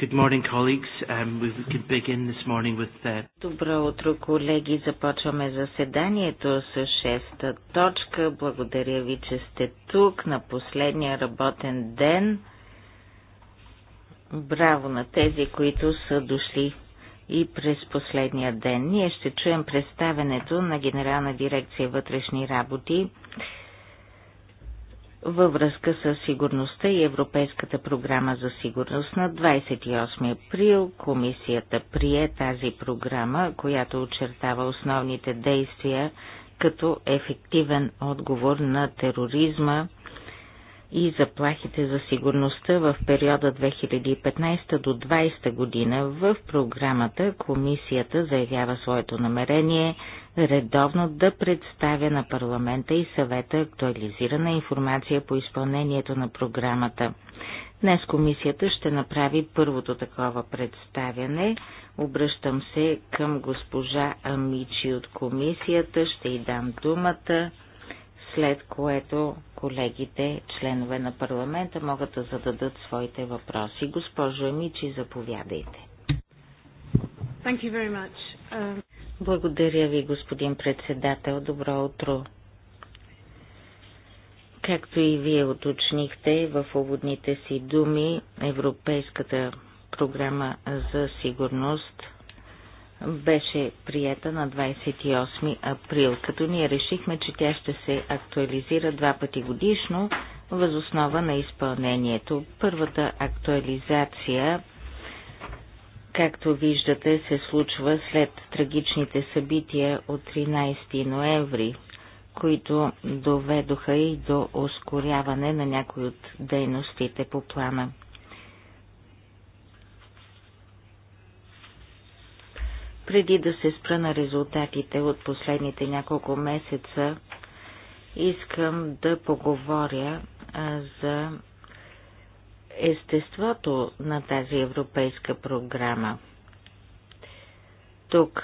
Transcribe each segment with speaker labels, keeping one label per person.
Speaker 1: Good morning, colleagues. Um, we can begin this morning with the... Uh,
Speaker 2: Добро утро, колеги. Започваме заседанието с шеста точка. Благодаря ви, че сте тук на последния работен ден. Браво на тези, които са дошли и през последния ден. Ние ще чуем представенето на Генерална дирекция вътрешни работи във връзка с сигурността и Европейската програма за сигурност. На 28 април комисията прие тази програма, която очертава основните действия като ефективен отговор на тероризма и заплахите за сигурността в периода 2015 до 2020 година. В програмата комисията заявява своето намерение – редовно да представя на парламента и съвета актуализирана информация по изпълнението на програмата. Днес комисията ще направи първото такова представяне. Обръщам се към госпожа Амичи от комисията, ще й дам думата, след което колегите, членове на парламента, могат да зададат своите въпроси. Госпожо Амичи, заповядайте.
Speaker 1: Thank you very much. Um...
Speaker 2: Благодаря ви, господин председател. Добро утро. Както и вие уточнихте в уводните си думи, Европейската програма за сигурност беше приета на 28 април, като ние решихме, че тя ще се актуализира два пъти годишно възоснова на изпълнението. Първата актуализация както виждате, се случва след трагичните събития от 13 ноември, които доведоха и до ускоряване на някои от дейностите по плана. Преди да се спра на резултатите от последните няколко месеца, искам да поговоря за естеството на тази европейска програма. Тук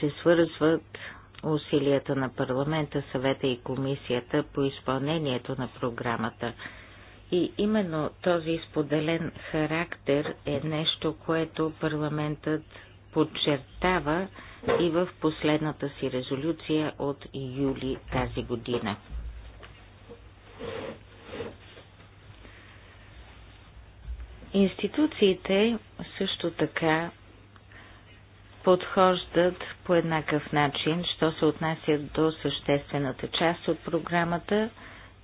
Speaker 2: се свързват усилията на парламента, съвета и комисията по изпълнението на програмата. И именно този споделен характер е нещо, което парламентът подчертава и в последната си резолюция от юли тази година. Институциите също така подхождат по еднакъв начин, що се отнася до съществената част от програмата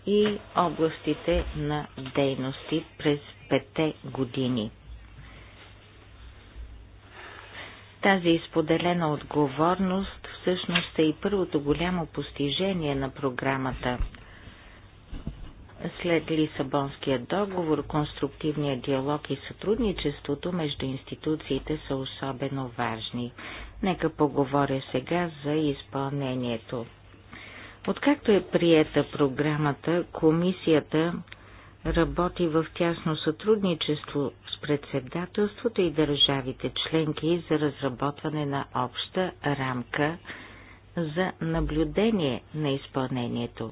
Speaker 2: и областите на дейности през пете години. Тази изподелена отговорност всъщност е и първото голямо постижение на програмата. След Лисабонския договор, конструктивният диалог и сътрудничеството между институциите са особено важни. Нека поговоря сега за изпълнението. Откакто е приета програмата, комисията работи в тясно сътрудничество с председателството и държавите членки за разработване на обща рамка за наблюдение на изпълнението.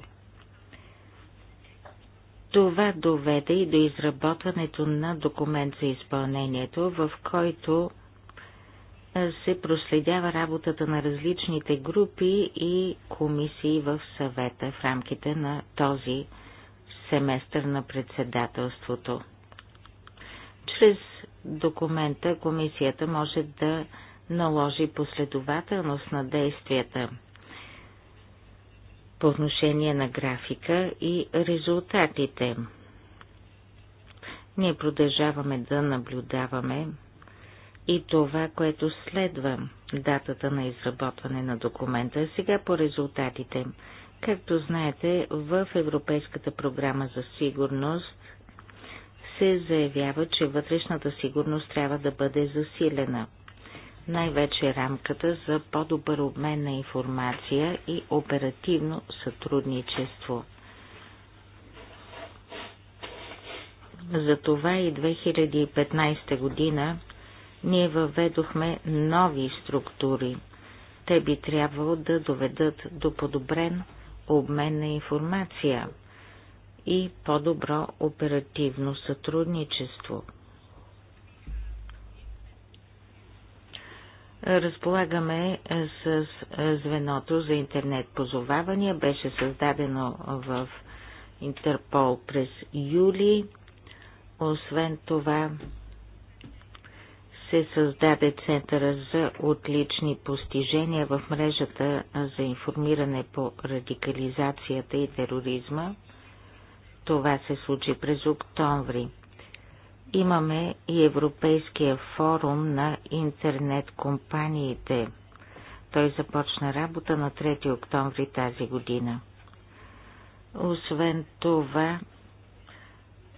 Speaker 2: Това доведе и до изработването на документ за изпълнението, в който се проследява работата на различните групи и комисии в съвета в рамките на този семестър на председателството. Чрез документа комисията може да наложи последователност на действията по отношение на графика и резултатите. Ние продължаваме да наблюдаваме и това, което следва датата на изработване на документа. Сега по резултатите. Както знаете, в Европейската програма за сигурност се заявява, че вътрешната сигурност трябва да бъде засилена – най-вече рамката за по-добър обмен на информация и оперативно сътрудничество. Затова и 2015 година ние въведохме нови структури. Те би трябвало да доведат до подобрен обмен на информация и по-добро оперативно сътрудничество. Разполагаме е, с е, звеното за интернет позовавания. Беше създадено в Интерпол през юли. Освен това се създаде Центъра за отлични постижения в мрежата е, за информиране по радикализацията и тероризма. Това се случи през октомври. Имаме и Европейския форум на интернет компаниите. Той започна работа на 3 октомври тази година. Освен това,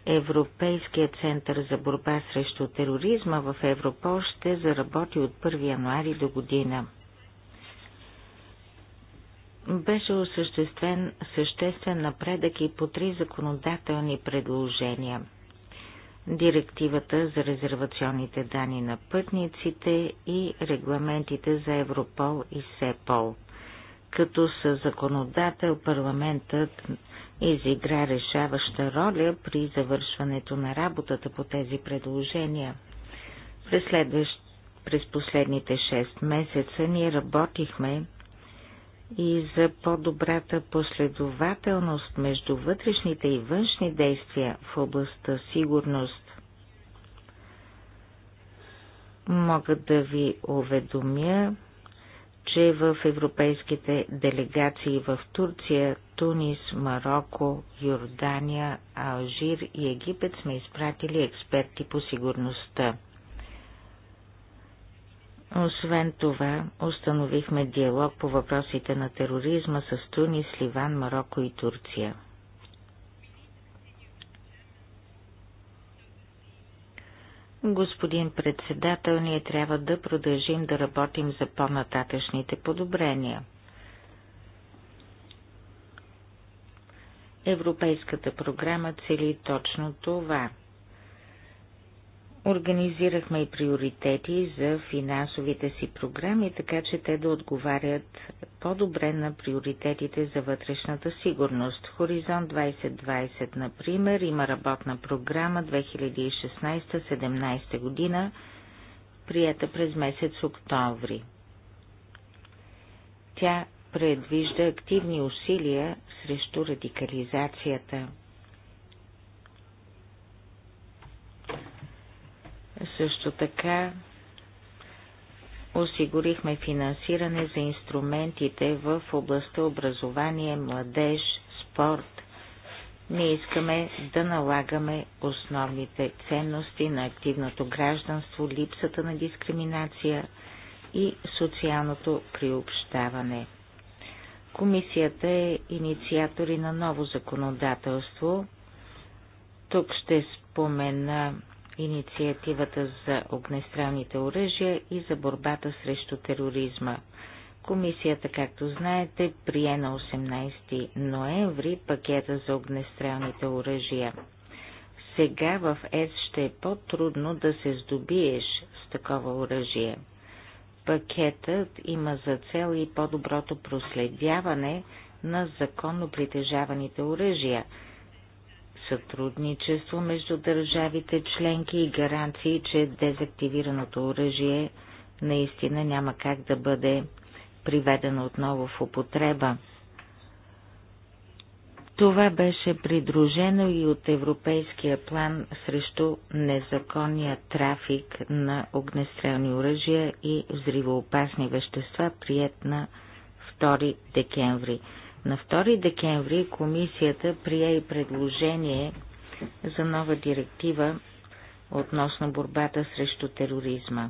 Speaker 2: Европейския център за борба срещу тероризма в Европол ще заработи от 1 януари до година. Беше осъществен съществен напредък и по три законодателни предложения – директивата за резервационните данни на пътниците и регламентите за Европол и СЕПОЛ. Като със законодател парламентът изигра решаваща роля при завършването на работата по тези предложения. През, следващ, през последните 6 месеца ние работихме и за по-добрата последователност между вътрешните и външни действия в областта сигурност. Мога да ви уведомя, че в европейските делегации в Турция, Тунис, Марокко, Йордания, Алжир и Египет сме изпратили експерти по сигурността. Освен това, установихме диалог по въпросите на тероризма с Тунис, Ливан, Марокко и Турция. Господин председател, ние трябва да продължим да работим за по-нататъчните подобрения. Европейската програма цели точно това – Организирахме и приоритети за финансовите си програми, така че те да отговарят по-добре на приоритетите за вътрешната сигурност. Хоризонт 2020, например, има работна програма 2016-17 година, прията през месец октомври. Тя предвижда активни усилия срещу радикализацията – Също така осигурихме финансиране за инструментите в областта образование, младеж, спорт. Ние искаме да налагаме основните ценности на активното гражданство, липсата на дискриминация и социалното приобщаване. Комисията е инициатори на ново законодателство. Тук ще спомена инициативата за огнестрелните оръжия и за борбата срещу тероризма. Комисията, както знаете, прие на 18 ноември пакета за огнестрелните оръжия. Сега в ЕС ще е по-трудно да се здобиеш с такова оръжие. Пакетът има за цел и по-доброто проследяване на законно притежаваните оръжия – сътрудничество между държавите членки и гаранции, че дезактивираното оръжие наистина няма как да бъде приведено отново в употреба. Това беше придружено и от Европейския план срещу незаконния трафик на огнестрелни оръжия и взривоопасни вещества, прият на 2 декември. На 2 декември комисията прие и предложение за нова директива относно борбата срещу тероризма.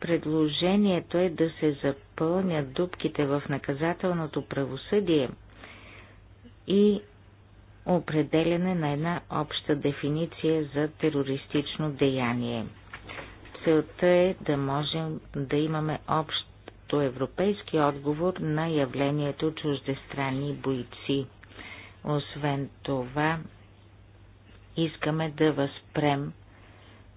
Speaker 2: Предложението е да се запълнят дубките в наказателното правосъдие и определяне на една обща дефиниция за терористично деяние. Целта е да можем да имаме общ като европейски отговор на явлението чуждестранни бойци. Освен това, искаме да възпрем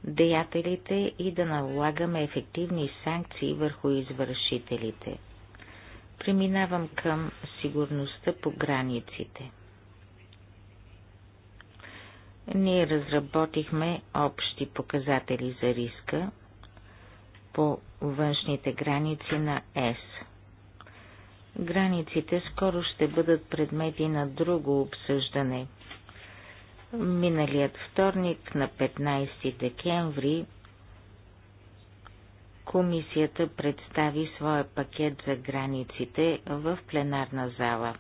Speaker 2: деятелите и да налагаме ефективни санкции върху извършителите. Преминавам към сигурността по границите. Ние разработихме общи показатели за риска, по външните граници на ЕС. Границите скоро ще бъдат предмети на друго обсъждане. Миналият вторник на 15 декември комисията представи своя пакет за границите в пленарна зала.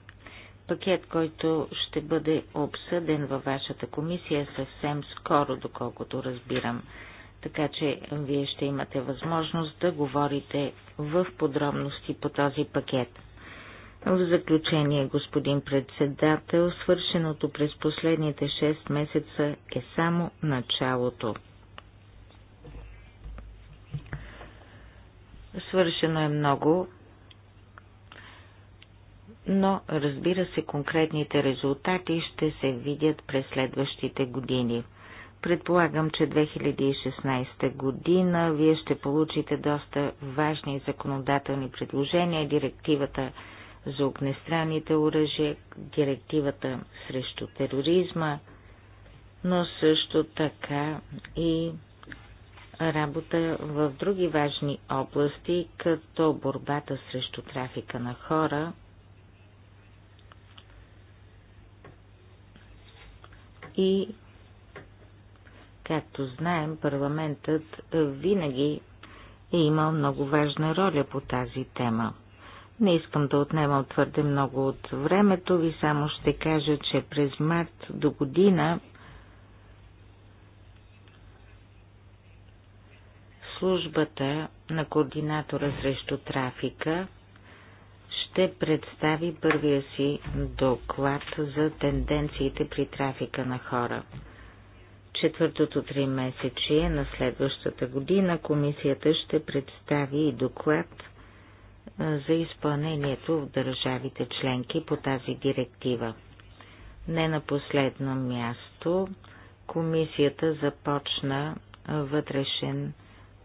Speaker 2: Пакет, който ще бъде обсъден във вашата комисия съвсем скоро, доколкото разбирам така че вие ще имате възможност да говорите в подробности по този пакет. В заключение, господин председател, свършеното през последните 6 месеца е само началото. Свършено е много, но разбира се, конкретните резултати ще се видят през следващите години. Предполагам, че 2016 година вие ще получите доста важни законодателни предложения, директивата за огнестранните оръжия, директивата срещу тероризма, но също така и работа в други важни области, като борбата срещу трафика на хора, и Както знаем, парламентът винаги е имал много важна роля по тази тема. Не искам да отнемам твърде много от времето ви, само ще кажа, че през март до година службата на координатора срещу трафика ще представи първия си доклад за тенденциите при трафика на хора четвъртото три месечие на следващата година комисията ще представи и доклад за изпълнението в държавите членки по тази директива. Не на последно място, комисията започна вътрешен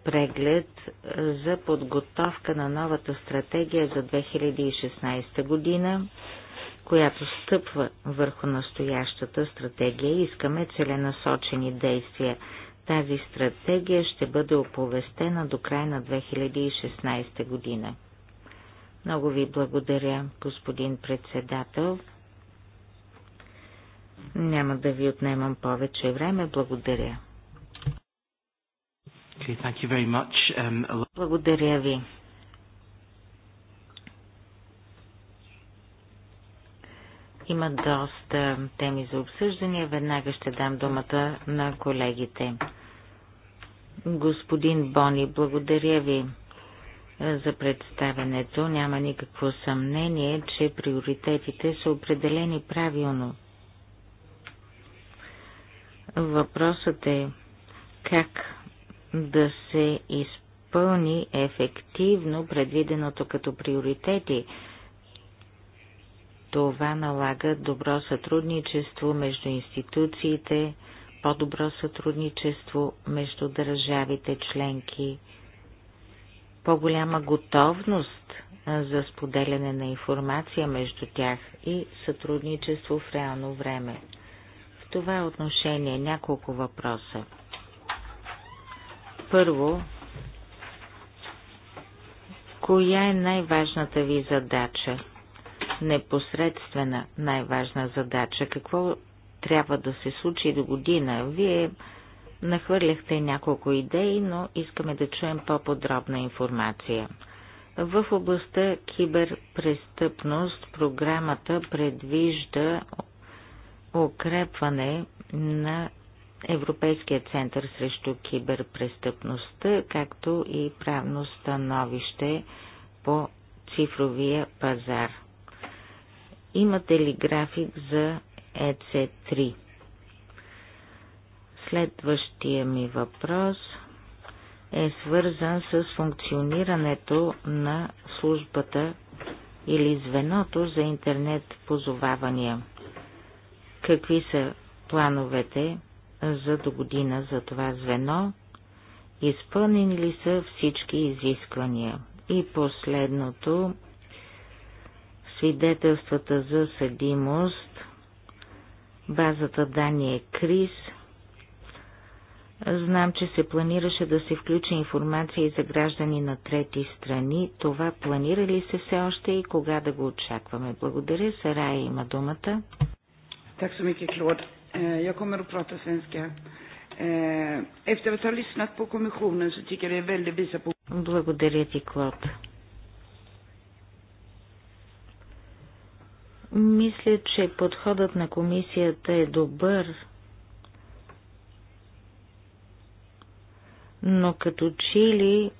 Speaker 2: преглед за подготовка на новата стратегия за 2016 година която стъпва върху настоящата стратегия. Искаме целенасочени действия. Тази стратегия ще бъде оповестена до края на 2016 година. Много ви благодаря, господин председател. Няма да ви отнемам повече време. Благодаря.
Speaker 1: Okay, thank you very much. Um,
Speaker 2: Благодаря ви. Има доста теми за обсъждане. Веднага ще дам думата на колегите. Господин Бони, благодаря ви за представенето. Няма никакво съмнение, че приоритетите са определени правилно. Въпросът е как да се изпълни ефективно предвиденото като приоритети – това налага добро сътрудничество между институциите, по-добро сътрудничество между държавите членки, по-голяма готовност за споделяне на информация между тях и сътрудничество в реално време. В това отношение няколко въпроса. Първо, коя е най-важната ви задача непосредствена най-важна задача. Какво трябва да се случи до година? Вие нахвърляхте няколко идеи, но искаме да чуем по-подробна информация. В областта киберпрестъпност програмата предвижда укрепване на Европейския център срещу киберпрестъпността, както и правно становище по цифровия пазар. Имате ли график за ЕЦ3? Следващия ми въпрос е свързан с функционирането на службата или звеното за интернет позовавания. Какви са плановете за до година за това звено? Изпълнени ли са всички изисквания? И последното свидетелствата за съдимост. Базата данни е КРИС. Знам, че се планираше да се включи информация и за граждани на трети страни. Това планира ли се все още и кога да го очакваме? Благодаря. Сарая има думата.
Speaker 3: Так så mycket, Клод. Е, я kommer да прата svenska. Ефтер att ha lyssnat по kommissionen så tycker е det är по...
Speaker 2: Благодаря ти, Клод. Мисля, че подходът на комисията е добър, но като чили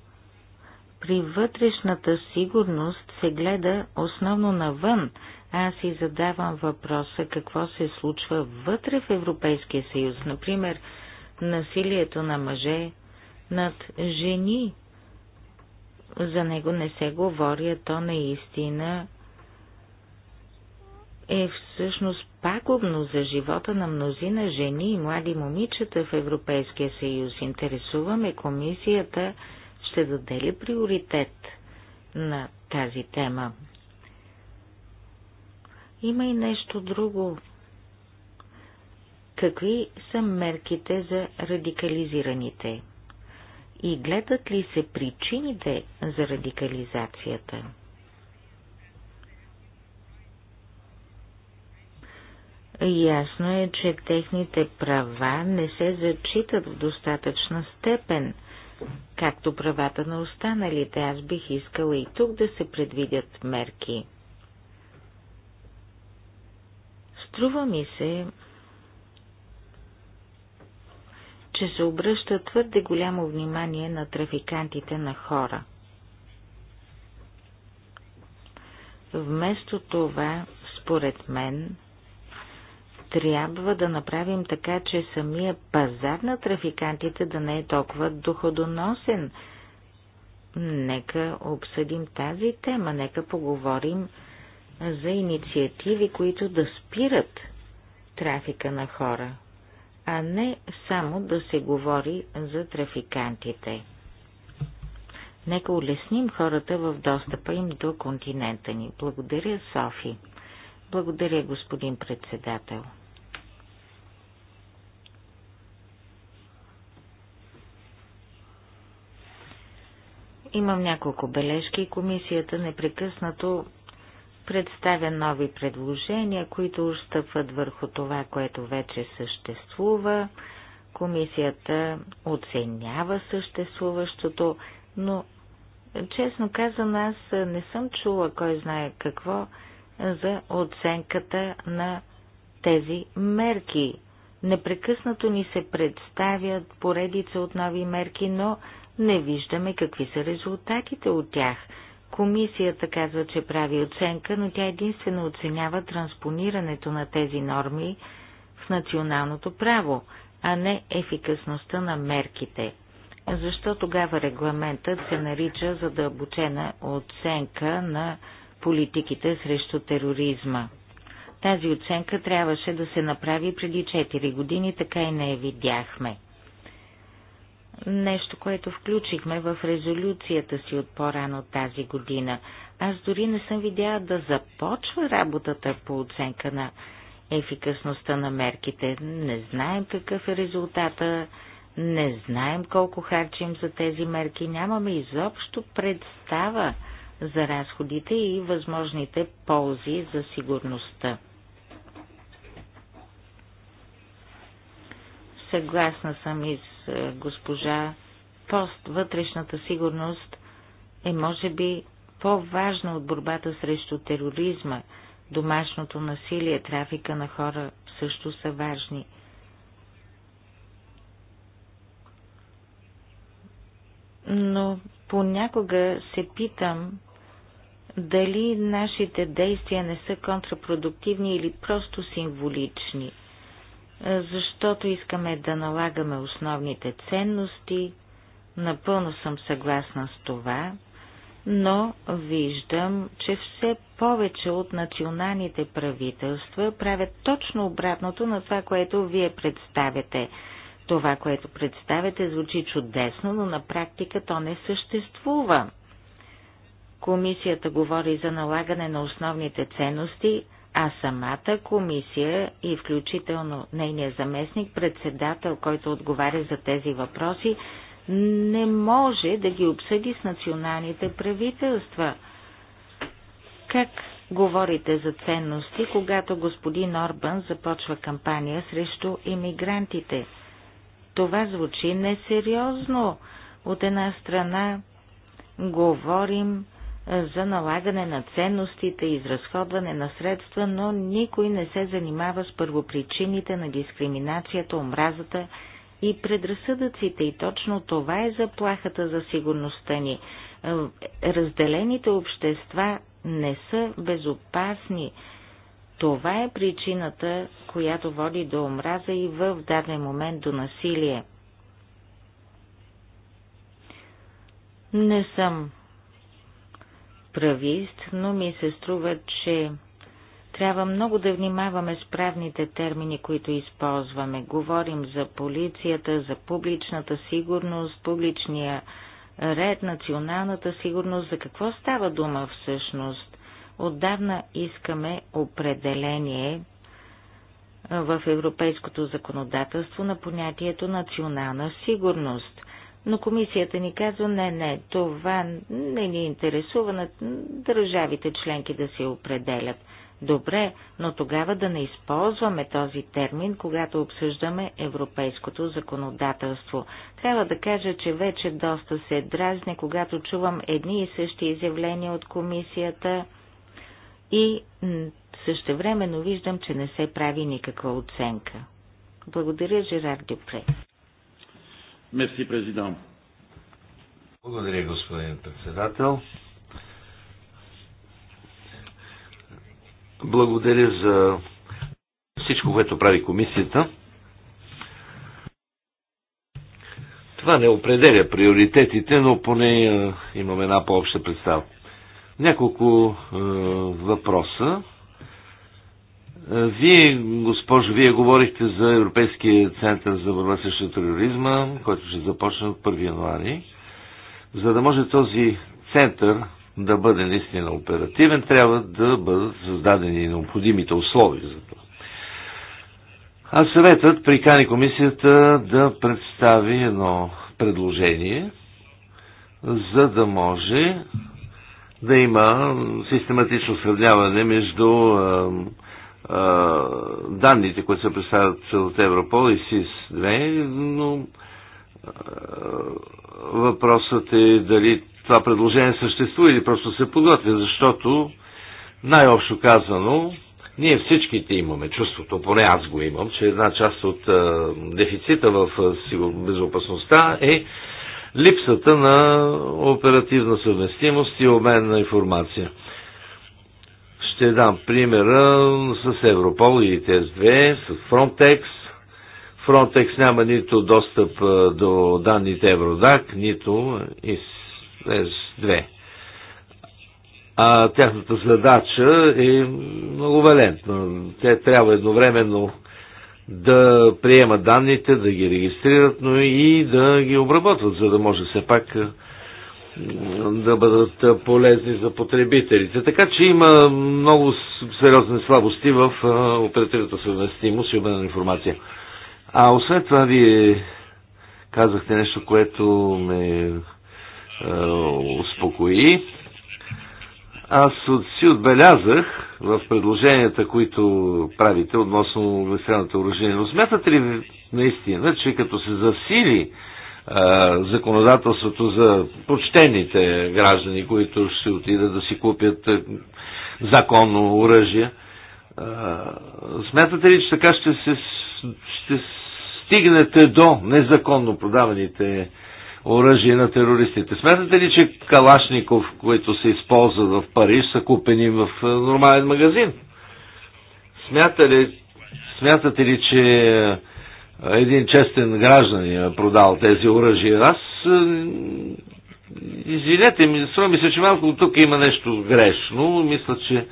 Speaker 2: при вътрешната сигурност се гледа основно навън. Аз си задавам въпроса какво се случва вътре в Европейския съюз. Например, насилието на мъже над жени. За него не се говори, а то наистина е всъщност пагубно за живота на мнозина жени и млади момичета в Европейския съюз. Интересуваме комисията ще даде ли приоритет на тази тема. Има и нещо друго. Какви са мерките за радикализираните? И гледат ли се причините за радикализацията? Ясно е, че техните права не се зачитат в достатъчна степен, както правата на останалите. Аз бих искала и тук да се предвидят мерки. Струва ми се, че се обръща твърде голямо внимание на трафикантите на хора. Вместо това, според мен, трябва да направим така, че самия пазар на трафикантите да не е толкова доходоносен. Нека обсъдим тази тема, нека поговорим за инициативи, които да спират трафика на хора, а не само да се говори за трафикантите. Нека улесним хората в достъпа им до континента ни. Благодаря, Софи. Благодаря, господин председател. Имам няколко бележки и комисията непрекъснато представя нови предложения, които устъпват върху това, което вече съществува. Комисията оценява съществуващото, но честно казвам, аз не съм чула кой знае какво за оценката на тези мерки. Непрекъснато ни се представят поредица от нови мерки, но не виждаме какви са резултатите от тях. Комисията казва, че прави оценка, но тя единствено оценява транспонирането на тези норми в националното право, а не ефикасността на мерките. Защо тогава регламентът се нарича задълбочена оценка на политиките срещу тероризма? Тази оценка трябваше да се направи преди 4 години, така и не я видяхме нещо, което включихме в резолюцията си от по-рано тази година. Аз дори не съм видяла да започва работата по оценка на ефикасността на мерките. Не знаем какъв е резултата, не знаем колко харчим за тези мерки, нямаме изобщо представа за разходите и възможните ползи за сигурността. Съгласна съм и е, госпожа Пост. Вътрешната сигурност е, може би, по-важна от борбата срещу тероризма. Домашното насилие, трафика на хора също са важни. Но понякога се питам дали нашите действия не са контрапродуктивни или просто символични – защото искаме да налагаме основните ценности. Напълно съм съгласна с това, но виждам, че все повече от националните правителства правят точно обратното на това, което вие представяте. Това, което представяте, звучи чудесно, но на практика то не съществува. Комисията говори за налагане на основните ценности, а самата комисия и включително нейният заместник, председател, който отговаря за тези въпроси, не може да ги обсъди с националните правителства. Как говорите за ценности, когато господин Орбан започва кампания срещу иммигрантите? Това звучи несериозно. От една страна говорим за налагане на ценностите, изразходване на средства, но никой не се занимава с първопричините на дискриминацията, омразата и предразсъдъците. И точно това е заплахата за сигурността ни. Разделените общества не са безопасни. Това е причината, която води до омраза и в даден момент до насилие. Не съм правист, но ми се струва, че трябва много да внимаваме с правните термини, които използваме. Говорим за полицията, за публичната сигурност, публичния ред, националната сигурност. За какво става дума всъщност? Отдавна искаме определение в европейското законодателство на понятието национална сигурност. Но комисията ни казва, не, не, това не ни интересува на държавите членки да се определят. Добре, но тогава да не използваме този термин, когато обсъждаме европейското законодателство. Трябва да кажа, че вече доста се дразне, когато чувам едни и същи изявления от комисията и същевременно виждам, че не се прави никаква оценка. Благодаря, Жерар Дюпре.
Speaker 4: Мерси, президент. Благодаря, господин председател. Благодаря за всичко, което прави комисията. Това не определя приоритетите, но поне е, имаме една по-обща представа. Няколко е, въпроса е, вие, госпожо, вие говорихте за Европейския център за борба срещу тероризма, който ще започне от 1 януари. За да може този център да бъде наистина оперативен, трябва да бъдат създадени необходимите условия за това. А съветът прикани комисията да представи едно предложение, за да може да има систематично сравняване между данните, които се представят от Европол и СИС-2, но въпросът е дали това предложение съществува или просто се подготвя, защото най-общо казано, ние всичките имаме чувството, поне аз го имам, че една част от а, дефицита в а, безопасността е липсата на оперативна съвместимост и обмен на информация. Ще дам примера с Европол и ТС2, с Frontex. Frontex няма нито достъп до данните Евродак, нито и с 2 А тяхната задача е много валентна. Те трябва едновременно да приемат данните, да ги регистрират, но и да ги обработват, за да може все пак да бъдат полезни за потребителите. Така че има много сериозни слабости в оперативната съвместимост и обмена на информация. А освен това, вие казахте нещо, което ме е, успокои. Аз от, си отбелязах в предложенията, които правите относно огнестрелната оръжение, но смятате ли наистина, че като се засили законодателството за почтените граждани, които ще отидат да си купят законно оръжие. Смятате ли, че така ще, се, ще стигнете до незаконно продаваните оръжие на терористите. Смятате ли, че Калашников, които се използват в Париж, са купени в нормален магазин? Смятате ли, смятате ли че един честен гражданин е продал тези оръжия. Аз, е, извинете ми, струва ми се, че малко тук има нещо грешно. Мисля, че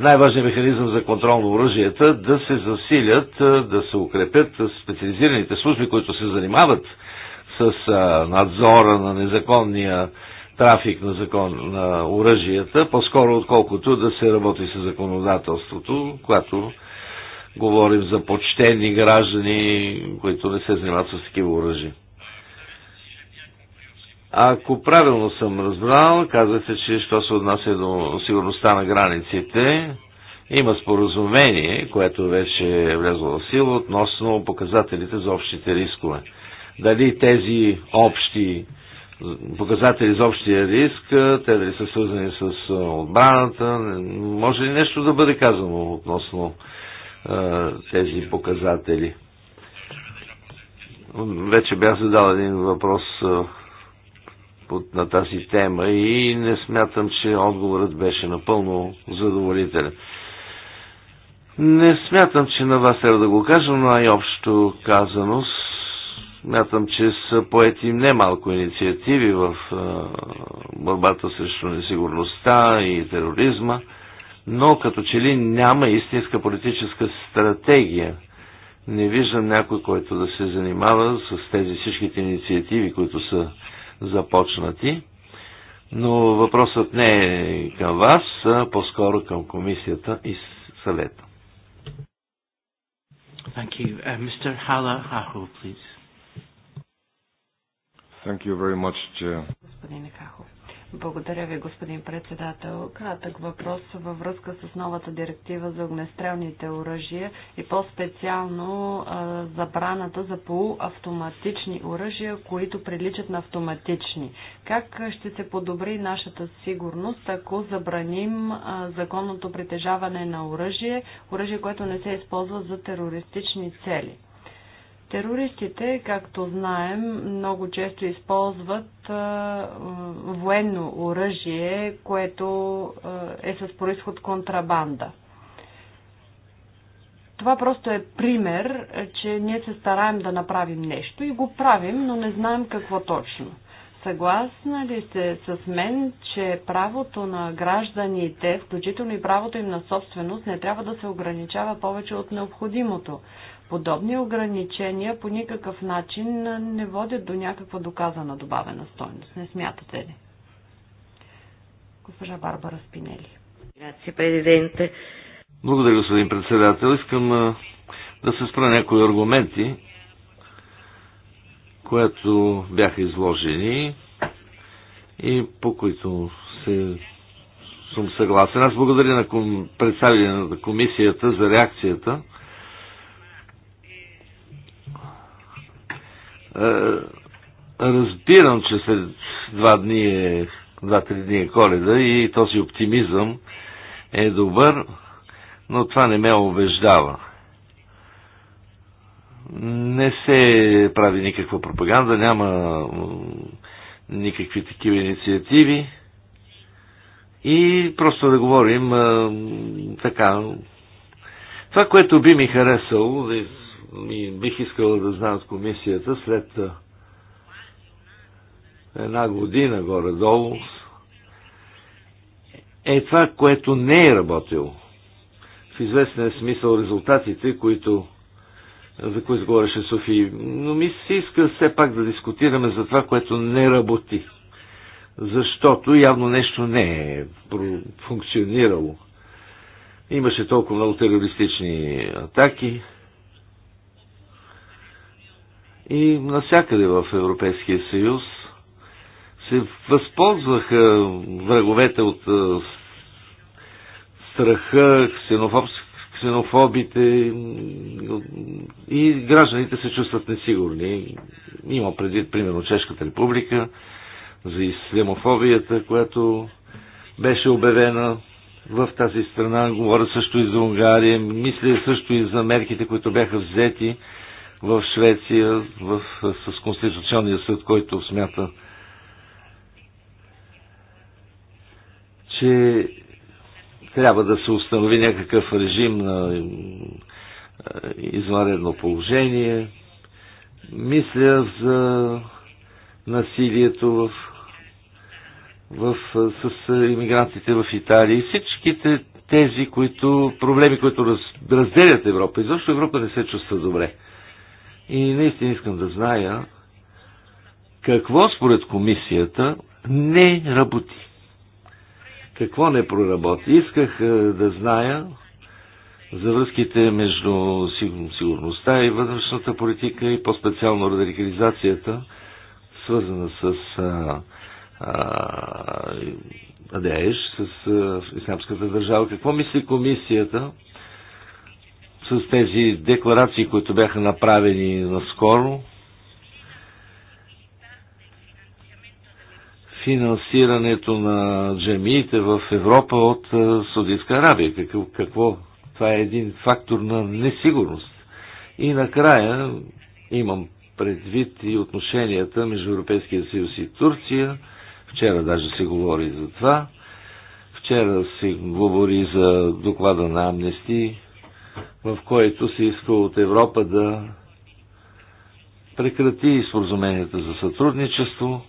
Speaker 4: най-важният механизъм за контрол на оръжията е да се засилят, е, да се укрепят специализираните служби, които се занимават с надзора на незаконния трафик на, закон, на оръжията, по-скоро отколкото да се работи с законодателството, което говорим за почтени граждани, които не се занимават с такива оръжия. Ако правилно съм разбрал, казвате, че що се отнася до сигурността на границите, има споразумение, което вече е влезло в сила относно показателите за общите рискове. Дали тези общи показатели за общия риск, те дали са свързани с отбраната, може ли нещо да бъде казано относно тези показатели. Вече бях задал един въпрос на тази тема и не смятам, че отговорът беше напълно задоволителен. Не смятам, че на вас трябва да го кажа, но най-общо казано смятам, че са поети немалко инициативи в борбата срещу несигурността и тероризма но като че ли няма истинска политическа стратегия. Не виждам някой, който да се занимава с тези всичките инициативи, които са започнати. Но въпросът не е към вас, а по-скоро към комисията и съвета.
Speaker 1: Thank you. Uh, Mr. Hala please.
Speaker 4: Thank you very much,
Speaker 3: Господин Хахо. Благодаря ви, господин председател. Кратък въпрос във връзка с новата директива за огнестрелните оръжия и по-специално забраната за полуавтоматични оръжия, които приличат на автоматични. Как ще се подобри нашата сигурност, ако забраним законното притежаване на оръжие, оръжие, което не се използва за терористични цели? Терористите, както знаем, много често използват военно оръжие, което е с происход контрабанда. Това просто е пример, че ние се стараем да направим нещо и го правим, но не знаем какво точно. Съгласна ли сте с мен, че правото на гражданите, включително и правото им на собственост, не трябва да се ограничава повече от необходимото? Подобни ограничения по никакъв начин не водят до някаква доказана добавена стойност. Не смятате ли?
Speaker 2: Госпожа Барбара Спинели. Грация, президенте.
Speaker 4: Благодаря, господин председател. Искам да се спра някои аргументи, които бяха изложени и по които се, съм съгласен. Аз благодаря на ком... представителя на комисията за реакцията Е, разбирам, че след два дни е, два-три дни е коледа и този оптимизъм е добър, но това не ме убеждава. Не се прави никаква пропаганда, няма никакви такива инициативи и просто да говорим а, така. Това, което би ми харесало да и бих искала да знам с комисията след една година горе-долу е това, което не е работило. В известен смисъл резултатите, които, за които говореше Софи. Но ми се иска все пак да дискутираме за това, което не работи. Защото явно нещо не е функционирало. Имаше толкова много терористични атаки, и навсякъде в Европейския съюз се възползваха враговете от страха, ксенофобите и гражданите се чувстват несигурни. Има предвид, примерно, Чешката република за ислемофобията, която беше обявена в тази страна. Говоря също и за Унгария. Мисля също и за мерките, които бяха взети в Швеция, в, с Конституционния съд, който смята, че трябва да се установи някакъв режим на извънредно положение. Мисля за насилието в, в, с иммигрантите в Италия и всичките тези които, проблеми, които раз, разделят Европа. Изобщо Европа не се чувства добре. И наистина искам да зная какво според комисията не работи. Какво не проработи? Исках е, да зная за връзките между сигурността и вътрешната политика и по-специално радикализацията, свързана с а, е, е, а, с а, Исламската държава. Какво мисли комисията с тези декларации, които бяха направени наскоро. финансирането на джамиите в Европа от е, Судитска Арабия. Какво, какво? Това е един фактор на несигурност. И накрая имам предвид и отношенията между Европейския съюз и Турция. Вчера даже се говори за това. Вчера се говори за доклада на Амнести в което се иска от Европа да прекрати споразуменията за сътрудничество,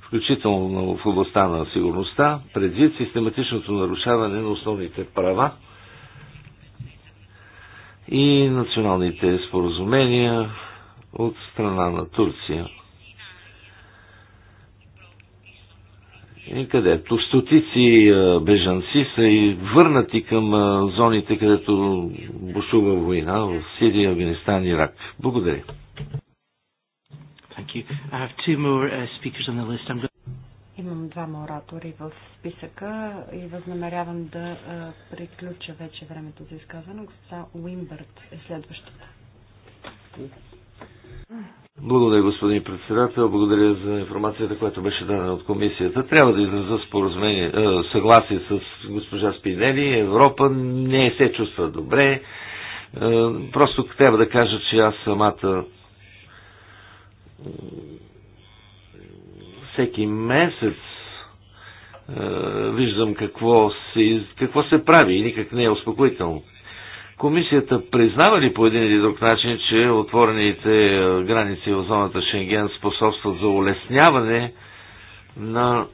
Speaker 4: включително в областта на сигурността, предвид систематичното нарушаване на основните права и националните споразумения от страна на Турция – и където стотици бежанци са и върнати към зоните, където бушува война в Сирия, Афганистан и Ирак. Благодаря.
Speaker 1: Uh, Имам
Speaker 3: двама оратори в списъка и възнамерявам да приключа вече времето за изказване. Госпожа Уимбърт е следващата.
Speaker 4: Благодаря, господин председател. Благодаря за информацията, която беше дадена от комисията. Трябва да изразя споразумение, е, съгласие с госпожа Спинели. Европа не се чувства добре. Е, просто трябва да кажа, че аз самата всеки месец е, виждам какво се, какво се прави и никак не е успокоително. Комисията признава ли по един или друг начин, че отворените е, граници в зоната Шенген способстват за улесняване на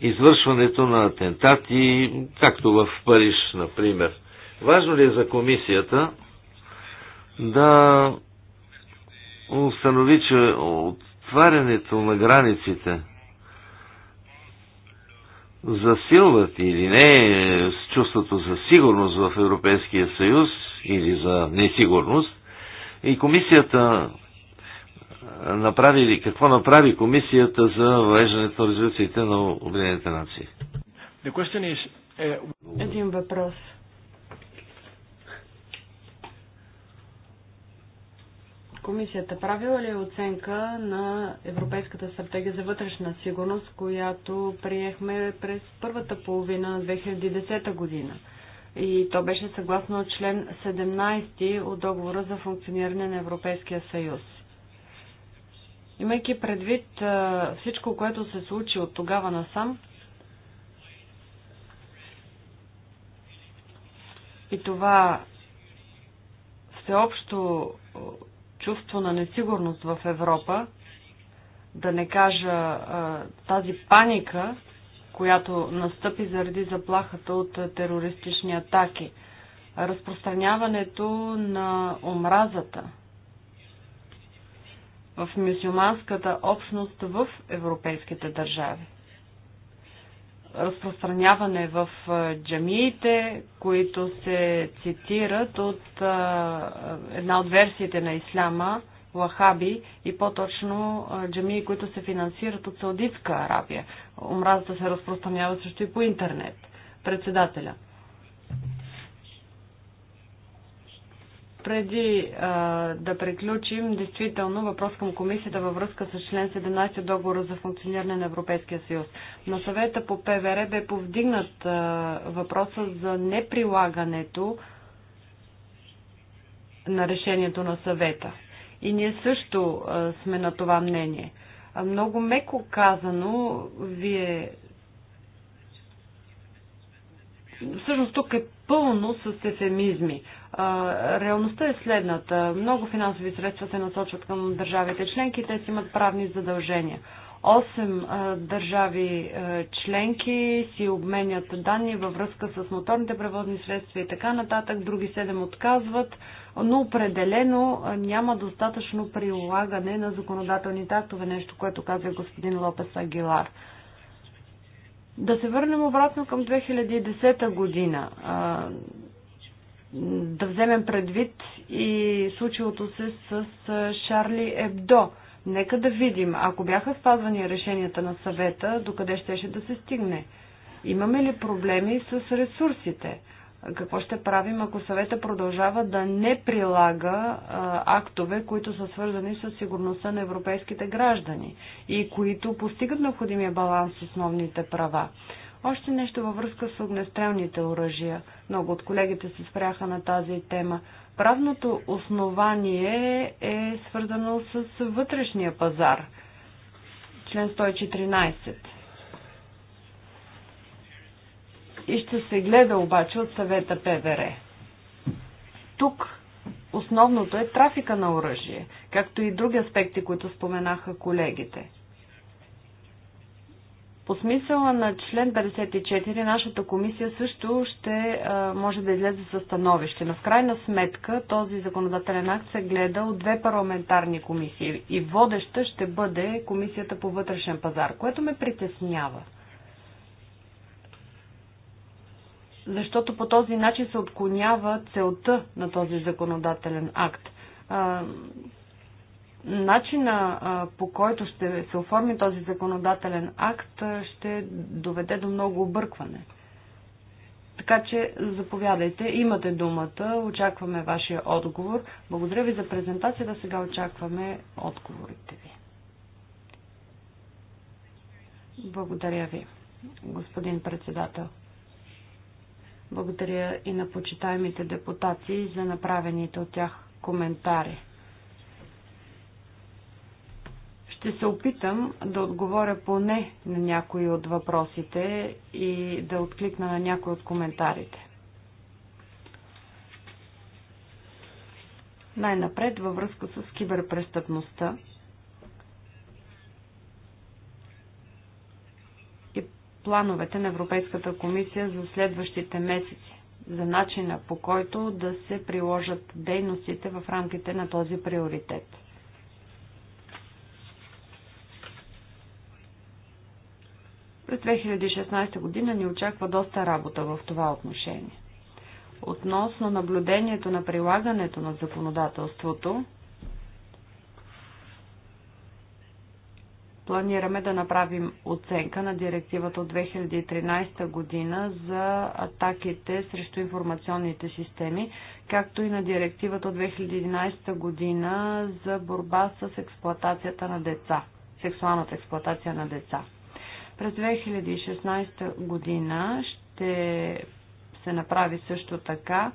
Speaker 4: извършването на атентати, както в Париж, например? Важно ли е за комисията да установи, че отварянето на границите засилват или не с чувството за сигурност в Европейския съюз или за несигурност. И комисията направи ли, какво направи комисията за въвеждането на резолюциите на Обединените нации?
Speaker 3: Е, Един въпрос. Комисията правила ли е оценка на Европейската стратегия за вътрешна сигурност, която приехме през първата половина на 2010 година? И то беше съгласно член 17 от договора за функциониране на Европейския съюз. Имайки предвид всичко, което се случи от тогава насам, и това всеобщо чувство на несигурност в Европа, да не кажа тази паника, която настъпи заради заплахата от терористични атаки, разпространяването на омразата в мюсюлманската общност в европейските държави разпространяване в джамиите, които се цитират от една от версиите на исляма, лахаби и по-точно джамии, които се финансират от Саудитска Арабия. Омразата се разпространява също и по интернет. Председателя. Преди а, да приключим, действително въпрос към комисията във връзка с член 17 договора за функциониране на Европейския съюз. На съвета по ПВР бе повдигнат а, въпроса за неприлагането на решението на съвета. И ние също а, сме на това мнение. А, много меко казано, вие. Всъщност тук е пълно с ефемизми. Реалността е следната. Много финансови средства се насочват към държавите членки, те си имат правни задължения. Осем държави членки си обменят данни във връзка с моторните превозни средства и така нататък. Други седем отказват, но определено няма достатъчно прилагане на законодателните актове, нещо, което каза господин Лопес Агилар. Да се върнем обратно към 2010 година. Да вземем предвид и случилото се с Шарли Ебдо. Нека да видим, ако бяха спазвани решенията на съвета, докъде щеше да се стигне. Имаме ли проблеми с ресурсите? Какво ще правим, ако съвета продължава да не прилага а, актове, които са свързани с сигурността на европейските граждани и които постигат необходимия баланс с основните права? Още нещо във връзка с огнестрелните оръжия. Много от колегите се спряха на тази тема. Правното основание е свързано с вътрешния пазар. Член 114. и ще се гледа обаче от съвета ПВР. Тук основното е трафика на оръжие, както и други аспекти, които споменаха колегите. По смисъла на член 54 нашата комисия също ще а, може да излезе със становище. Но в крайна сметка този законодателен акт се гледа от две парламентарни комисии и водеща ще бъде комисията по вътрешен пазар, което ме притеснява. защото по този начин се отклонява целта на този законодателен акт. Начина по който ще се оформи този законодателен акт ще доведе до много объркване. Така че заповядайте, имате думата, очакваме вашия отговор. Благодаря ви за презентацията, сега очакваме отговорите ви. Благодаря ви, господин председател. Благодаря и на почитаемите депутати за направените от тях коментари. Ще се опитам да отговоря поне на някои от въпросите и да откликна на някои от коментарите. Най-напред във връзка с киберпрестъпността – плановете на Европейската комисия за следващите месеци, за начина по който да се приложат дейностите в рамките на този приоритет. През 2016 година ни очаква доста работа в това отношение. Относно наблюдението на прилагането на законодателството, планираме да направим оценка на директивата от 2013 година за атаките срещу информационните системи, както и на директивата от 2011 година за борба с експлоатацията на деца, сексуалната експлоатация на деца. През 2016 година ще се направи също така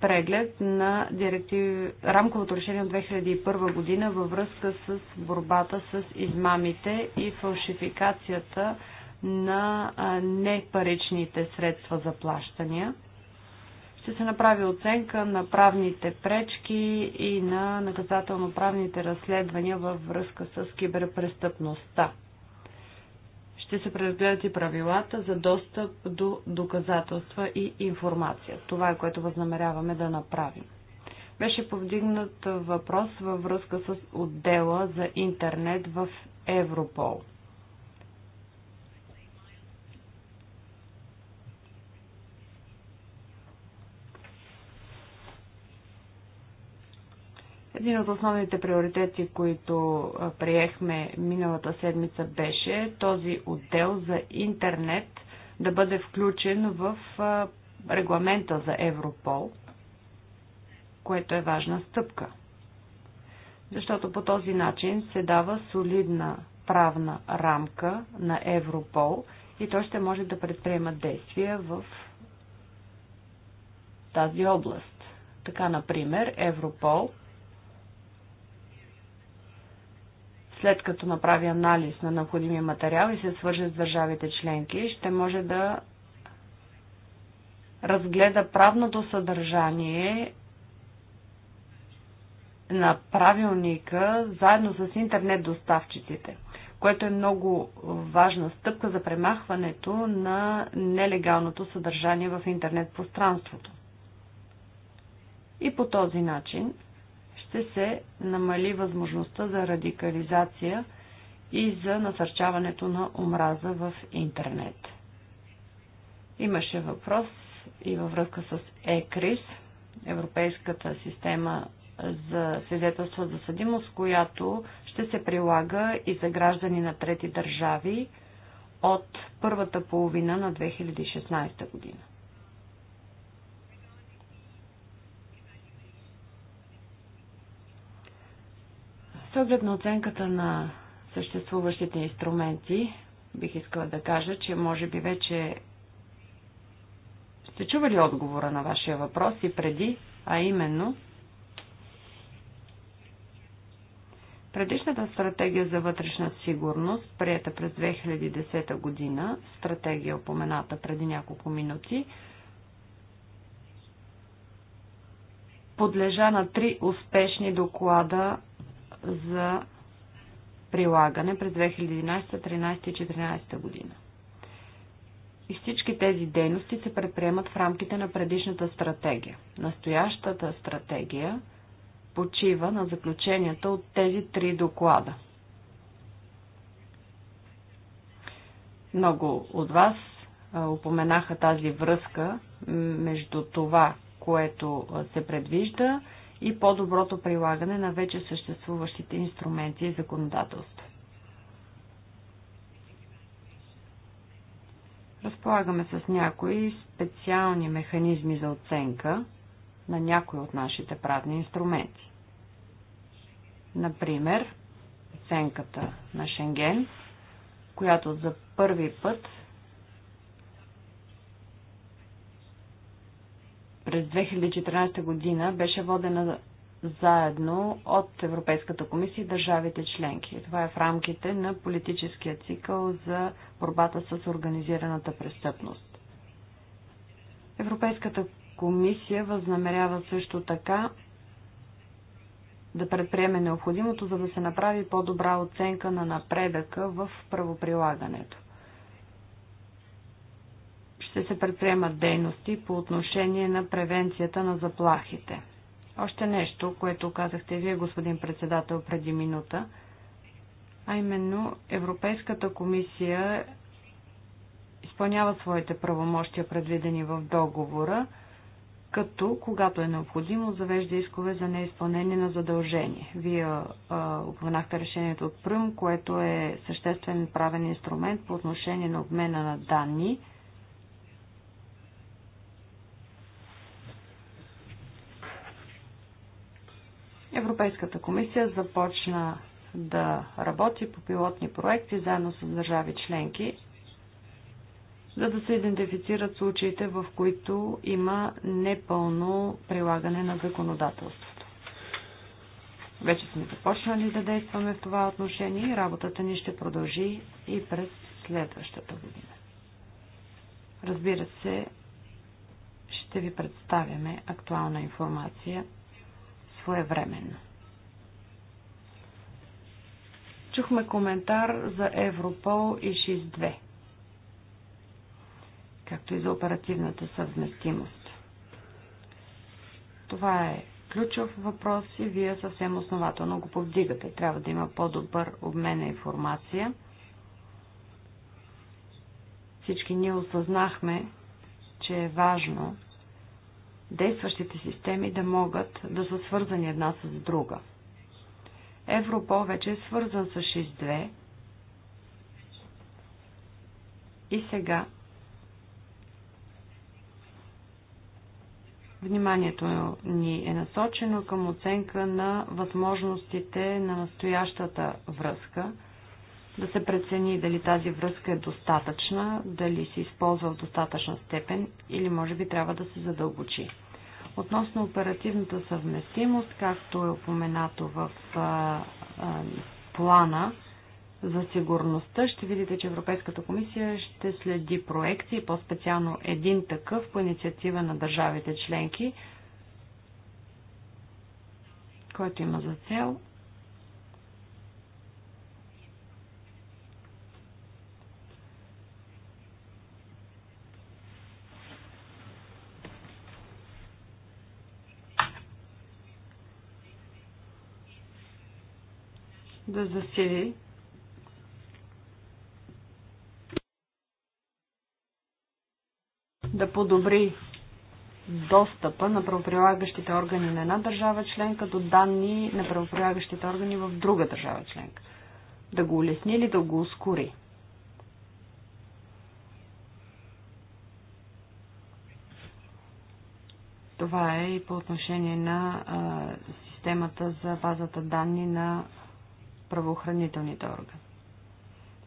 Speaker 3: преглед на директив... рамковото решение от 2001 година във връзка с борбата с измамите и фалшификацията на непаричните средства за плащания. Ще се направи оценка на правните пречки и на наказателно-правните разследвания във връзка с киберпрестъпността. Ще се преразгледат и правилата за достъп до доказателства и информация. Това е което възнамеряваме да направим. Беше повдигнат въпрос във връзка с отдела за интернет в Европол. Един от основните приоритети, които приехме миналата седмица беше този отдел за интернет да бъде включен в регламента за Европол, което е важна стъпка. Защото по този начин се дава солидна правна рамка на Европол и той ще може да предприема действия в тази област. Така, например, Европол – след като направи анализ на необходимия материал и се свърже с държавите членки, ще може да разгледа правното съдържание на правилника заедно с интернет доставчиците, което е много важна стъпка за премахването на нелегалното съдържание в интернет пространството. И по този начин ще се намали възможността за радикализация и за насърчаването на омраза в интернет. Имаше въпрос и във връзка с ЕКРИС, Европейската система за свидетелство за съдимост, която ще се прилага и за граждани на трети държави от първата половина на 2016 година. С оглед на оценката на съществуващите инструменти, бих искала да кажа, че може би вече сте чували отговора на вашия въпрос и преди, а именно Предишната стратегия за вътрешна сигурност, прията през 2010 година, стратегия опомената преди няколко минути, подлежа на три успешни доклада за прилагане през 2011, 2013 и 2014 година. И всички тези дейности се предприемат в рамките на предишната стратегия. Настоящата стратегия почива на заключенията от тези три доклада. Много от вас упоменаха тази връзка между това, което се предвижда и по-доброто прилагане на вече съществуващите инструменти и законодателство. Разполагаме с някои специални механизми за оценка на някои от нашите правни инструменти. Например, оценката на Шенген, която за първи път през 2014 година беше водена заедно от Европейската комисия и държавите членки. Това е в рамките на политическия цикъл за борбата с организираната престъпност. Европейската комисия възнамерява също така да предприеме необходимото, за да се направи по-добра оценка на напредъка в правоприлагането ще се предприемат дейности по отношение на превенцията на заплахите. Още нещо, което казахте вие, господин председател, преди минута, а именно Европейската комисия изпълнява своите правомощия, предвидени в договора, като, когато е необходимо, завежда искове за неизпълнение на задължение. Вие а, упоменахте решението от Пръм, което е съществен правен инструмент по отношение на обмена на данни – Европейската комисия започна да работи по пилотни проекти заедно с държави членки, за да се идентифицират случаите, в които има непълно прилагане на законодателството. Вече сме започнали да действаме в това отношение и работата ни ще продължи и през следващата година. Разбира се, ще ви представяме актуална информация своевременно. Чухме коментар за Европол и 62, както и за оперативната съвместимост. Това е ключов въпрос и вие съвсем основателно го повдигате. Трябва да има по-добър обмен на информация. Всички ние осъзнахме, че е важно действащите системи да могат да са свързани една с друга. Европол вече е свързан с 6.2 и сега вниманието ни е насочено към оценка на възможностите на настоящата връзка – да се прецени дали тази връзка е достатъчна, дали се използва в достатъчна степен или може би трябва да се задълбочи. Относно оперативната съвместимост, както е упоменато в а, а, плана за сигурността, ще видите, че Европейската комисия ще следи проекти по-специално един такъв по инициатива на държавите членки, който има за цел да засили да подобри достъпа на правоприлагащите органи на една държава членка до данни на правоприлагащите органи в друга държава членка. Да го улесни или да го ускори. Това е и по отношение на а, системата за базата данни на правоохранителните органи.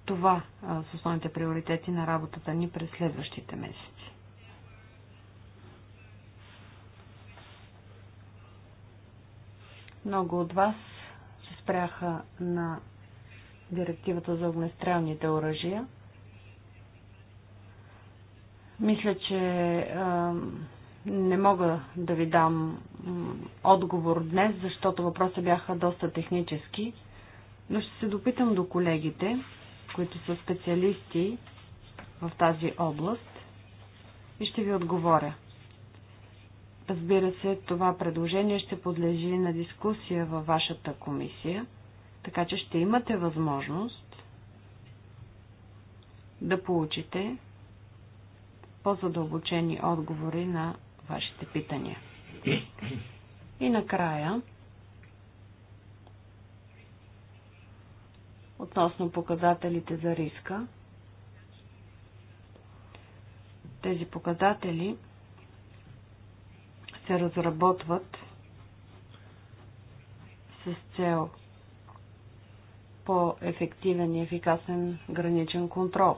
Speaker 3: Това са основните приоритети на работата ни през следващите месеци. Много от вас се спряха на директивата за огнестрелните оръжия. Мисля, че не мога да ви дам отговор днес, защото въпроси бяха доста технически но ще се допитам до колегите, които са специалисти в тази област и ще ви отговоря. Разбира се, това предложение ще подлежи на дискусия във вашата комисия, така че ще имате възможност да получите по-задълбочени отговори на вашите питания. И накрая, относно показателите за риска. Тези показатели се разработват с цел по-ефективен и ефикасен граничен контрол.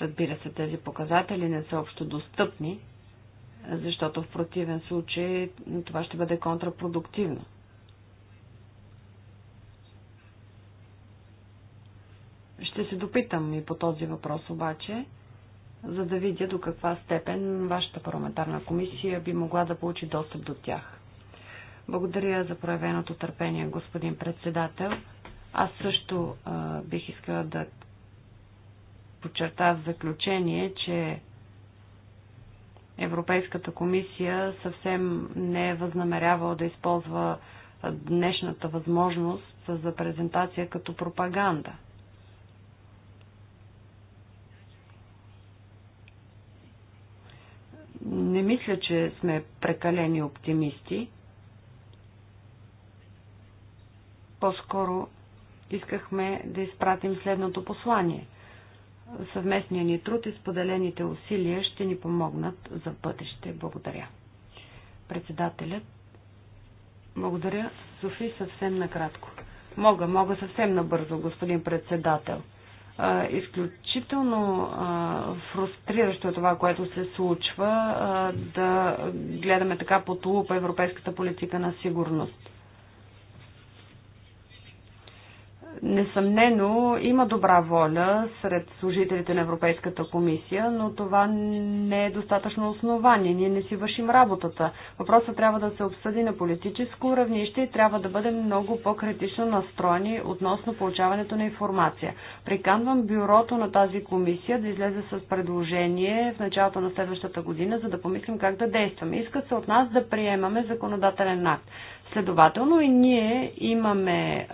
Speaker 3: Разбира се, тези показатели не са общо достъпни, защото в противен случай това ще бъде контрапродуктивно. Ще се допитам и по този въпрос обаче, за да видя до каква степен вашата парламентарна комисия би могла да получи достъп до тях. Благодаря за проявеното търпение, господин председател. Аз също а, бих искала да подчертая в заключение, че Европейската комисия съвсем не е възнамерявала да използва днешната възможност за презентация като пропаганда. мисля, че сме прекалени оптимисти. По-скоро искахме да изпратим следното послание. Съвместният ни труд и споделените усилия ще ни помогнат за бъдеще. Благодаря. Председателят. Благодаря. Софи, съвсем накратко. Мога, мога съвсем набързо, господин председател изключително фрустриращо е това, което се случва, да гледаме така под лупа европейската политика на сигурност. Несъмнено има добра воля сред служителите на Европейската комисия, но това не е достатъчно основание. Ние не си вършим работата. Въпросът трябва да се обсъди на политическо равнище и трябва да бъдем много по-критично настроени относно получаването на информация. Приканвам бюрото на тази комисия да излезе с предложение в началото на следващата година, за да помислим как да действаме. Искат се от нас да приемаме законодателен акт. Следователно и ние имаме,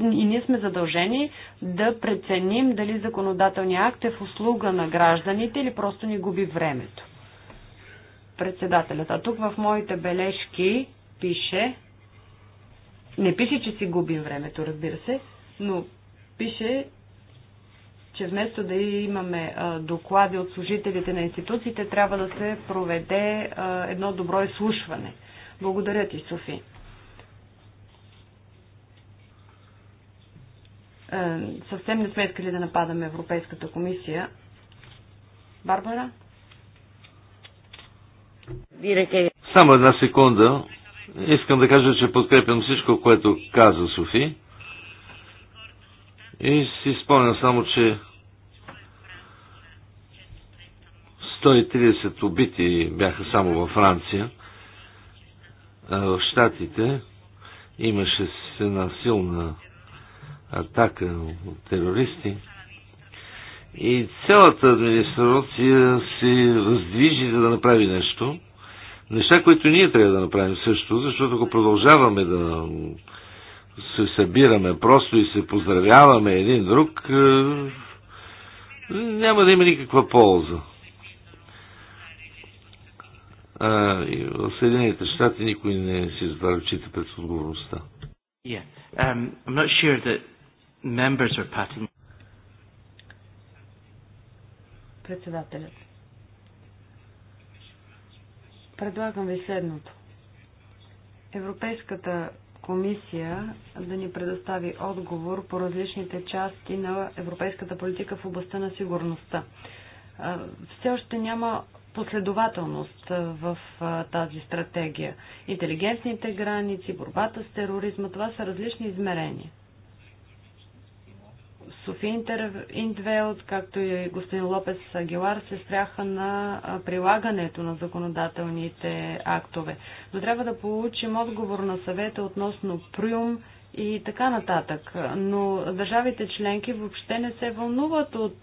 Speaker 3: и ние сме задължени да преценим дали законодателният акт е в услуга на гражданите или просто ни губи времето. Председателят. А тук в моите бележки пише, не пише, че си губим времето, разбира се, но пише, че вместо да имаме доклади от служителите на институциите, трябва да се проведе едно добро изслушване. Благодаря ти, Софи. Е, съвсем не сме искали да нападаме Европейската комисия. Барбара?
Speaker 4: Само една секунда. Искам да кажа, че подкрепям всичко, което каза Софи. И си спомням само, че 130 убити бяха само във Франция. А е, в Штатите имаше една силна атака от терористи. И цялата администрация се раздвижи за да направи нещо. Неща, които ние трябва да направим също, защото ако продължаваме да се събираме просто и се поздравяваме един друг, е, няма да има никаква полза. А, и в Съединените щати никой не си задава очите пред отговорността.
Speaker 1: Yeah. Um, I'm not sure that Members are patting.
Speaker 3: Председателят. Предлагам ви следното. Европейската комисия да ни предостави отговор по различните части на европейската политика в областта на сигурността. Все още няма последователност в тази стратегия. Интелигентните граници, борбата с тероризма, това са различни измерения. Софи Интвелд, както и господин Лопес Агилар се спряха на прилагането на законодателните актове. Но трябва да получим отговор на съвета относно Прюм и така нататък. Но държавите членки въобще не се вълнуват от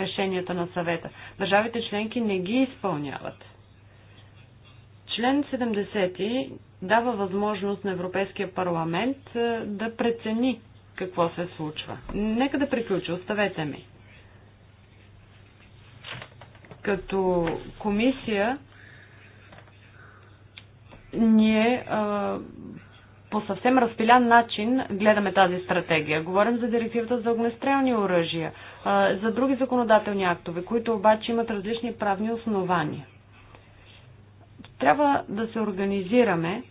Speaker 3: решенията на съвета. Държавите членки не ги изпълняват. Член 70 дава възможност на Европейския парламент да прецени какво се случва. Нека да приключа, оставете ми. Като комисия ние а, по съвсем разпилян начин гледаме тази стратегия. Говорим за директивата за огнестрелни оръжия, а, за други законодателни актове, които обаче имат различни правни основания. Трябва да се организираме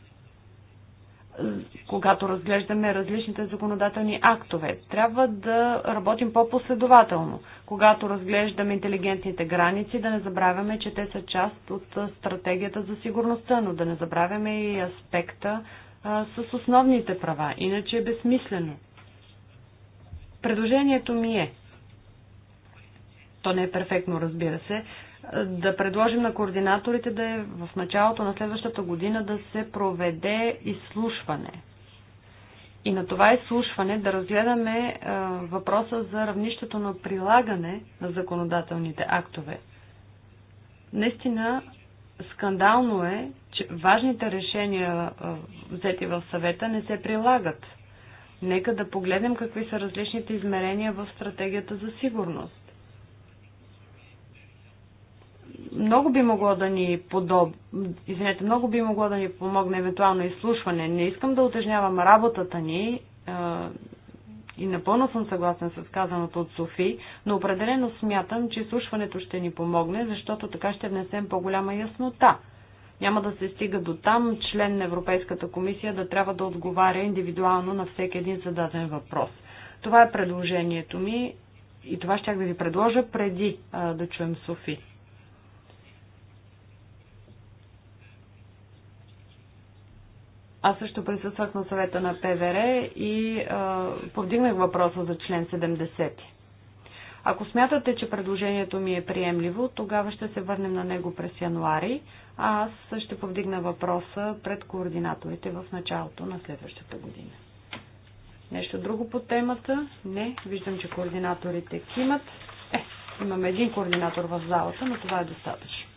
Speaker 3: когато разглеждаме различните законодателни актове. Трябва да работим по-последователно. Когато разглеждаме интелигентните граници, да не забравяме, че те са част от стратегията за сигурността, но да не забравяме и аспекта а, с основните права. Иначе е безсмислено. Предложението ми е. То не е перфектно, разбира се, да предложим на координаторите да е в началото на следващата година да се проведе изслушване. И на това изслушване да разгледаме е, въпроса за равнището на прилагане на законодателните актове. Наистина скандално е, че важните решения е, взети в съвета не се прилагат. Нека да погледнем какви са различните измерения в стратегията за сигурност много би могло да ни подоб... Извинете, много би могло да ни помогне евентуално изслушване. Не искам да утежнявам работата ни и напълно съм съгласен с казаното от Софи, но определено смятам, че изслушването ще ни помогне, защото така ще внесем по-голяма яснота. Няма да се стига до там член на Европейската комисия да трябва да отговаря индивидуално на всеки един зададен въпрос. Това е предложението ми и това ще да ви предложа преди а, да чуем Софи. Аз също присъствах на съвета на ПВР и а, повдигнах въпроса за член 70. Ако смятате, че предложението ми е приемливо, тогава ще се върнем на него през януари, а аз ще повдигна въпроса пред координаторите в началото на следващата година. Нещо друго по темата? Не. Виждам, че координаторите кимат. Е, имаме един координатор в залата, но това е достатъчно.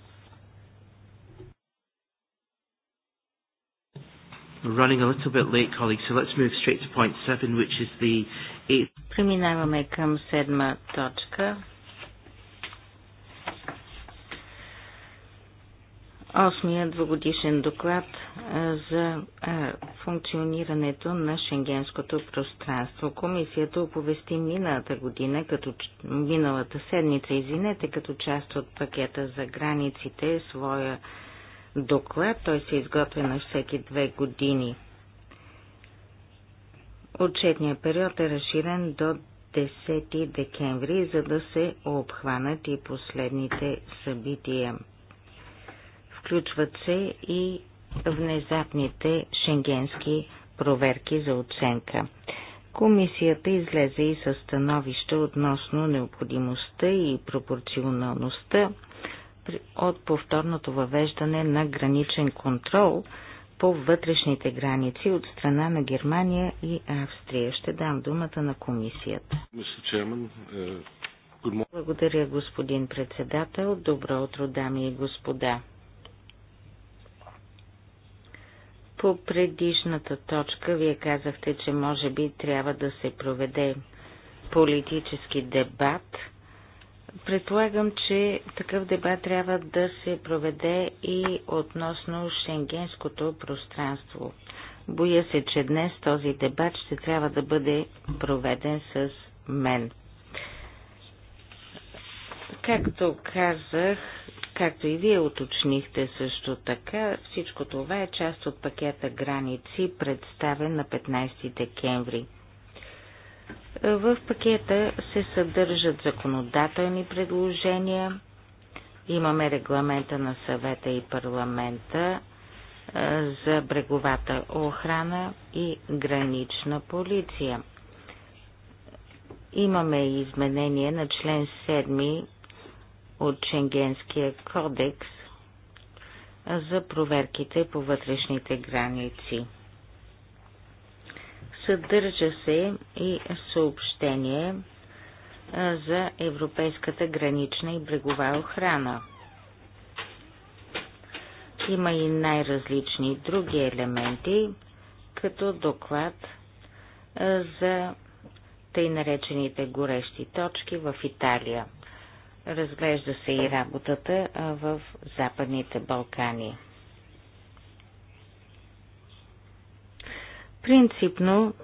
Speaker 1: We're running a little bit late, colleagues, so let's move straight to point seven, which is the eighth.
Speaker 2: Преминаваме към седма точка. Осмия двогодишен доклад за функционирането на шенгенското пространство. Комисията оповести миналата година, като миналата седмица, извинете, като част от пакета за границите, своя доклад. Той се изготвя на всеки две години. Отчетният период е разширен до 10 декември, за да се обхванат и последните събития. Включват се и внезапните шенгенски проверки за оценка. Комисията излезе и със становище относно необходимостта и пропорционалността от повторното въвеждане на граничен контрол по вътрешните граници от страна на Германия и Австрия. Ще дам думата на комисията. Е, Благодаря, господин председател. Добро утро, дами и господа. По предишната точка вие казахте, че може би трябва да се проведе политически дебат – Предполагам, че такъв дебат трябва да се проведе и относно шенгенското пространство. Боя се, че днес този дебат ще трябва да бъде проведен с мен. Както казах, както и вие уточнихте също така, всичко това е част от пакета граници, представен на 15 декември в пакета се съдържат законодателни предложения. Имаме регламента на съвета и парламента за бреговата охрана и гранична полиция. Имаме и изменение на член 7 от Ченгенския кодекс за проверките по вътрешните граници. Съдържа се и съобщение за Европейската гранична и брегова охрана. Има и най-различни други елементи, като доклад за тъй наречените горещи точки в Италия. Разглежда се и работата в Западните Балкани. Принципно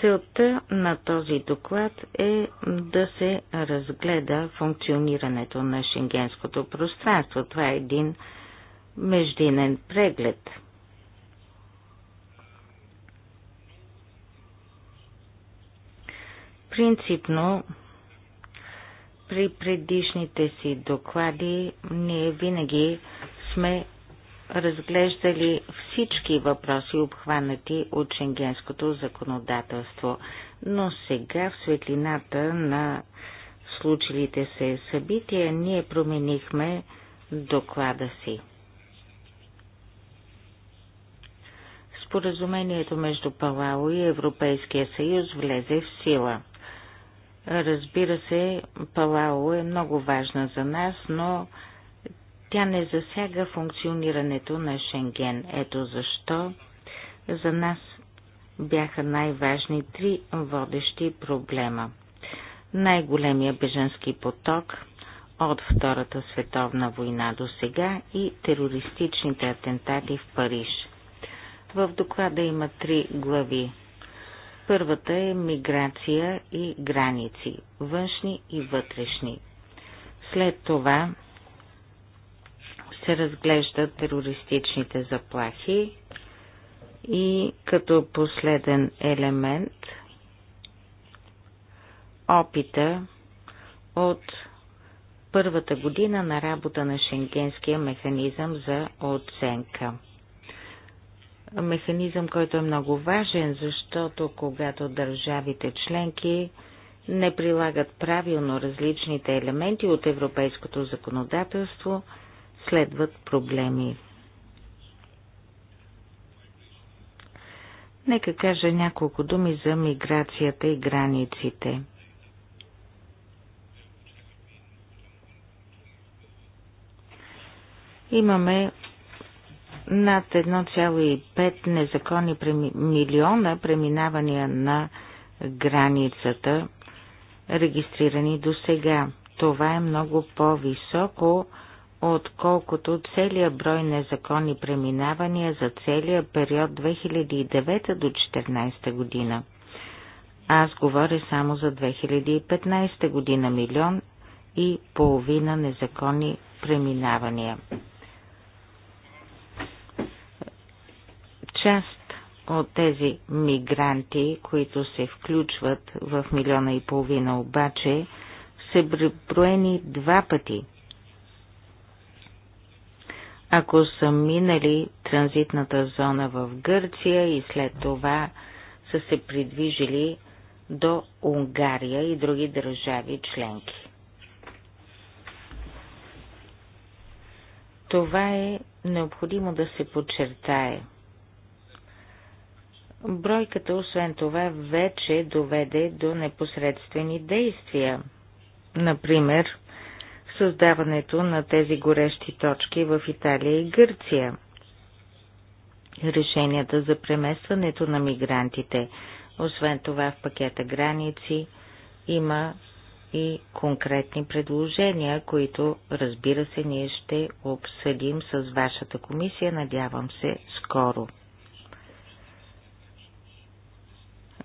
Speaker 2: целта на този доклад е да се разгледа функционирането на шенгенското пространство. Това е един междинен преглед. Принципно при предишните си доклади ние винаги сме разглеждали всички въпроси, обхванати от шенгенското законодателство. Но сега, в светлината на случилите се събития, ние променихме доклада си. Споразумението между Палао и Европейския съюз влезе в сила. Разбира се, Палао е много важна за нас, но тя не засяга функционирането на Шенген. Ето защо за нас бяха най-важни три водещи проблема. Най-големия беженски поток от Втората световна война до сега и терористичните атентати в Париж. В доклада има три глави. Първата е миграция и граници, външни и вътрешни. След това се разглеждат терористичните заплахи и като последен елемент опита от първата година на работа на Шенгенския механизъм за оценка. Механизъм, който е много важен, защото когато държавите членки не прилагат правилно различните елементи от европейското законодателство – следват проблеми. Нека кажа няколко думи за миграцията и границите. Имаме над 1,5 незаконни преми... милиона преминавания на границата, регистрирани до сега. Това е много по-високо отколкото целият брой незаконни преминавания за целия период 2009 до 2014 година. Аз говоря само за 2015 година милион и половина незаконни преминавания. Част от тези мигранти, които се включват в милиона и половина обаче, са преброени два пъти – ако са минали транзитната зона в Гърция и след това са се придвижили до Унгария и други държави членки. Това е необходимо да се подчертае. Бройката, освен това, вече доведе до непосредствени действия. Например, създаването на тези горещи точки в Италия и Гърция, решенията за преместването на мигрантите. Освен това в пакета граници има и конкретни предложения, които разбира се ние ще обсъдим с вашата комисия, надявам се, скоро.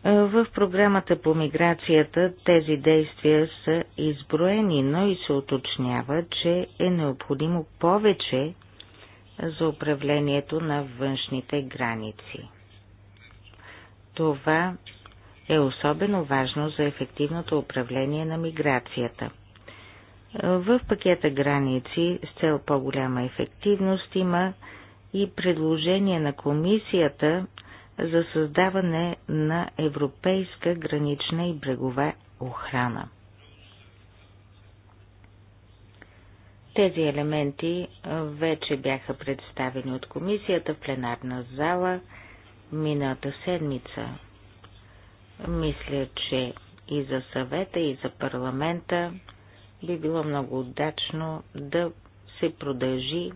Speaker 2: В програмата по миграцията тези действия са изброени, но и се уточнява, че е необходимо повече за управлението на външните граници. Това е особено важно за ефективното управление на миграцията. В пакета граници с цел по-голяма ефективност има и предложение на комисията за създаване на европейска гранична и брегова охрана. Тези елементи вече бяха представени от комисията в пленарна зала миналата седмица. Мисля, че и за съвета, и за парламента би било много удачно да се продължи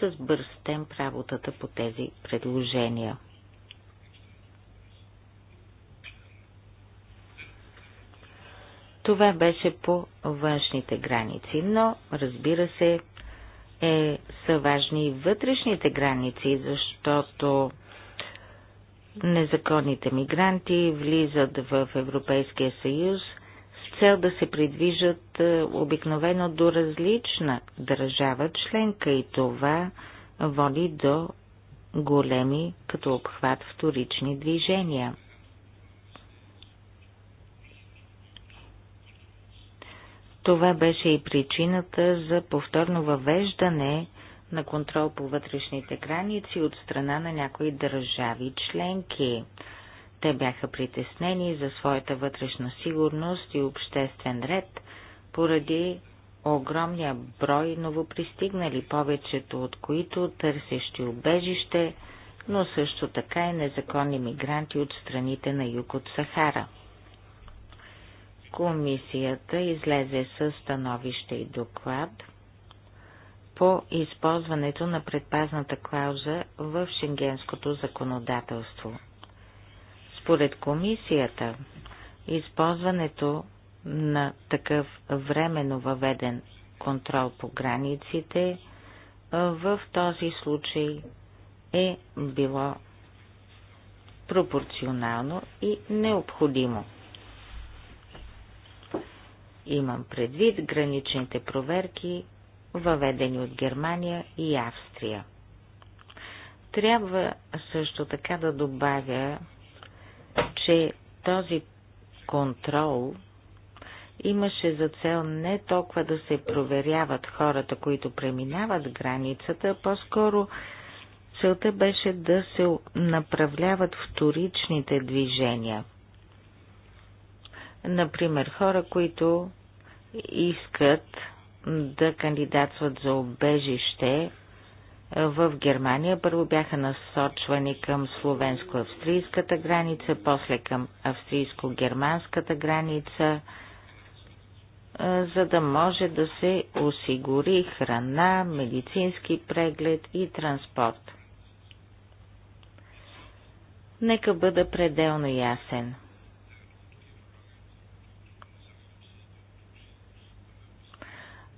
Speaker 2: с бърз темп работата по тези предложения. Това беше по външните граници, но разбира се, е, са важни и вътрешните граници, защото незаконните мигранти влизат в Европейския съюз с цел да се придвижат е, обикновено до различна държава членка и това води до големи като обхват вторични движения. Това беше и причината за повторно въвеждане на контрол по вътрешните граници от страна на някои държави членки. Те бяха притеснени за своята вътрешна сигурност и обществен ред поради огромния брой новопристигнали, повечето от които търсещи убежище, но също така и незаконни мигранти от страните на юг от Сахара. Комисията излезе с становище и доклад по използването на предпазната клауза в шенгенското законодателство. Според комисията, използването на такъв временно въведен контрол по границите в този случай е било пропорционално и необходимо. Имам предвид граничните проверки, въведени от Германия и Австрия. Трябва също така да добавя, че този контрол имаше за цел не толкова да се проверяват хората, които преминават границата, по-скоро целта беше да се направляват вторичните движения. Например, хора, които искат да кандидатстват за обежище в Германия. Първо бяха насочвани към словенско-австрийската граница, после към австрийско-германската граница, за да може да се осигури храна, медицински преглед и транспорт. Нека бъда пределно ясен –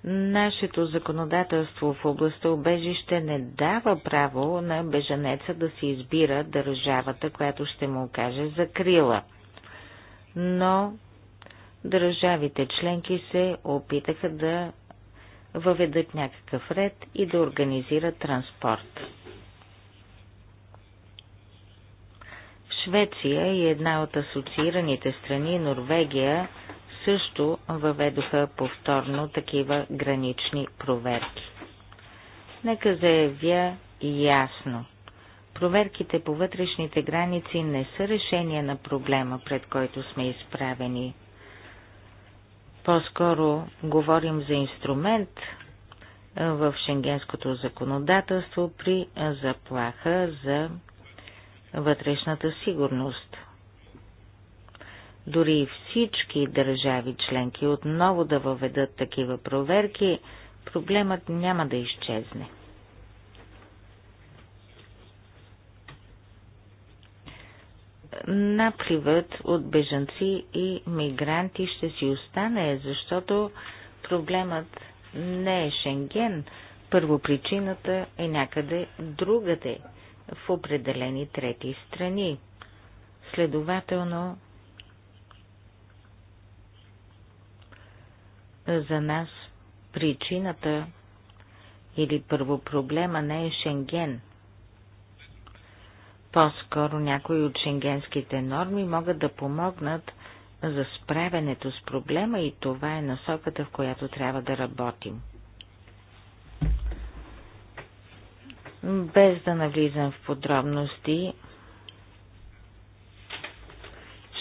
Speaker 2: Нашето законодателство в областта обежище не дава право на бежанеца да си избира държавата, която ще му окаже закрила. Но държавите членки се опитаха да въведат някакъв ред и да организират транспорт. Швеция и една от асоциираните страни Норвегия също въведоха повторно такива гранични проверки. Нека заявя ясно. Проверките по вътрешните граници не са решение на проблема, пред който сме изправени. По-скоро говорим за инструмент в шенгенското законодателство при заплаха за вътрешната сигурност дори и всички държави членки отново да въведат такива проверки, проблемът няма да изчезне. Напривът от бежанци и мигранти ще си остане, защото проблемът не е Шенген. Първопричината е някъде другаде, в определени трети страни. Следователно, За нас причината или първо проблема не е Шенген. По-скоро някои от шенгенските норми могат да помогнат за справянето с проблема и това е насоката, в която трябва да работим. Без да навлизам в подробности,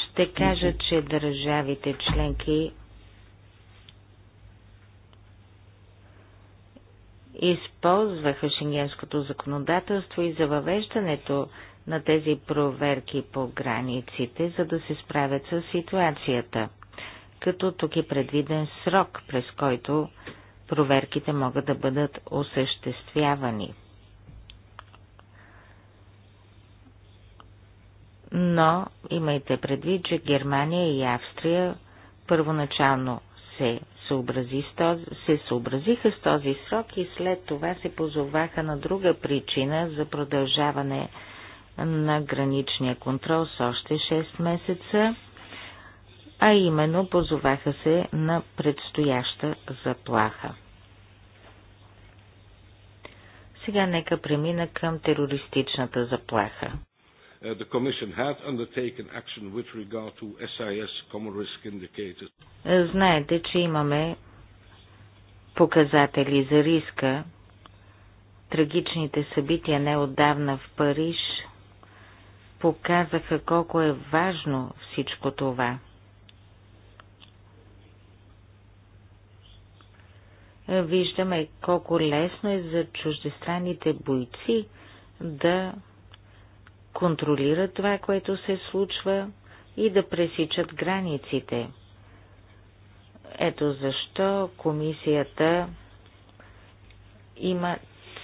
Speaker 2: ще кажа, че държавите членки използваха шенгенското законодателство и за въвеждането на тези проверки по границите, за да се справят с ситуацията, като тук е предвиден срок, през който проверките могат да бъдат осъществявани. Но имайте предвид, че Германия и Австрия първоначално се съобрази с този, се съобразиха с този срок и след това се позоваха на друга причина за продължаване на граничния контрол с още 6 месеца, а именно позоваха се на предстояща заплаха. Сега нека премина към терористичната заплаха.
Speaker 4: Uh, the Commission had undertaken action with regard to SIS common risk indicators.
Speaker 2: Знаете, че имаме показатели за риска. Трагичните събития неотдавна в Париж показаха колко е важно всичко това. Виждаме колко лесно е за чуждестранните бойци да контролират това, което се случва и да пресичат границите. Ето защо комисията има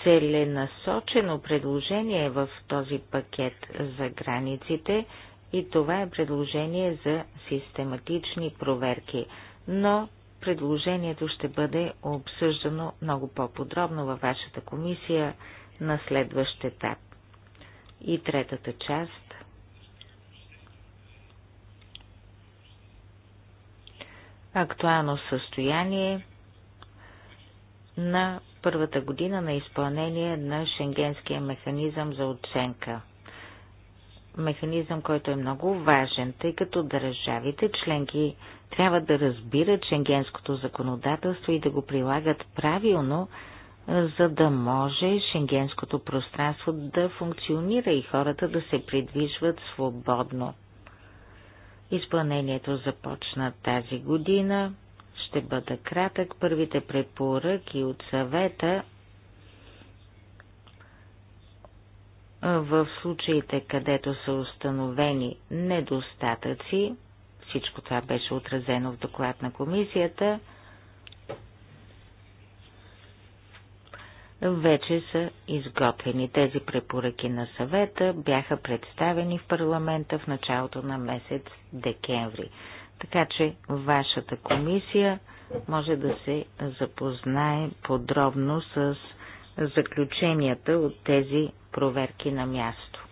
Speaker 2: целенасочено предложение в този пакет за границите и това е предложение за систематични проверки. Но предложението ще бъде обсъждано много по-подробно във вашата комисия на следващ етап. И третата част актуално състояние на първата година на изпълнение на Шенгенския механизъм за оценка. Механизъм, който е много важен, тъй като държавите членки трябва да разбират шенгенското законодателство и да го прилагат правилно, за да може шенгенското пространство да функционира и хората да се придвижват свободно. Изпълнението започна тази година. Ще бъда кратък. Първите препоръки от съвета в случаите, където са установени недостатъци, всичко това беше отразено в доклад на комисията – вече са изготвени. Тези препоръки на съвета бяха представени в парламента в началото на месец декември. Така че вашата комисия може да се запознае подробно с заключенията от тези проверки на място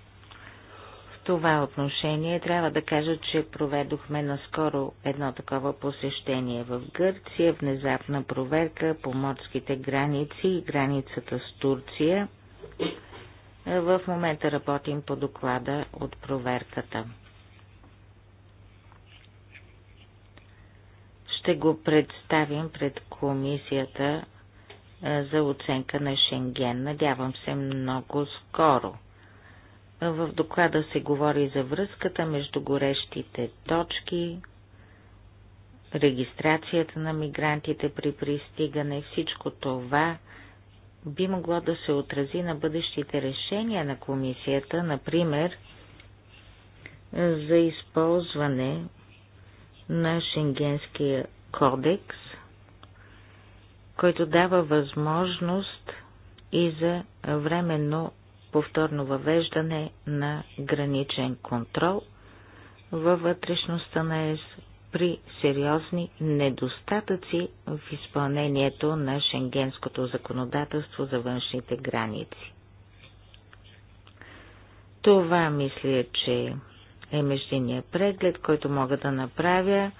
Speaker 2: това отношение трябва да кажа, че проведохме наскоро едно такова посещение в Гърция, внезапна проверка по морските граници и границата с Турция. В момента работим по доклада от проверката. Ще го представим пред комисията за оценка на Шенген. Надявам се много скоро. В доклада се говори за връзката между горещите точки, регистрацията на мигрантите при пристигане, всичко това би могло да се отрази на бъдещите решения на комисията, например за използване на Шенгенския кодекс, който дава възможност и за временно повторно въвеждане на граничен контрол във вътрешността на ЕС при сериозни недостатъци в изпълнението на шенгенското законодателство за външните граници. Това мисля, че е междиният преглед, който мога да направя.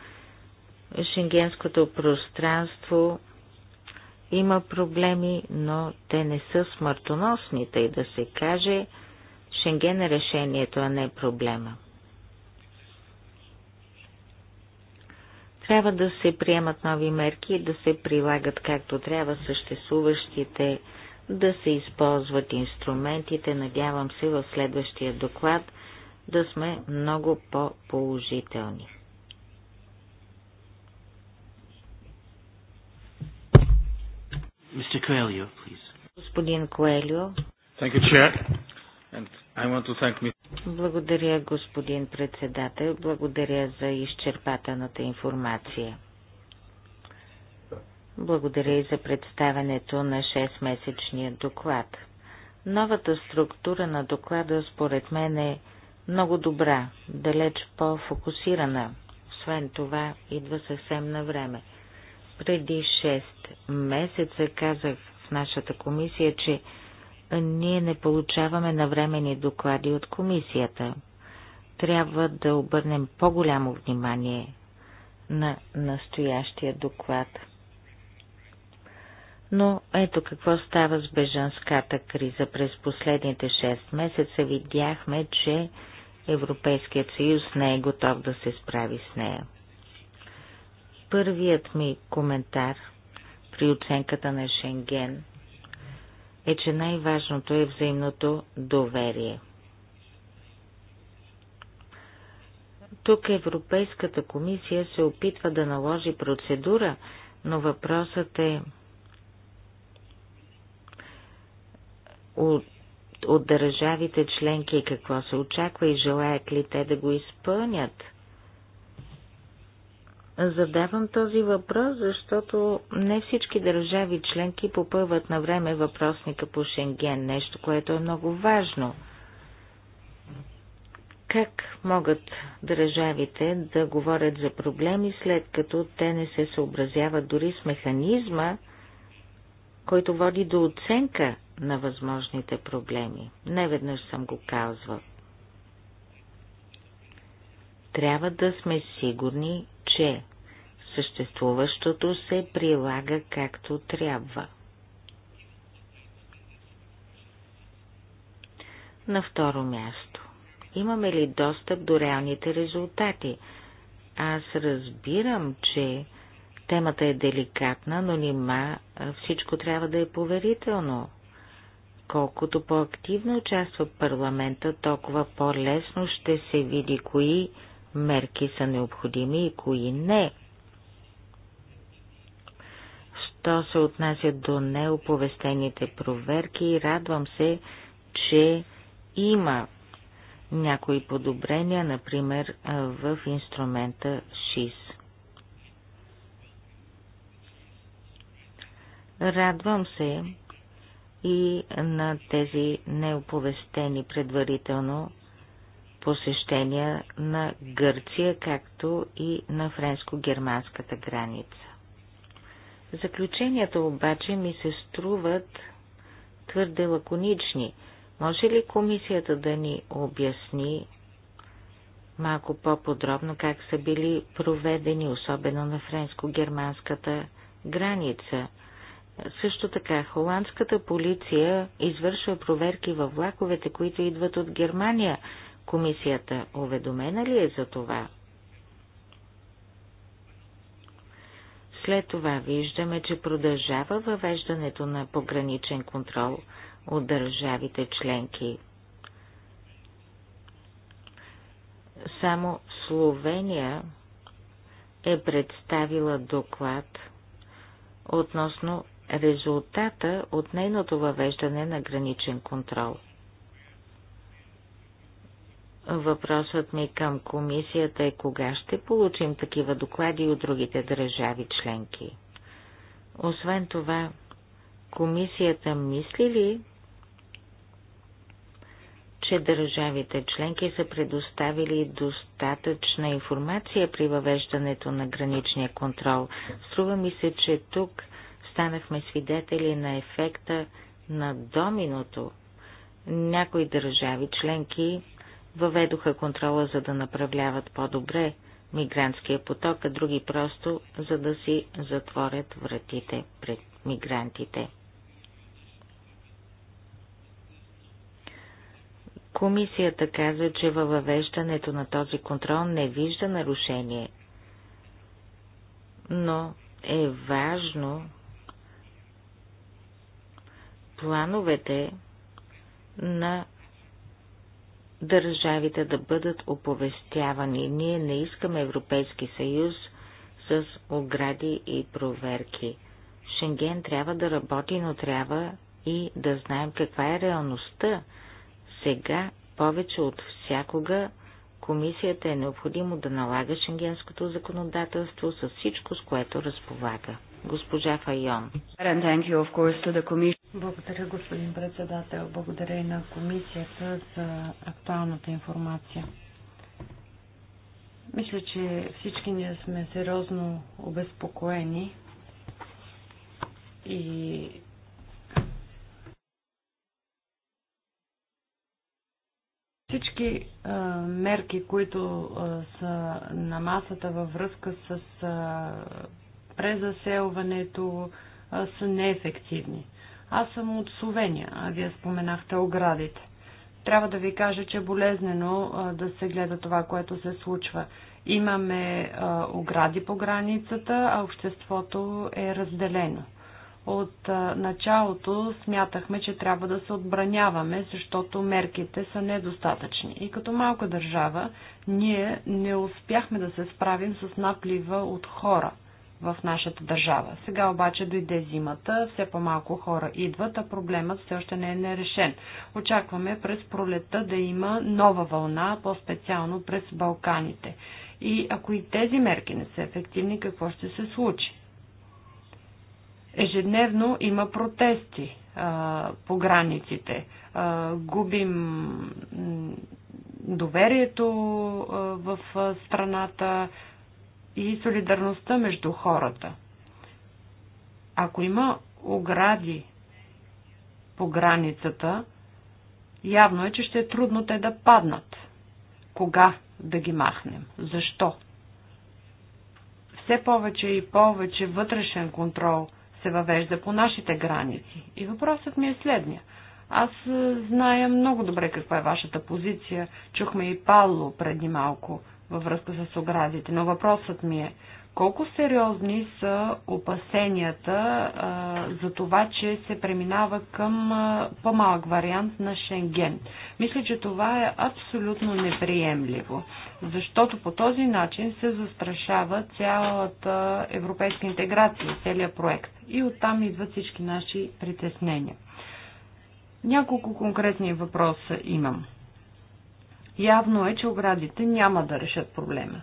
Speaker 2: Шенгенското пространство има проблеми, но те не са смъртоносни, тъй да се каже, Шенген е решението, а не е проблема. Трябва да се приемат нови мерки и да се прилагат както трябва съществуващите, да се използват инструментите. Надявам се в следващия доклад да сме много по-положителни.
Speaker 1: Mr. Coelho, please.
Speaker 2: Господин Коелио.
Speaker 1: Thank you, Chair. And I want to thank me.
Speaker 2: Благодаря, господин председател. Благодаря за изчерпателната информация. Благодаря и за представенето на 6-месечния доклад. Новата структура на доклада според мен е много добра, далеч по-фокусирана. Освен това, идва съвсем на време. Преди 6 месеца казах в нашата комисия, че ние не получаваме навремени доклади от комисията. Трябва да обърнем по-голямо внимание на настоящия доклад. Но ето какво става с бежанската криза. През последните 6 месеца видяхме, че Европейският съюз не е готов да се справи с нея. Първият ми коментар при оценката на Шенген е, че най-важното е взаимното доверие. Тук Европейската комисия се опитва да наложи процедура, но въпросът е от, от държавите членки какво се очаква и желаят ли те да го изпълнят – Задавам този въпрос, защото не всички държави членки попълват на време въпросника по Шенген, нещо, което е много важно. Как могат държавите да говорят за проблеми, след като те не се съобразяват дори с механизма, който води до оценка на възможните проблеми? Неведнъж съм го казвал трябва да сме сигурни, че съществуващото се прилага както трябва. На второ място. Имаме ли достъп до реалните резултати? Аз разбирам, че темата е деликатна, но нима всичко трябва да е поверително. Колкото по-активно участва парламента, толкова по-лесно ще се види кои мерки са необходими и кои не. Що се отнася до неоповестените проверки, радвам се, че има някои подобрения, например в инструмента ШИС. Радвам се и на тези неоповестени предварително посещения на Гърция, както и на френско-германската граница. Заключенията обаче ми се струват твърде лаконични. Може ли комисията да ни обясни малко по-подробно как са били проведени, особено на френско-германската граница? Също така, холандската полиция извършва проверки във влаковете, които идват от Германия – Комисията уведомена ли е за това? След това виждаме, че продължава въвеждането на пограничен контрол от държавите членки. Само Словения е представила доклад относно резултата от нейното въвеждане на граничен контрол – Въпросът ми към комисията е кога ще получим такива доклади от другите държави членки. Освен това, комисията мисли ли, че държавите членки са предоставили достатъчна информация при въвеждането на граничния контрол? Струва ми се, че тук станахме свидетели на ефекта на доминото. Някои държави членки въведоха контрола, за да направляват по-добре мигрантския поток, а други просто, за да си затворят вратите пред мигрантите. Комисията каза, че във въвеждането на този контрол не вижда нарушение, но е важно плановете на държавите да бъдат оповестявани. Ние не искаме Европейски съюз с огради и проверки. Шенген трябва да работи, но трябва и да знаем каква е реалността. Сега, повече от всякога, комисията е необходимо да налага шенгенското законодателство с всичко, с което разполага госпожа Файон.
Speaker 3: Благодаря, господин председател. Благодаря и на комисията за актуалната информация. Мисля, че всички ние сме сериозно обезпокоени и всички а, мерки, които а, са на масата във връзка с а, презаселването са неефективни. Аз съм от Словения, а вие споменахте оградите. Трябва да ви кажа, че е болезнено да се гледа това, което се случва. Имаме огради по границата, а обществото е разделено. От началото смятахме, че трябва да се отбраняваме, защото мерките са недостатъчни. И като малка държава, ние не успяхме да се справим с наплива от хора – в нашата държава. Сега обаче дойде зимата, все по-малко хора идват, а проблемът все още не е нерешен. Очакваме през пролета да има нова вълна, по-специално през Балканите. И ако и тези мерки не са ефективни, какво ще се случи? Ежедневно има протести а, по границите. А, губим доверието а, в страната. А, и солидарността между хората. Ако има огради по границата, явно е, че ще е трудно те да паднат. Кога да ги махнем? Защо? Все повече и повече вътрешен контрол се въвежда по нашите граници. И въпросът ми е следния. Аз е, зная много добре каква е вашата позиция. Чухме и Павло преди малко във връзка с оградите. Но въпросът ми е, колко сериозни са опасенията а, за това, че се преминава към а, по-малък вариант на Шенген? Мисля, че това е абсолютно неприемливо, защото по този начин се застрашава цялата европейска интеграция, целият проект. И оттам идват всички наши притеснения. Няколко конкретни въпроса имам. Явно е, че оградите няма да решат проблема.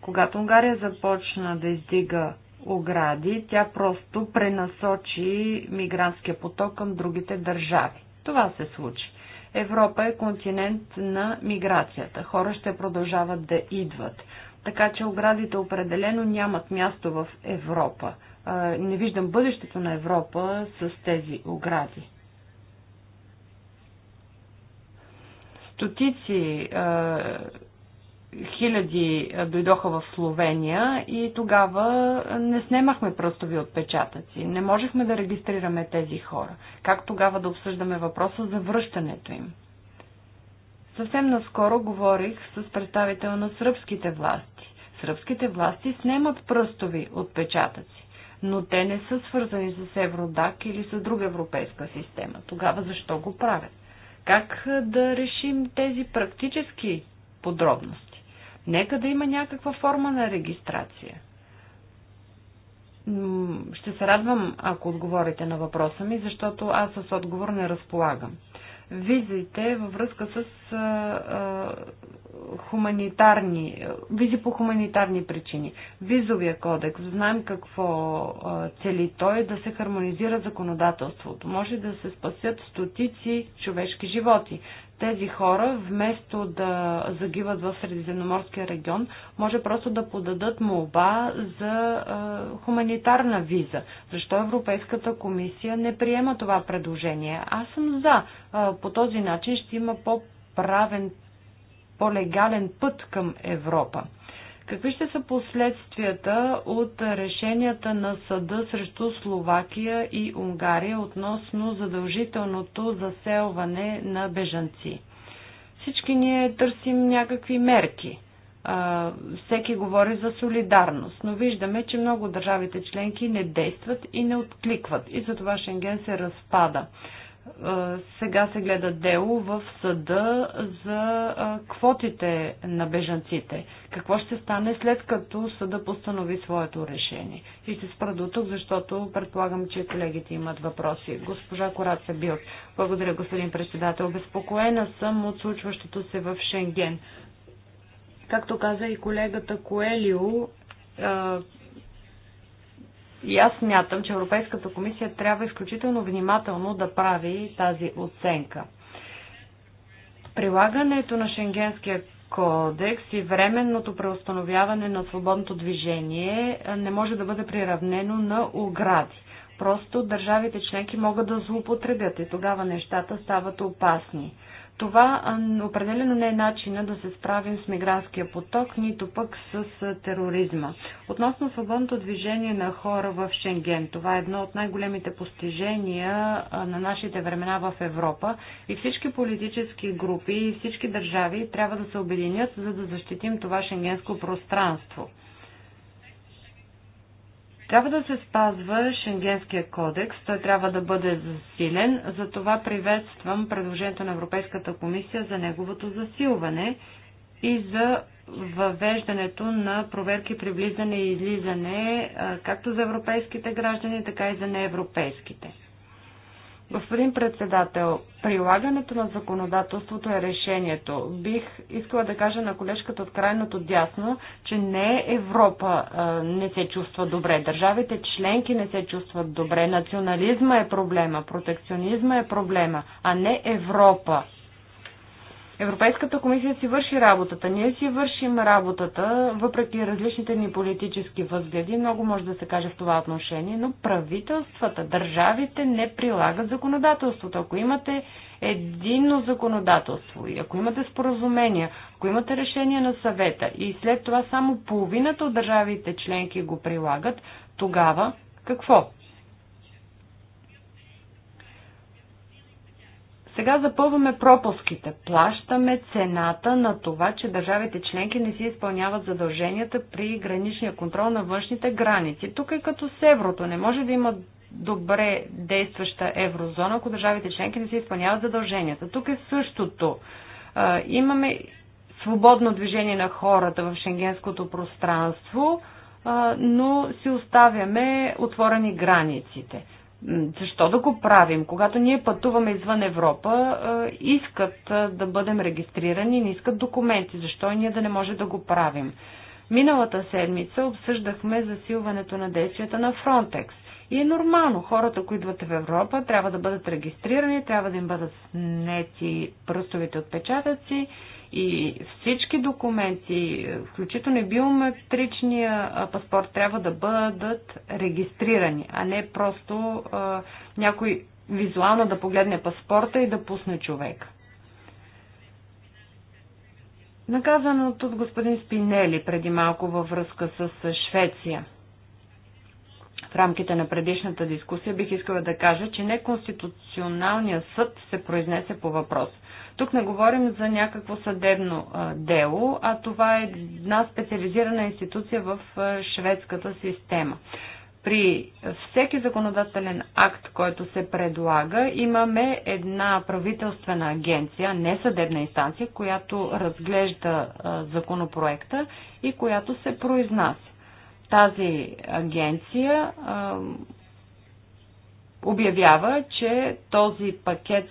Speaker 3: Когато Унгария започна да издига огради, тя просто пренасочи мигрантския поток към другите държави. Това се случи. Европа е континент на миграцията. Хора ще продължават да идват. Така че оградите определено нямат място в Европа. Не виждам бъдещето на Европа с тези огради. стотици хиляди дойдоха в Словения и тогава не снимахме пръстови отпечатъци. Не можехме да регистрираме тези хора. Как тогава да обсъждаме въпроса за връщането им? Съвсем наскоро говорих с представител на сръбските власти. Сръбските власти снемат пръстови отпечатъци, но те не са свързани с Евродак или с друга европейска система. Тогава защо го правят? Как да решим тези практически подробности? Нека да има някаква форма на регистрация. Ще се радвам, ако отговорите на въпроса ми, защото аз с отговор не разполагам визите във връзка с а, а, хуманитарни, визи по хуманитарни причини. Визовия кодекс, знаем какво а, цели той да се хармонизира законодателството. Може да се спасят стотици човешки животи тези хора, вместо да загиват в Средиземноморския регион, може просто да подадат молба за е, хуманитарна виза. Защо Европейската комисия не приема това предложение? Аз съм за. Е, по този начин ще има по-правен, по-легален път към Европа. Какви ще са последствията от решенията на съда срещу Словакия и Унгария относно задължителното заселване на бежанци? Всички ние търсим някакви мерки. Всеки говори за солидарност, но виждаме, че много държавите членки не действат и не откликват и затова Шенген се разпада сега се гледа дело в съда за квотите на бежанците. Какво ще стане след като съда постанови своето решение? И ще спра до тук, защото предполагам, че колегите имат въпроси. Госпожа Кораца Бил, Благодаря, господин председател. Обезпокоена съм от случващото се в Шенген. Както каза и колегата Коелио, и аз смятам, че Европейската комисия трябва изключително внимателно да прави тази оценка. Прилагането на Шенгенския кодекс и временното преустановяване на свободното движение не може да бъде приравнено на огради. Просто държавите членки могат да злоупотребят и тогава нещата стават опасни. Това определено не е начина да се справим с мигрантския поток, нито пък с тероризма. Относно свободното движение на хора в Шенген, това е едно от най-големите постижения на нашите времена в Европа и всички политически групи и всички държави трябва да се обединят, за да защитим това шенгенско пространство. Трябва да се спазва Шенгенския кодекс, той трябва да бъде засилен, затова приветствам предложението на Европейската комисия за неговото засилване и за въвеждането на проверки при влизане и излизане както за европейските граждани, така и за неевропейските. Господин председател, прилагането на законодателството е решението. Бих искала да кажа на колежката от крайното дясно, че не е Европа а, не се чувства добре, държавите членки не се чувстват добре, национализма е проблема, протекционизма е проблема, а не Европа Европейската комисия си върши работата. Ние си вършим работата, въпреки различните ни политически възгледи. Много може да се каже в това отношение, но правителствата, държавите не прилагат законодателството. Ако имате единно законодателство и ако имате споразумения, ако имате решение на съвета и след това само половината от държавите членки го прилагат, тогава какво? Сега запълваме пропуските. Плащаме цената на това, че държавите членки не си изпълняват задълженията при граничния контрол на външните граници. Тук е като с еврото. Не може да има добре действаща еврозона, ако държавите членки не си изпълняват задълженията. Тук е същото. Имаме свободно движение на хората в шенгенското пространство, но си оставяме отворени границите. Защо да го правим? Когато ние пътуваме извън Европа, искат да бъдем регистрирани, не искат документи. Защо и ние да не може да го правим? Миналата седмица обсъждахме засилването на действията на Фронтекс. И е нормално, хората, които идват в Европа, трябва да бъдат регистрирани, трябва да им бъдат снети пръстовите отпечатъци и всички документи, включително и биометричния паспорт, трябва да бъдат регистрирани, а не просто а, някой визуално да погледне паспорта и да пусне човек. Наказаното от господин Спинели преди малко във връзка с Швеция. В рамките на предишната дискусия бих искала да кажа, че неконституционалният съд се произнесе по въпрос – тук не говорим за някакво съдебно дело, а това е една специализирана институция в шведската система. При всеки законодателен акт, който се предлага, имаме една правителствена агенция, не съдебна инстанция, която разглежда законопроекта и която се произнася. Тази агенция обявява, че този пакет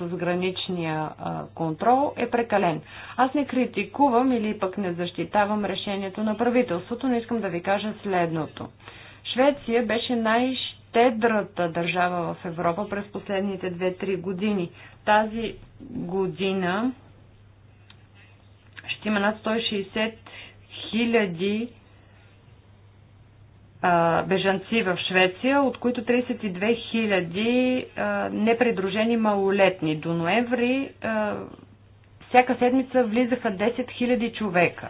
Speaker 3: с граничния контрол е прекален. Аз не критикувам или пък не защитавам решението на правителството, но искам да ви кажа следното. Швеция беше най-щедрата държава в Европа през последните 2-3 години. Тази година ще има над 160 хиляди 000 бежанци в Швеция, от които 32 хиляди непредружени малолетни. До ноември всяка седмица влизаха 10 хиляди човека.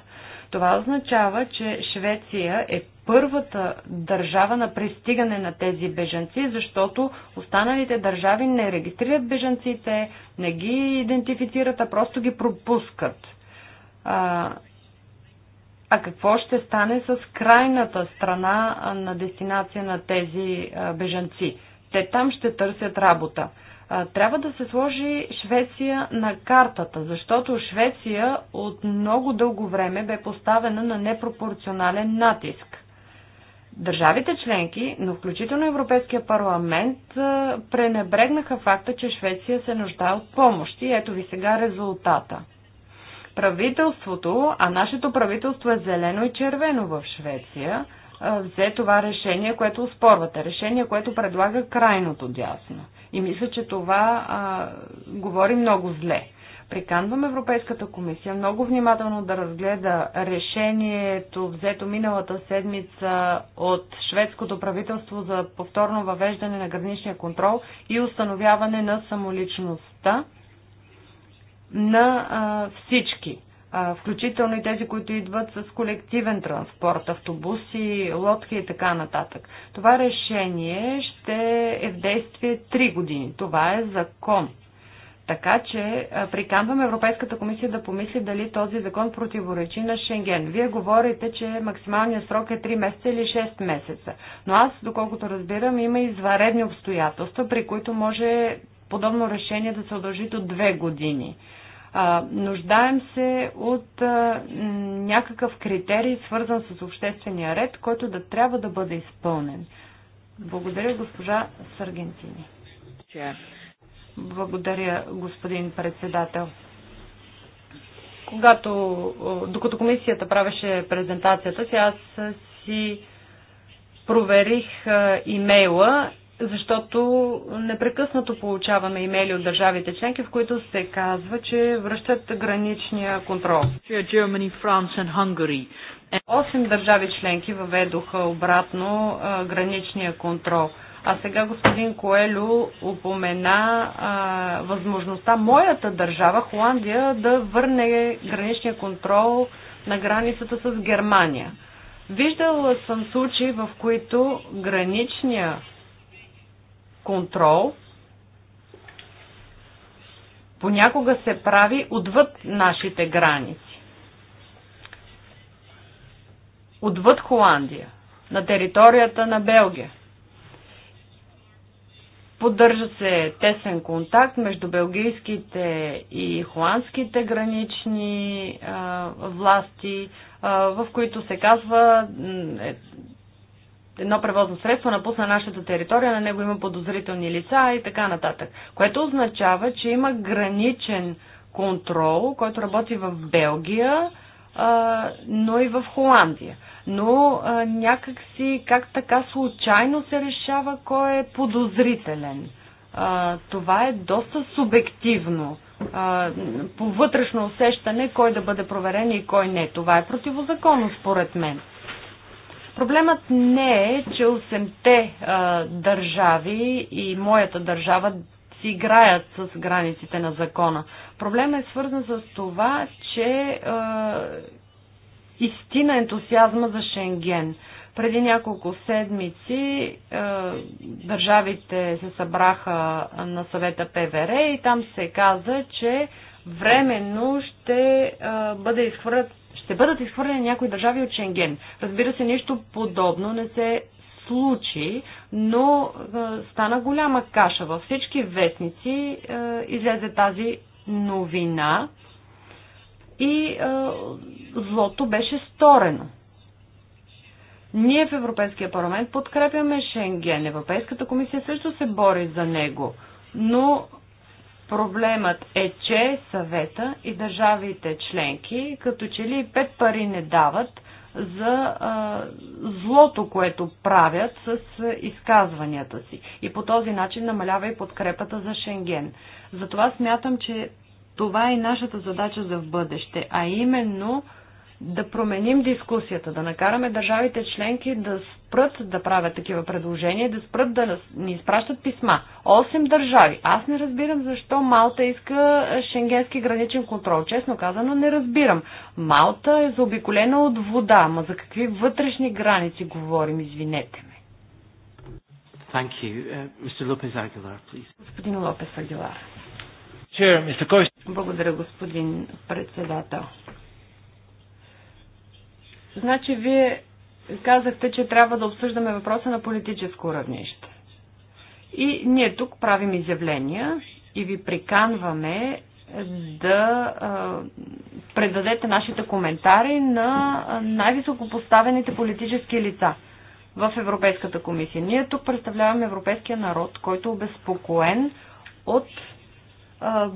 Speaker 3: Това означава, че Швеция е първата държава на пристигане на тези бежанци, защото останалите държави не регистрират бежанците, не ги идентифицират, а просто ги пропускат. А какво ще стане с крайната страна на дестинация на тези бежанци? Те там ще търсят работа. Трябва да се сложи Швеция на картата, защото Швеция от много дълго време бе поставена на непропорционален натиск. Държавите членки, но включително Европейския парламент, пренебрегнаха факта, че Швеция се нуждае от помощ. И ето ви сега резултата – Правителството, а нашето правителство е зелено и червено в Швеция, взе това решение, което успорвате. Решение, което предлага крайното дясно. И мисля, че това а, говори много зле. Приканвам Европейската комисия много внимателно да разгледа решението, взето миналата седмица от шведското правителство за повторно въвеждане на граничния контрол и установяване на самоличността на а, всички, а, включително и тези, които идват с колективен транспорт, автобуси, лодки и така нататък. Това решение ще е в действие 3 години. Това е закон. Така че приканвам Европейската комисия да помисли дали този закон противоречи на Шенген. Вие говорите, че максималният срок е 3 месеца или 6 месеца. Но аз, доколкото разбирам, има изваредни обстоятелства, при които може подобно решение да се удължи до 2 години. А, нуждаем се от а, някакъв критерий, свързан с обществения ред, който да трябва да бъде изпълнен. Благодаря, госпожа Саргентини. Благодаря, господин председател. Когато, докато комисията правеше презентацията си, аз си проверих имейла защото непрекъснато получаваме имейли от държавите членки, в които се казва, че връщат граничния контрол. Осем държави членки въведоха обратно граничния контрол. А сега господин Коелю упомена а, възможността моята държава, Холандия, да върне граничния контрол на границата с Германия. Виждала съм случаи, в които граничния контрол понякога се прави отвъд нашите граници. Отвъд Холандия, на територията на Белгия. Поддържа се тесен контакт между белгийските и холандските гранични а, власти, а, в които се казва е, едно превозно средство напусна нашата територия, на него има подозрителни лица и така нататък. Което означава, че има граничен контрол, който работи в Белгия, но и в Холандия. Но някак си, как така случайно се решава кой е подозрителен. Това е доста субективно. По вътрешно усещане кой да бъде проверен и кой не. Това е противозаконно, според мен. Проблемът не е, че 8-те държави и моята държава си играят с границите на закона. Проблемът е свързан с това, че е, истина ентусиазма за Шенген. Преди няколко седмици е, държавите се събраха на съвета ПВР и там се каза, че
Speaker 1: временно
Speaker 3: ще е, бъде изхвърлят ще бъдат изхвърлени някои държави от Шенген. Разбира се, нищо подобно не се случи, но стана голяма каша. Във всички вестници излезе тази новина и злото беше сторено. Ние в Европейския парламент подкрепяме Шенген. Европейската комисия също се бори за него. Но Проблемът е, че съвета и държавите членки като че ли пет пари не дават за а, злото, което правят с изказванията си. И по този начин намалява и подкрепата за Шенген. Затова смятам, че това е нашата задача за в бъдеще, а именно да променим дискусията, да накараме държавите членки да спрат да правят такива предложения, да спрат да ни изпращат писма. Осем държави. Аз не разбирам защо Малта иска шенгенски граничен контрол. Честно казано, не разбирам. Малта е заобиколена от вода, ма за какви вътрешни граници говорим, извинете ме.
Speaker 1: Thank you. Uh, Mr. Lopez Aguilar, please.
Speaker 3: Господин Лопес Агилар. Благодаря, господин председател. Значи вие казахте, че трябва да обсъждаме въпроса на политическо равнище. И ние тук правим изявления и ви приканваме да предадете нашите коментари на най-високопоставените политически лица в Европейската комисия. Ние тук представляваме европейския народ, който е обезпокоен от а,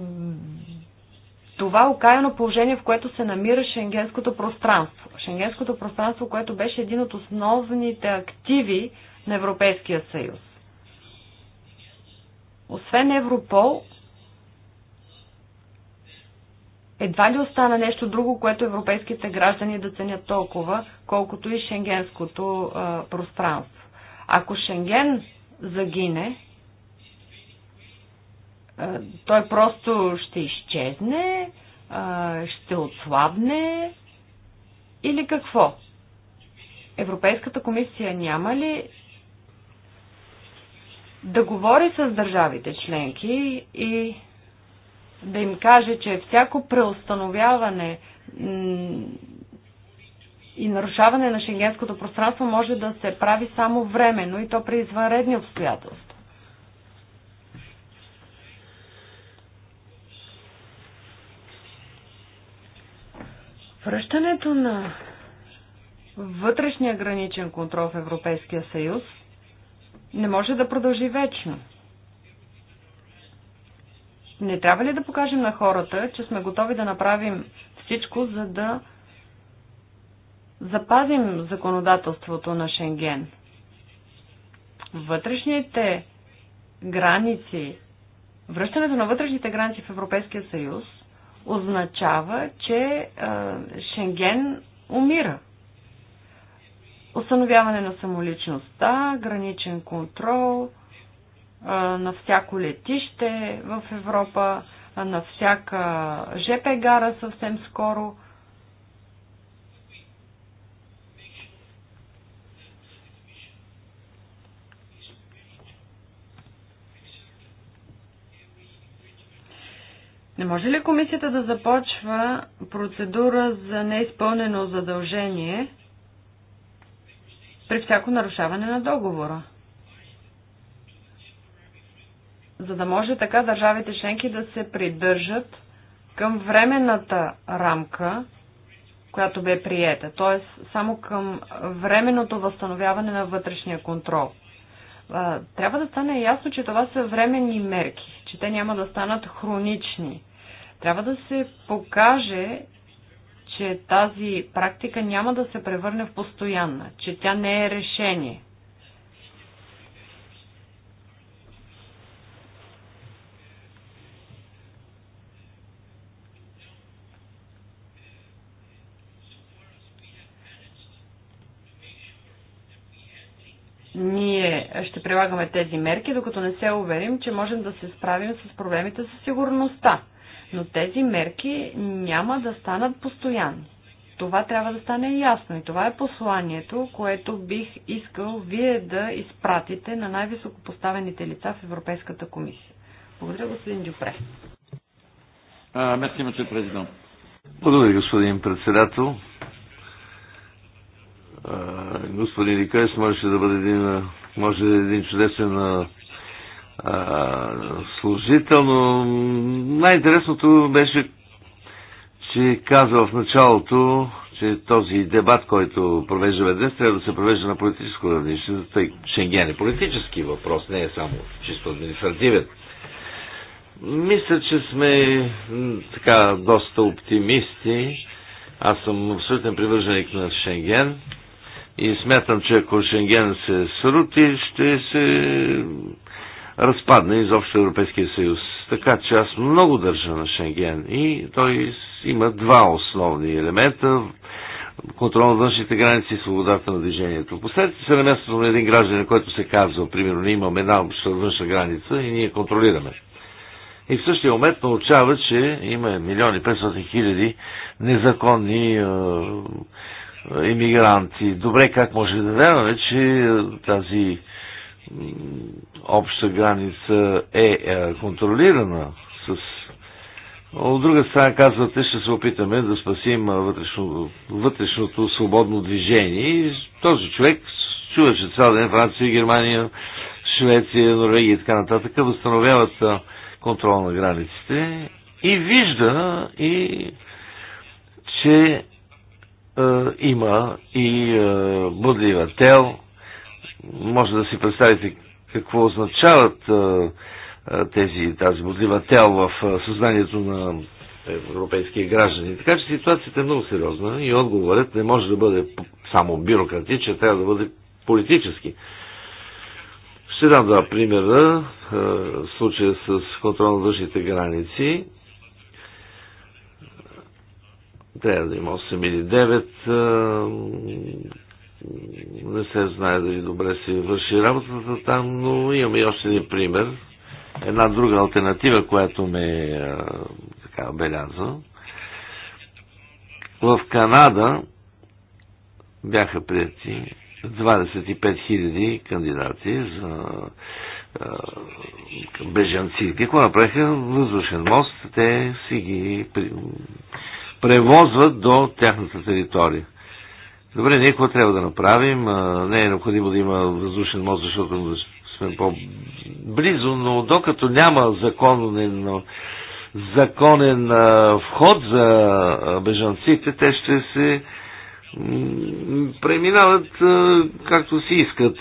Speaker 3: това окаяно положение, в което се намира шенгенското пространство шенгенското пространство, което беше един от основните активи на Европейския съюз. Освен Европол, едва ли остана нещо друго, което европейските граждани да ценят толкова, колкото и шенгенското а, пространство. Ако Шенген загине, а, той просто ще изчезне, а, ще отслабне, или какво? Европейската комисия няма ли да говори с държавите членки и да им каже, че всяко преустановяване и нарушаване на шенгенското пространство може да се прави само временно и то при извънредни обстоятелства. Връщането на вътрешния граничен контрол в Европейския съюз не може да продължи вечно. Не трябва ли да покажем на хората, че сме готови да направим всичко, за да запазим законодателството на Шенген? Вътрешните граници, връщането на вътрешните граници в Европейския съюз означава, че а, Шенген умира. Установяване на самоличността, граничен контрол а, на всяко летище в Европа, а, на всяка ЖП гара съвсем скоро – Не може ли комисията да започва процедура за неизпълнено задължение при всяко нарушаване на договора? За да може така държавите членки да се придържат към временната рамка, която бе приета, т.е. само към временното възстановяване на вътрешния контрол. Трябва да стане ясно, че това са временни мерки, че те няма да станат хронични. Трябва да се покаже, че тази практика няма да се превърне в постоянна, че тя не е решение. Ние ще прилагаме тези мерки, докато не се уверим, че можем да се справим с проблемите със сигурността. Но тези мерки няма да станат постоянни. Това трябва да стане ясно и това е посланието, което бих искал вие да изпратите на най-високопоставените лица в Европейската комисия. Благодаря, господин Дюпре.
Speaker 4: Мерси, мъче президент. Благодаря, господин председател. А, господин Ликайс може да бъде един, може да е един чудесен служител, но най-интересното беше, че каза в началото, че този дебат, който провеждаме днес, трябва да се провежда на политическо равнище, тъй Шенген е политически въпрос, не е само чисто административен. Мисля, че сме така доста оптимисти. Аз съм абсолютен привърженик на Шенген и смятам, че ако Шенген се срути, ще се разпадне изобщо Европейския съюз. Така че аз много държа на Шенген и той има два основни елемента контрол на външните граници и свободата на движението. Последните се на мястото на един гражданин, който се казва, примерно, ние имаме една външна граница и ние контролираме. И в същия момент научава, че има милиони 500 хиляди незаконни е, е, иммигранти. Добре, как може да вярваме, че е, тази обща граница е, е контролирана с от друга страна казвате, ще се опитаме да спасим вътрешно, вътрешното свободно движение. И този човек чуваше цял ден Франция, Германия, Швеция, Норвегия и така нататък, възстановяват контрол на границите и вижда и че е, има и е, бъдлива тел, може да си представите какво означават тези, тази бодлива тел в съзнанието на европейския граждани. Така че ситуацията е много сериозна и отговорът не може да бъде само бюрократичен, трябва да бъде политически. Ще дам два примера. Случая с контрол на външните граници. Трябва да има 8 или 9 не се знае дали добре се върши работата там, но имаме и още един пример. Една друга альтернатива, която ме е, така белязва. В Канада бяха прияти 25 000 кандидати за а, бежанци. Какво направиха? Въздушен мост. Те си ги превозват до тяхната територия. Добре, ние какво трябва да направим? Не е необходимо да има въздушен мост, защото сме по-близо, но докато няма законен, законен вход за бежанците, те ще се преминават както си искат.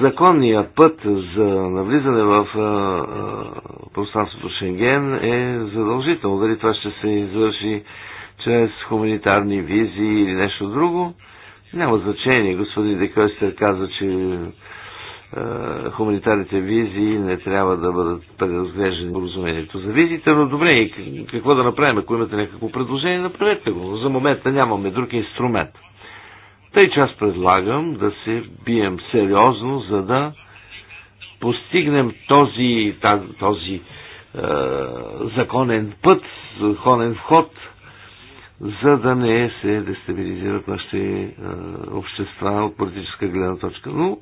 Speaker 4: Законният път за навлизане в пространството Шенген е задължително. Дали това ще се извърши чрез хуманитарни визи или нещо друго. Няма значение. Господин Декойстер каза, че е, хуманитарните визи не трябва да бъдат преразглеждани поразумението за визите, но добре, и какво да направим? Ако имате някакво предложение, направете го. Но за момента нямаме друг инструмент. Тъй, че аз предлагам да се бием сериозно, за да постигнем този, този е, законен път, законен вход – за да не се дестабилизират нашите е, общества от политическа гледна точка. Но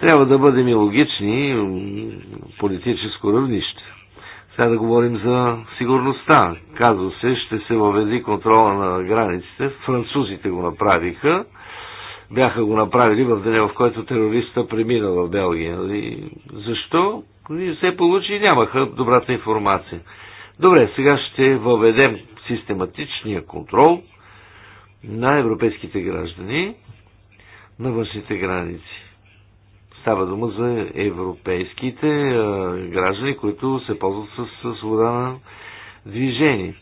Speaker 4: трябва да бъдем и логични политическо равнище. Сега да говорим за сигурността. Казва се, ще се въведи контрола на границите. Французите го направиха. Бяха го направили в деня, в който терориста премина в Белгия. И защо? Не се получи и нямаха добрата информация. Добре, сега ще въведем систематичния контрол на европейските граждани на външните граници. Става дума за европейските граждани, които се ползват с свобода на движение.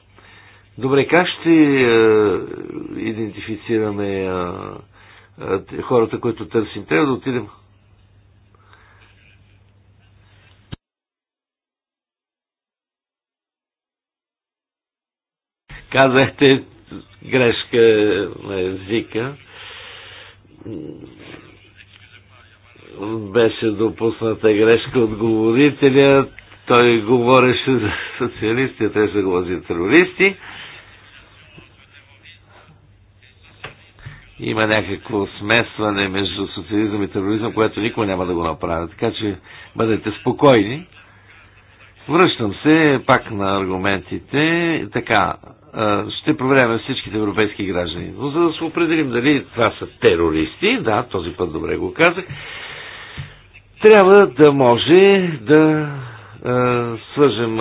Speaker 4: Добре, как ще идентифицираме хората, които търсим? Трябва да отидем Казахте грешка на езика. Беше допусната грешка от говорителя. Той говореше за социалисти, те се говори за терористи. Има някакво смесване между социализъм и тероризъм, което никой няма да го направи. Така че бъдете спокойни. Връщам се пак на аргументите. Така, ще проверяваме всичките европейски граждани. Но за да се определим дали това са терористи, да, този път добре го казах, трябва да може да свържем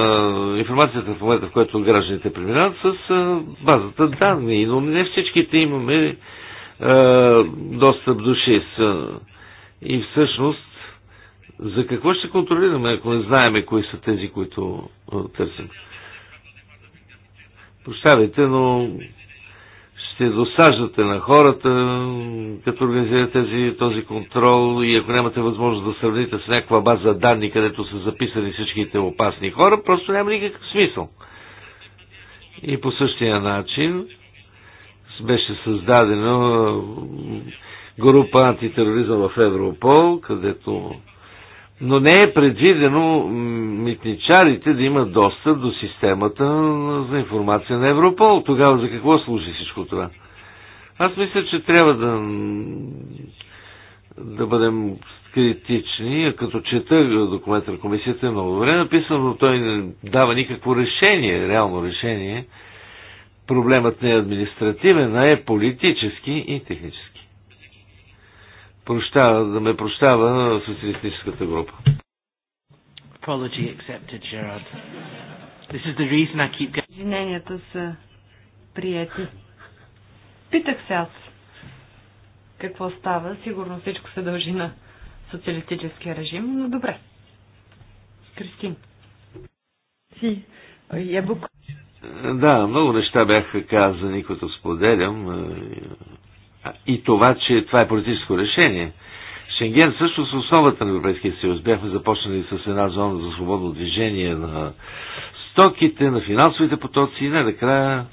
Speaker 4: информацията в момента, в която гражданите преминават, с базата данни. Но не всичките имаме достъп до 6. И всъщност за какво ще контролираме, ако не знаеме кои са тези, които търсим? Прощавайте, но ще досаждате на хората, като организирате тези, този контрол и ако нямате възможност да сравните с някаква база данни, където са записани всичките опасни хора, просто няма никакъв смисъл. И по същия начин беше създадена група антитероризъм в Европол, където но не е предвидено митничарите да имат достъп до системата за информация на Европол. Тогава за какво служи всичко това? Аз мисля, че трябва да, да бъдем критични, а като чета документа на комисията е много добре написан, но той не дава никакво решение, реално решение. Проблемът не е административен, а е политически и технически прощава, да ме прощава социалистическата група.
Speaker 1: Извиненията са приети.
Speaker 3: Питах се аз какво става. Сигурно всичко се дължи на социалистическия режим, но добре. Кристин. Си,
Speaker 4: Да, много неща бяха казани, които споделям и това, че това е политическо решение. Шенген също с основата на Европейския съюз. Бяхме започнали с една зона за свободно движение на стоките, на финансовите потоци и накрая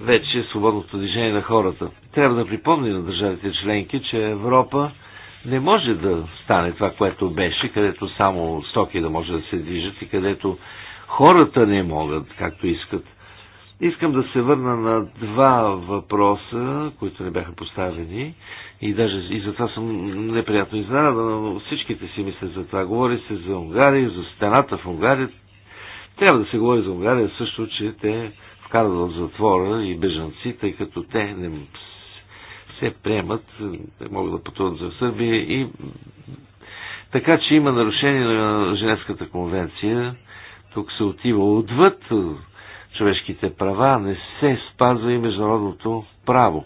Speaker 4: вече свободното движение на хората. Трябва да припомни на държавите членки, че Европа не може да стане това, което беше, където само стоки да може да се движат и където хората не могат, както искат. Искам да се върна на два въпроса, които не бяха поставени и даже и затова съм неприятно изненадан, но всичките си мислят за това. Говори се за Унгария, за стената в Унгария. Трябва да се говори за Унгария също, че те вкарват в затвора и бежанци, тъй като те не се приемат, не могат да пътуват за Сърбия и така, че има нарушение на Женевската конвенция. Тук се отива отвъд човешките права, не се спазва и международното право.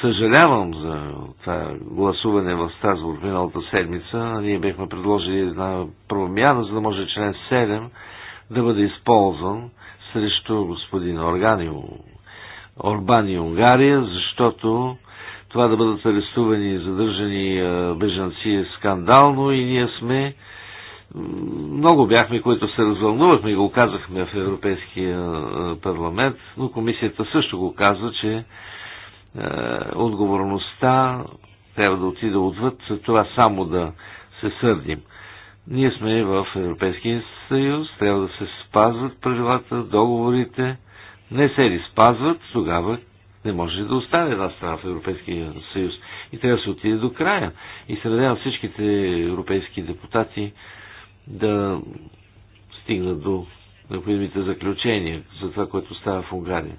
Speaker 4: Съжалявам за това гласуване в Страсбург миналата седмица. Ние бихме предложили една промяна, за да може член 7 да бъде използван срещу господин Органио, Орбан и Унгария, защото това да бъдат арестувани и задържани бежанци е скандално и ние сме много бяхме, които се развълнувахме и го казахме в Европейския парламент, но комисията също го каза, че отговорността трябва да отида отвъд това само да се сърдим. Ние сме в Европейския съюз, трябва да се спазват правилата, договорите. Не се ли спазват, тогава не може да остане една страна в Европейския съюз. И трябва да се отиде до края. И се надявам всичките европейски депутати да стигнат до необходимите заключения за това, което става в Унгария.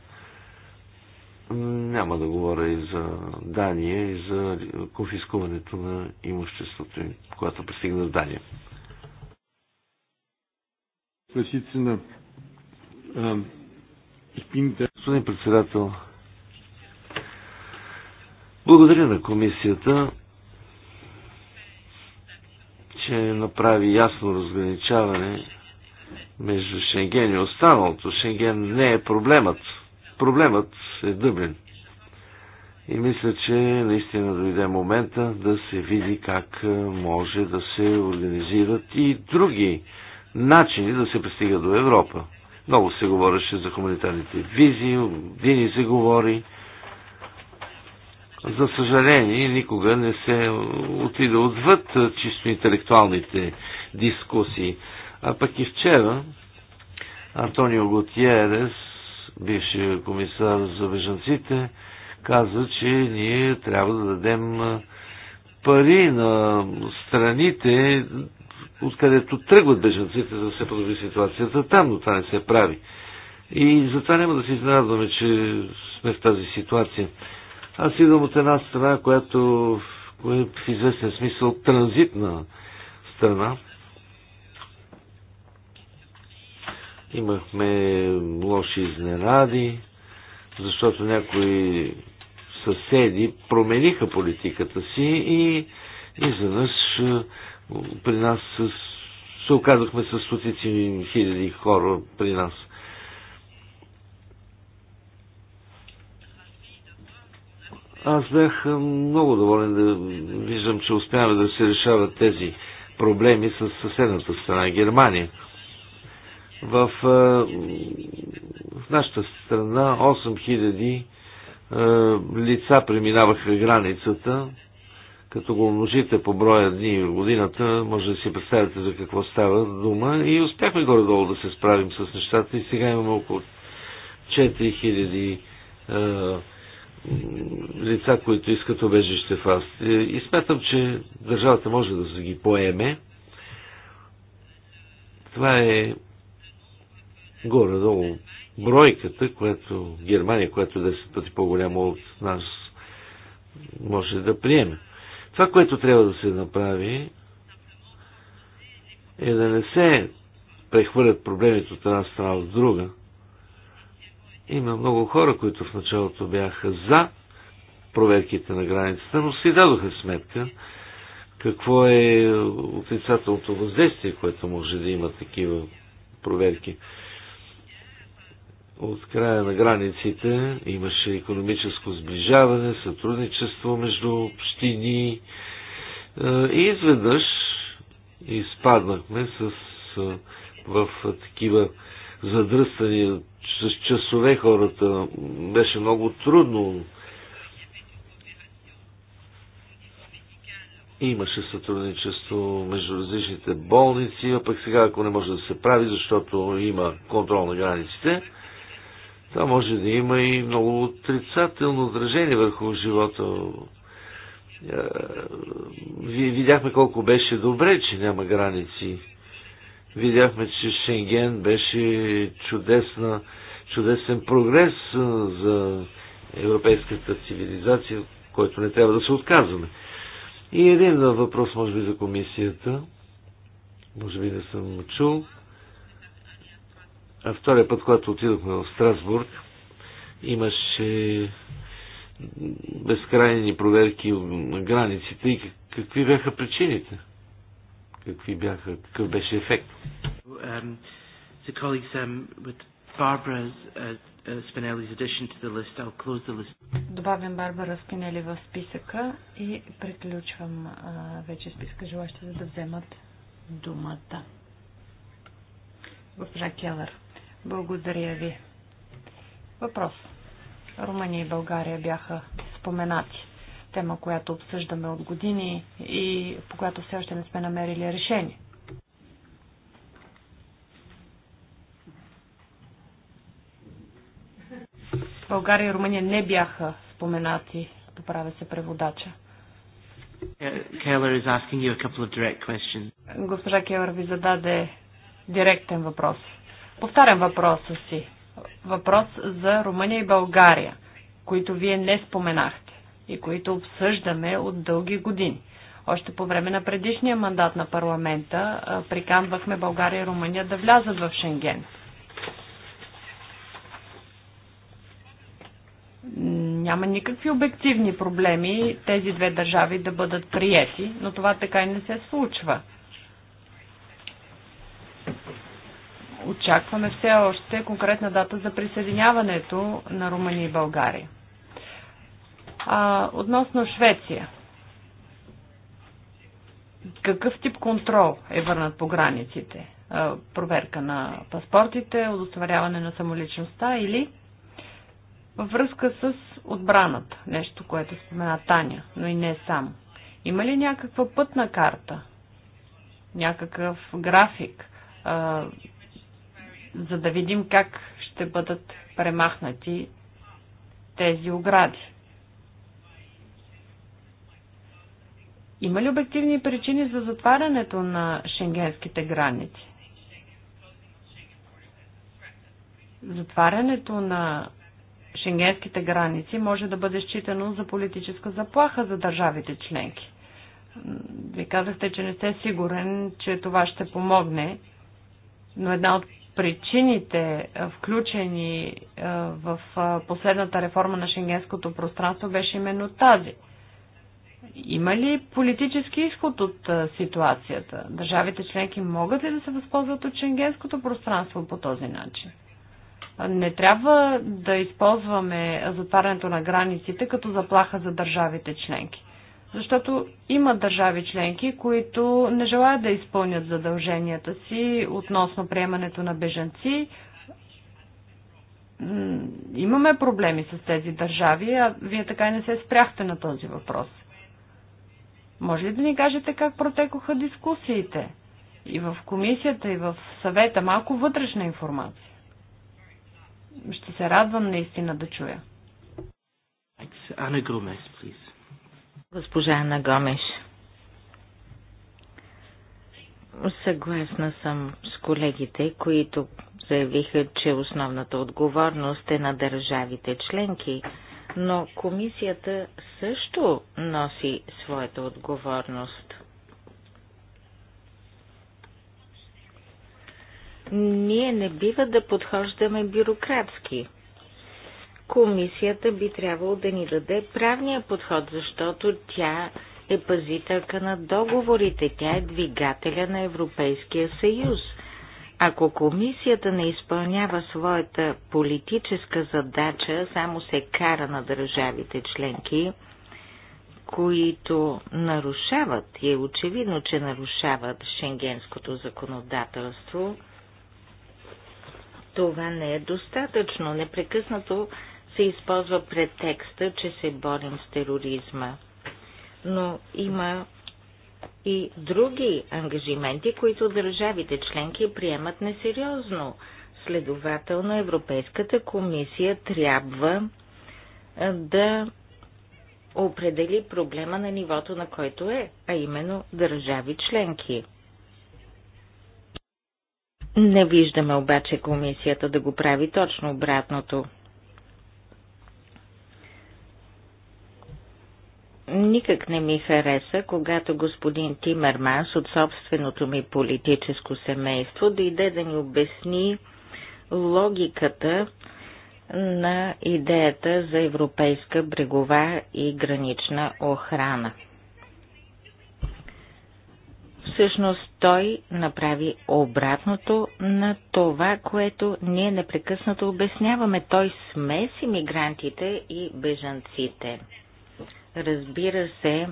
Speaker 4: Няма да говоря и за Дания, и за конфискуването на имуществото им, когато пристигна в Дания. Господин председател, благодаря на комисията че направи ясно разграничаване между Шенген и останалото. Шенген не е проблемът. Проблемът е Дъблин. И мисля, че наистина дойде момента да се види как може да се организират и други начини да се пристига до Европа. Много се говореше за хуманитарните визи, години се говори за съжаление, никога не се отида отвъд чисто интелектуалните дискусии. А пък и вчера Антонио Готиерес, бивши комисар за бежанците, каза, че ние трябва да дадем пари на страните, откъдето тръгват бежанците, за да се подобри ситуацията там, но това не се прави. И затова няма да се изненадваме, че сме в тази ситуация. Аз идвам от една страна, която в известен смисъл транзитна страна. Имахме лоши изненади, защото някои съседи промениха политиката си и изведнъж при нас с, се оказахме с стотици хиляди хора при нас. Аз бях много доволен да виждам, че успяваме да се решават тези проблеми с съседната страна Германия. В, в нашата страна 8000 лица преминаваха границата. Като го умножите по броя дни в годината, може да си представите за какво става дума. И успяхме горе-долу да се справим с нещата. И сега имаме около 4000 лица, които искат обежище в Австрия. И смятам, че държавата може да се ги поеме. Това е горе-долу бройката, която Германия, която е 10 пъти по-голяма от нас, може да приеме. Това, което трябва да се направи, е да не се прехвърлят проблемите от една страна от друга, има много хора, които в началото бяха за проверките на границата, но си дадоха сметка какво е отрицателното въздействие, което може да има такива проверки. От края на границите имаше економическо сближаване, сътрудничество между общини е, и изведнъж изпаднахме с, е, в такива задръстани с часове хората. Беше много трудно. Имаше сътрудничество между различните болници, а пък сега, ако не може да се прави, защото има контрол на границите, това може да има и много отрицателно отражение върху живота. Е, видяхме колко беше добре, че няма граници. Видяхме, че Шенген беше чудесна, чудесен прогрес за европейската цивилизация, който не трябва да се отказваме. И един въпрос, може би, за комисията. Може би не съм чул. А втория път, когато отидохме в Страсбург, имаше безкрайни проверки на границите и какви бяха причините какви бяха, какъв беше ефект.
Speaker 1: Um, um, uh, uh,
Speaker 3: Добавям Барбара Спинели в списъка и приключвам uh, вече списка желащи да вземат думата. Госпожа Келър, благодаря ви. Въпрос. Румъния и България бяха споменати тема, която обсъждаме от години и по която все още не сме намерили решение. България и Румъния не бяха споменати, поправя се преводача. Госпожа Келър ви зададе директен въпрос. Повтарям въпроса си. Въпрос за Румъния и България, които вие не споменахте и които обсъждаме от дълги години. Още по време на предишния мандат на парламента приканвахме България и Румъния да влязат в Шенген. Няма никакви обективни проблеми тези две държави да бъдат приети, но това така и не се случва. Очакваме все още конкретна дата за присъединяването на Румъния и България. А, относно Швеция. Какъв тип контрол е върнат по границите? А, проверка на паспортите, удостоверяване на самоличността или във връзка с отбраната, нещо, което спомена Таня, но и не сам. Има ли някаква пътна карта, някакъв график, а, за да видим как ще бъдат премахнати тези огради? Има ли обективни причини за затварянето на шенгенските граници? Затварянето на шенгенските граници може да бъде считано за политическа заплаха за държавите членки. Вие казахте, че не сте сигурен, че това ще помогне, но една от причините, включени в последната реформа на шенгенското пространство, беше именно тази – има ли политически изход от а, ситуацията? Държавите членки могат ли да се възползват от шенгенското пространство по този начин? Не трябва да използваме затварянето на границите като заплаха за държавите членки. Защото има държави членки, които не желаят да изпълнят задълженията си относно приемането на бежанци, имаме проблеми с тези държави, а вие така и не се спряхте на този въпрос. Може ли да ни кажете как протекоха дискусиите? И в комисията, и в съвета. Малко вътрешна информация.
Speaker 1: Ще се
Speaker 2: радвам наистина да чуя.
Speaker 1: Ана Гомеш,
Speaker 2: Госпожа Ана Гомеш. Съгласна съм с колегите, които заявиха, че основната отговорност е на държавите членки – но комисията също носи своята отговорност. Ние не бива да подхождаме бюрократски. Комисията би трябвало да ни даде правния подход, защото тя е пазителка на договорите, тя е двигателя на Европейския съюз – ако комисията не изпълнява своята политическа задача, само се кара на държавите членки, които нарушават, и е очевидно, че нарушават шенгенското законодателство, това не е достатъчно. Непрекъснато се използва претекста, че се борим с тероризма. Но има и други ангажименти, които държавите членки приемат несериозно. Следователно Европейската комисия трябва да определи проблема на нивото, на който е, а именно държави членки. Не виждаме обаче комисията да го прави точно обратното – Никак не ми хареса, когато господин Тимерманс от собственото ми политическо семейство дойде да ни обясни логиката на идеята за европейска брегова и гранична охрана. Всъщност той направи обратното на това, което ние непрекъснато обясняваме. Той смеси мигрантите и бежанците. Разбира се,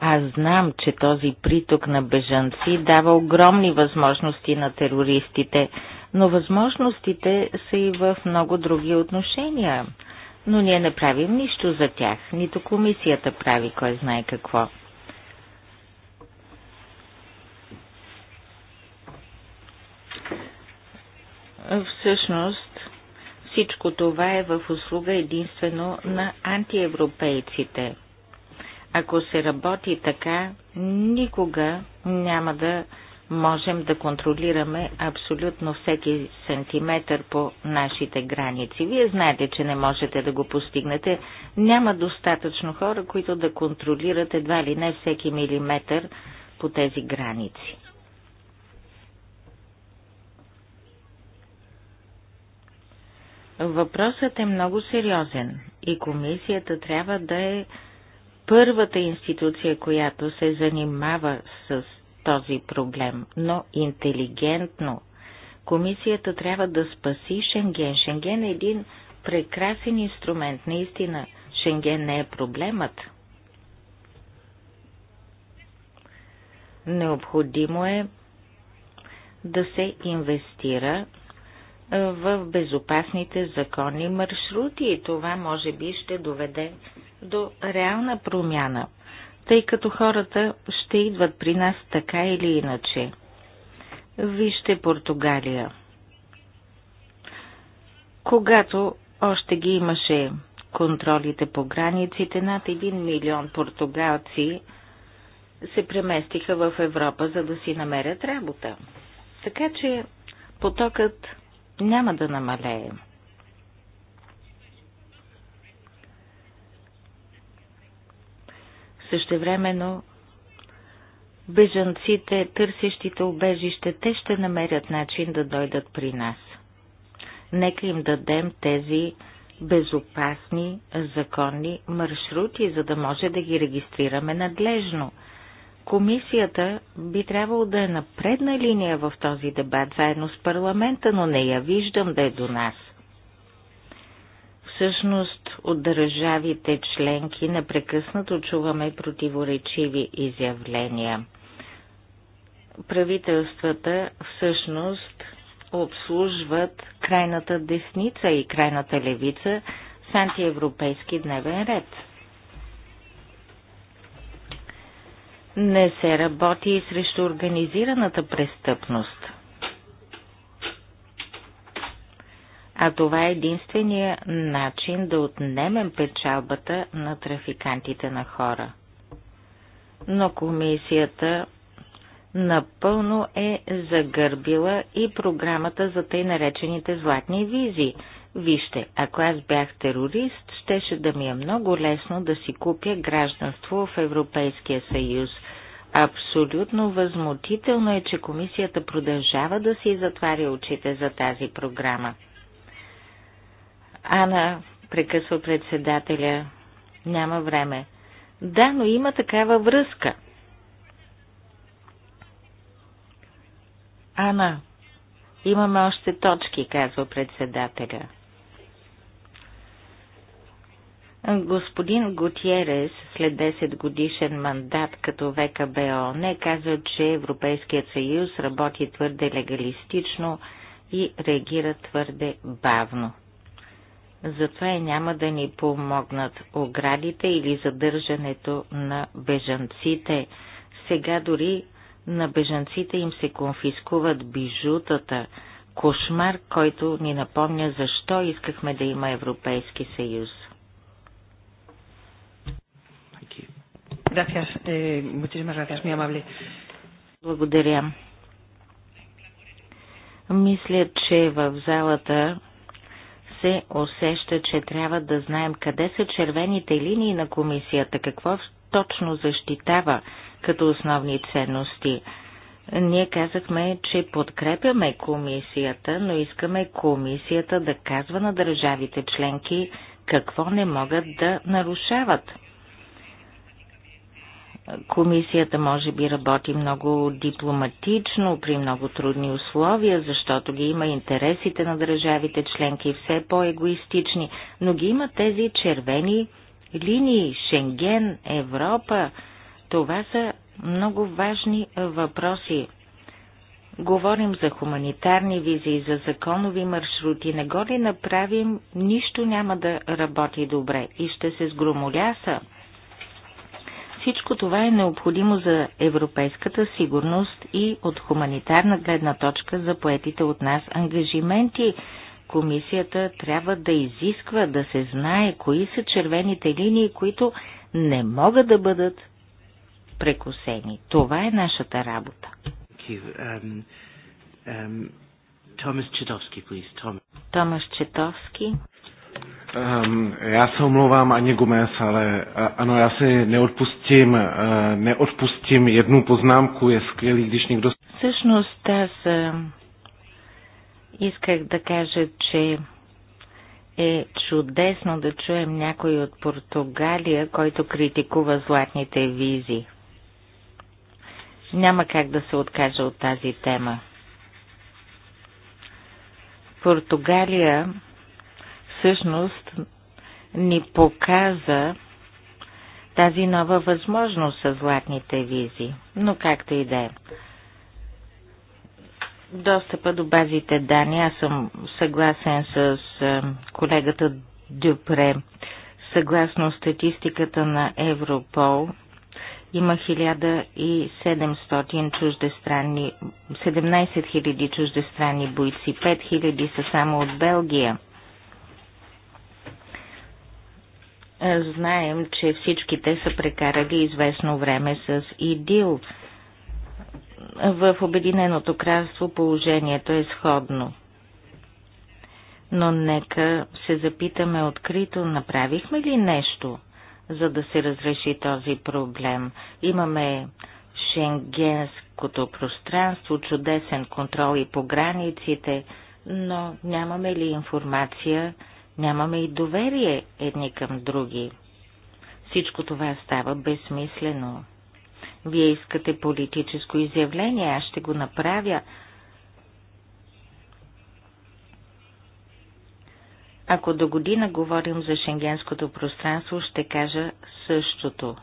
Speaker 2: аз знам, че този приток на бежанци дава огромни възможности на терористите, но възможностите са и в много други отношения. Но ние не правим нищо за тях, нито комисията прави кой знае какво. Всъщност, всичко това е в услуга единствено на антиевропейците. Ако се работи така, никога няма да можем да контролираме абсолютно всеки сантиметър по нашите граници. Вие знаете, че не можете да го постигнете. Няма достатъчно хора, които да контролират едва ли не всеки милиметър по тези граници. Въпросът е много сериозен и комисията трябва да е първата институция, която се занимава с този проблем, но интелигентно. Комисията трябва да спаси Шенген. Шенген е един прекрасен инструмент. Наистина, Шенген не е проблемът. Необходимо е да се инвестира в безопасните законни маршрути и това може би ще доведе до реална промяна, тъй като хората ще идват при нас така или иначе. Вижте Португалия. Когато още ги имаше контролите по границите, над 1 милион португалци се преместиха в Европа, за да си намерят работа. Така че потокът няма да намалее. Същевременно бежанците, търсещите убежище, те ще намерят начин да дойдат при нас. Нека им дадем тези безопасни, законни маршрути, за да може да ги регистрираме надлежно – Комисията би трябвало да е на предна линия в този дебат, заедно с парламента, но не я виждам да е до нас. Всъщност от държавите членки непрекъснато чуваме противоречиви изявления. Правителствата всъщност обслужват крайната десница и крайната левица с антиевропейски дневен ред – не се работи и срещу организираната престъпност. А това е единствения начин да отнемем печалбата на трафикантите на хора. Но комисията напълно е загърбила и програмата за тъй наречените златни визи. Вижте, ако аз бях терорист, щеше да ми е много лесно да си купя гражданство в Европейския съюз – Абсолютно възмутително е, че комисията продължава да си затваря очите за тази програма. Ана прекъсва председателя. Няма време. Да, но има такава връзка. Ана, имаме още точки, казва председателя. Господин Готиерес след 10 годишен мандат като ВКБ не каза, че Европейският съюз работи твърде легалистично и реагира твърде бавно. Затова и няма да ни помогнат оградите или задържането на бежанците. Сега дори на бежанците им се конфискуват бижутата. Кошмар, който ни напомня защо искахме да има Европейски съюз. Gracias, eh, muchísimas gracias, muy amable. Благодаря. Мисля, че в залата се усеща, че трябва да знаем къде са червените линии на комисията, какво точно защитава като основни ценности. Ние казахме, че подкрепяме комисията, но искаме комисията да казва на държавите членки какво не могат да нарушават. Комисията може би работи много дипломатично при много трудни условия, защото ги има интересите на държавите членки все по-егоистични, но ги има тези червени линии Шенген, Европа. Това са много важни въпроси. Говорим за хуманитарни визи, за законови маршрути. Не го ли направим, нищо няма да работи добре и ще се сгромоляса. Всичко това е необходимо за европейската сигурност и от хуманитарна гледна точка за поетите от нас ангажименти. Комисията трябва да изисква да се знае кои са червените линии, които не могат да бъдат прекусени.
Speaker 1: Това е нашата работа. Um, um, Томас Четовски, Томас Четовски. Um, já se omlouvám, Ani Gomez, ale a, ano, já si neodpustím, uh, neodpustím jednu poznámku. Je skvělý, když někdo...
Speaker 2: Всъщност, аз исках да кажа, че е чудесно да чуем някой от Португалия, който критикува златните визи. Няма как да се откажа от тази тема. Португалия всъщност ни показа тази нова възможност с златните визи. Но както и да е. Достъпа до базите данни. Аз съм съгласен с колегата Дюпре. Съгласно статистиката на Европол, има 1700 чуждестранни, 17 000 чуждестранни бойци, 5000 са само от Белгия. Знаем, че всички те са прекарали известно време с ИДИЛ. В Обединеното кралство положението е сходно. Но нека се запитаме открито, направихме ли нещо, за да се разреши този проблем. Имаме шенгенското пространство, чудесен контрол и по границите, но нямаме ли информация, Нямаме и доверие едни към други. Всичко това става безсмислено. Вие искате политическо изявление, аз ще го направя. Ако до година говорим за шенгенското пространство, ще кажа същото.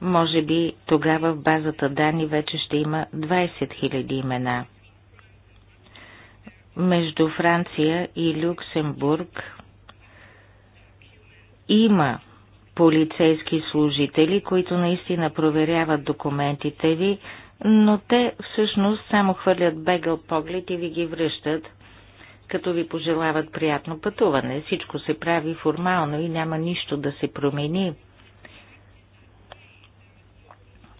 Speaker 2: Може би тогава в базата данни вече ще има 20 000 имена – между Франция и Люксембург има полицейски служители, които наистина проверяват документите ви, но те всъщност само хвърлят бегъл поглед и ви ги връщат, като ви пожелават приятно пътуване. Всичко се прави формално и няма нищо да се промени.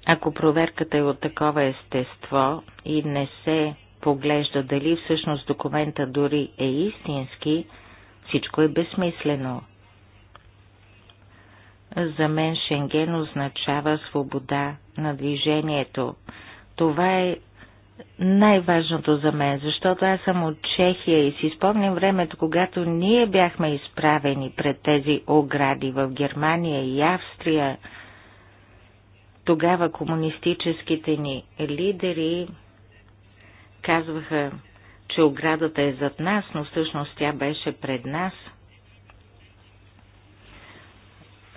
Speaker 2: Ако проверката е от такова естество и не се поглежда дали всъщност документа дори е истински, всичко е безсмислено. За мен Шенген означава свобода на движението. Това е най-важното за мен, защото аз съм от Чехия и си спомням времето, когато ние бяхме изправени пред тези огради в Германия и Австрия. Тогава комунистическите ни лидери Казваха, че оградата е зад нас, но всъщност тя беше пред нас.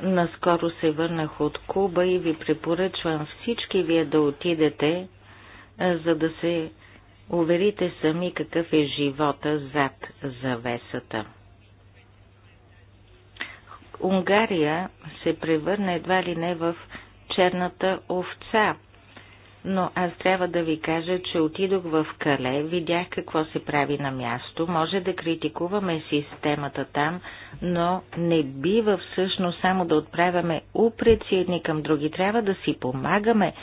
Speaker 2: Наскоро се върнах от Куба и ви препоръчвам всички вие да отидете, за да се уверите сами какъв е живота зад завесата. Унгария се превърна едва ли не в черната овца но аз трябва да ви кажа, че отидох в Кале, видях какво се прави на място, може да критикуваме системата там, но не бива всъщност само да отправяме упреци едни към други, трябва да си помагаме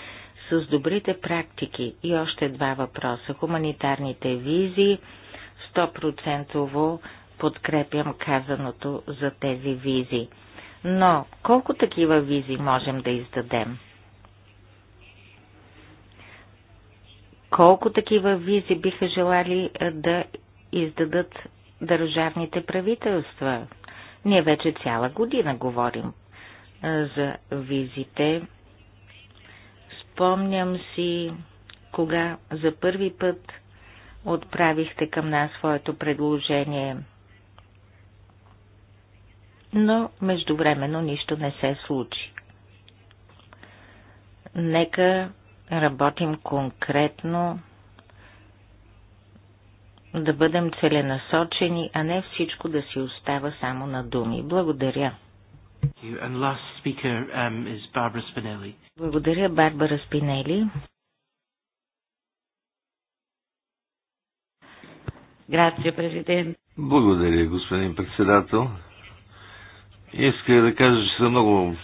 Speaker 2: с добрите практики. И още два въпроса. Хуманитарните визи, 100% подкрепям казаното за тези визи. Но колко такива визи можем да издадем? колко такива визи биха желали е, да издадат държавните правителства. Ние вече цяла година говорим е, за визите. Спомням си, кога за първи път отправихте към нас своето предложение. Но междувременно нищо не се случи. Нека работим конкретно, да бъдем целенасочени, а не всичко да си остава само на думи. Благодаря.
Speaker 1: Speaker, um,
Speaker 2: Благодаря, Барбара Спинели.
Speaker 3: Грация, президент.
Speaker 4: Благодаря, господин председател. Иска да кажа, че съм много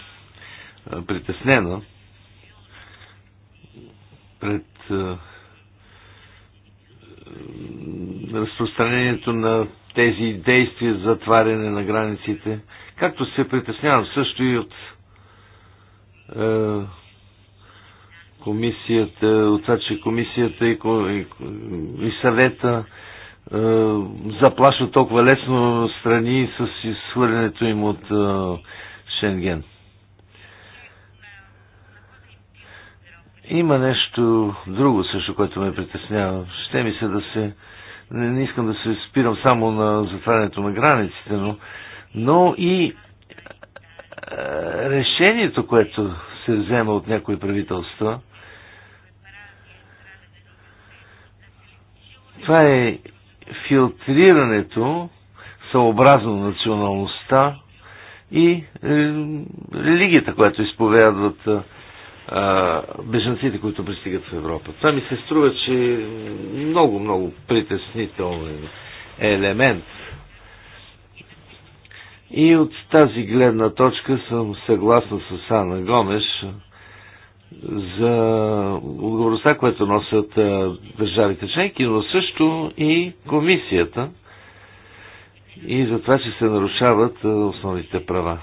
Speaker 4: притеснена пред разпространението на тези действия за затваряне на границите, както се притеснявам също и от а, комисията, от това, че комисията и, и, и съвета е, заплашват толкова лесно страни с изхвърлянето им от а, Шенген. Има нещо друго също, което ме притеснява. Ще ми се да се... Не, не искам да се спирам само на затварянето на границите, но, но и е, решението, което се взема от някои правителства, това е филтрирането съобразно националността и е, религията, която изповядват е, бежанците, които пристигат в Европа. Това ми се струва, че много, много притеснителен елемент. И от тази гледна точка съм съгласна с Ана Гомеш за отговорността, която носят държавите членки, но също и комисията и за това, че се нарушават основните права.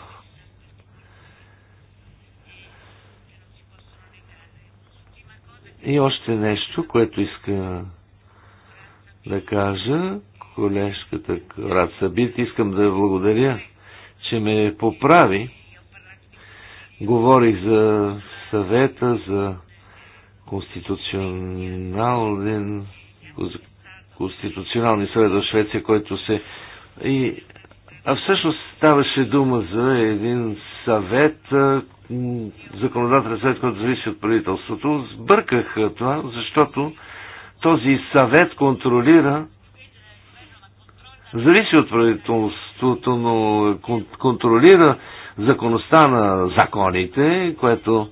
Speaker 4: И още нещо, което иска да кажа, колежката рад Сабит, искам да благодаря, че ме поправи. Говорих за съвета, за конституционален конституционални съвет в Швеция, който се... И, а всъщност ставаше дума за един съвет, законодателен съвет, който зависи от правителството. Сбърках това, защото този съвет контролира зависи от правителството, но контролира законността на законите, което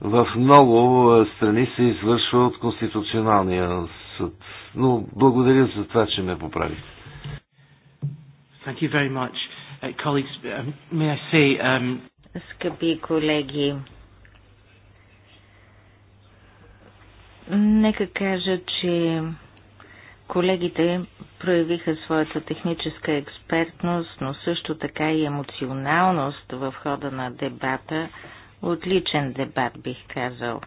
Speaker 4: в много страни се извършва от Конституционалния съд. Но благодаря за това, че ме поправите.
Speaker 1: Thank you very much. Uh, colleagues, um, may I say... Um скъпи колеги.
Speaker 2: Нека кажа, че колегите проявиха своята техническа експертност, но също така и емоционалност в хода на дебата. Отличен дебат, бих казал.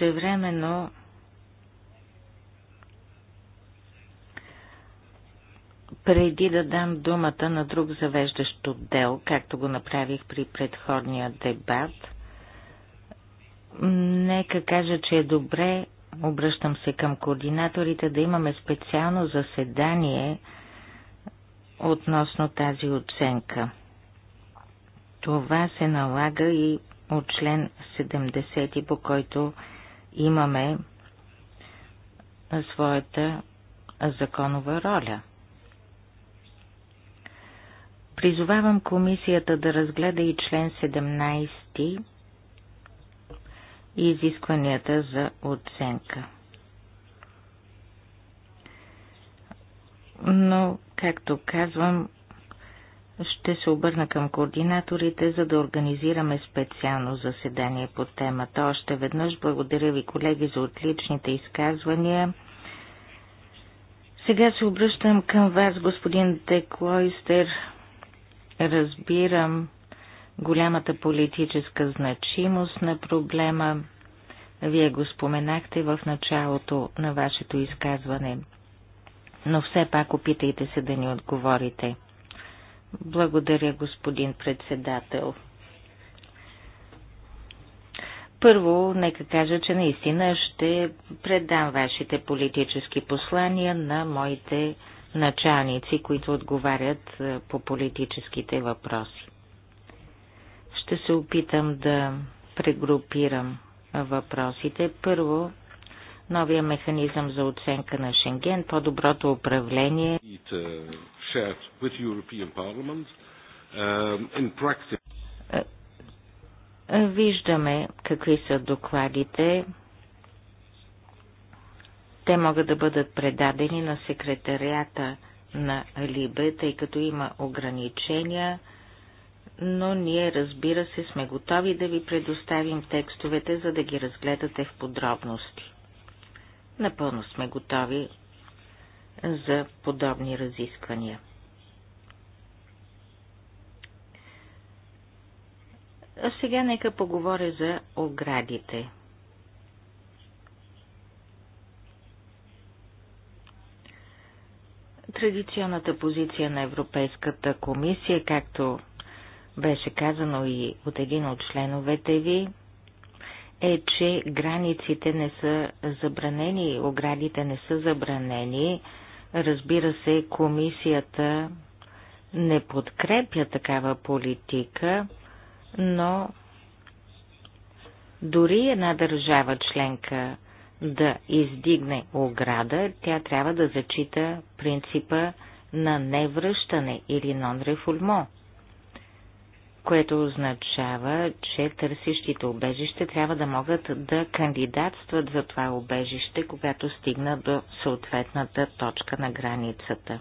Speaker 2: времено, Преди да дам думата на друг завеждащ отдел, както го направих при предходния дебат, нека кажа, че е добре, обръщам се към координаторите, да имаме специално заседание относно тази оценка. Това се налага и от член 70, по който имаме своята законова роля – Призовавам комисията да разгледа и член 17 и изискванията за оценка. Но, както казвам, ще се обърна към координаторите, за да организираме специално заседание по темата. Още веднъж благодаря ви, колеги, за отличните изказвания. Сега се обръщам към вас, господин Деклойстер. Разбирам голямата политическа значимост на проблема. Вие го споменахте в началото на вашето изказване. Но все пак опитайте се да ни отговорите. Благодаря, господин председател. Първо, нека кажа, че наистина ще предам вашите политически послания на моите началници, които отговарят по политическите въпроси. Ще се опитам да прегрупирам въпросите. Първо, новия механизъм за оценка на Шенген, по-доброто управление.
Speaker 4: Uh,
Speaker 2: uh, е, виждаме какви са докладите те могат да бъдат предадени на секретарията на Либе, тъй като има ограничения, но ние, разбира се, сме готови да ви предоставим текстовете, за да ги разгледате в подробности. Напълно сме готови за подобни разисквания. А сега нека поговоря за оградите. Традиционната позиция на Европейската комисия, както беше казано и от един от членовете ви, е, че границите не са забранени, оградите не са забранени. Разбира се, комисията не подкрепя такава политика, но дори една държава членка да издигне ограда, тя трябва да зачита принципа на невръщане или нон рефулмо което означава, че търсещите обежище трябва да могат да кандидатстват за това обежище, когато стигнат до съответната точка на границата.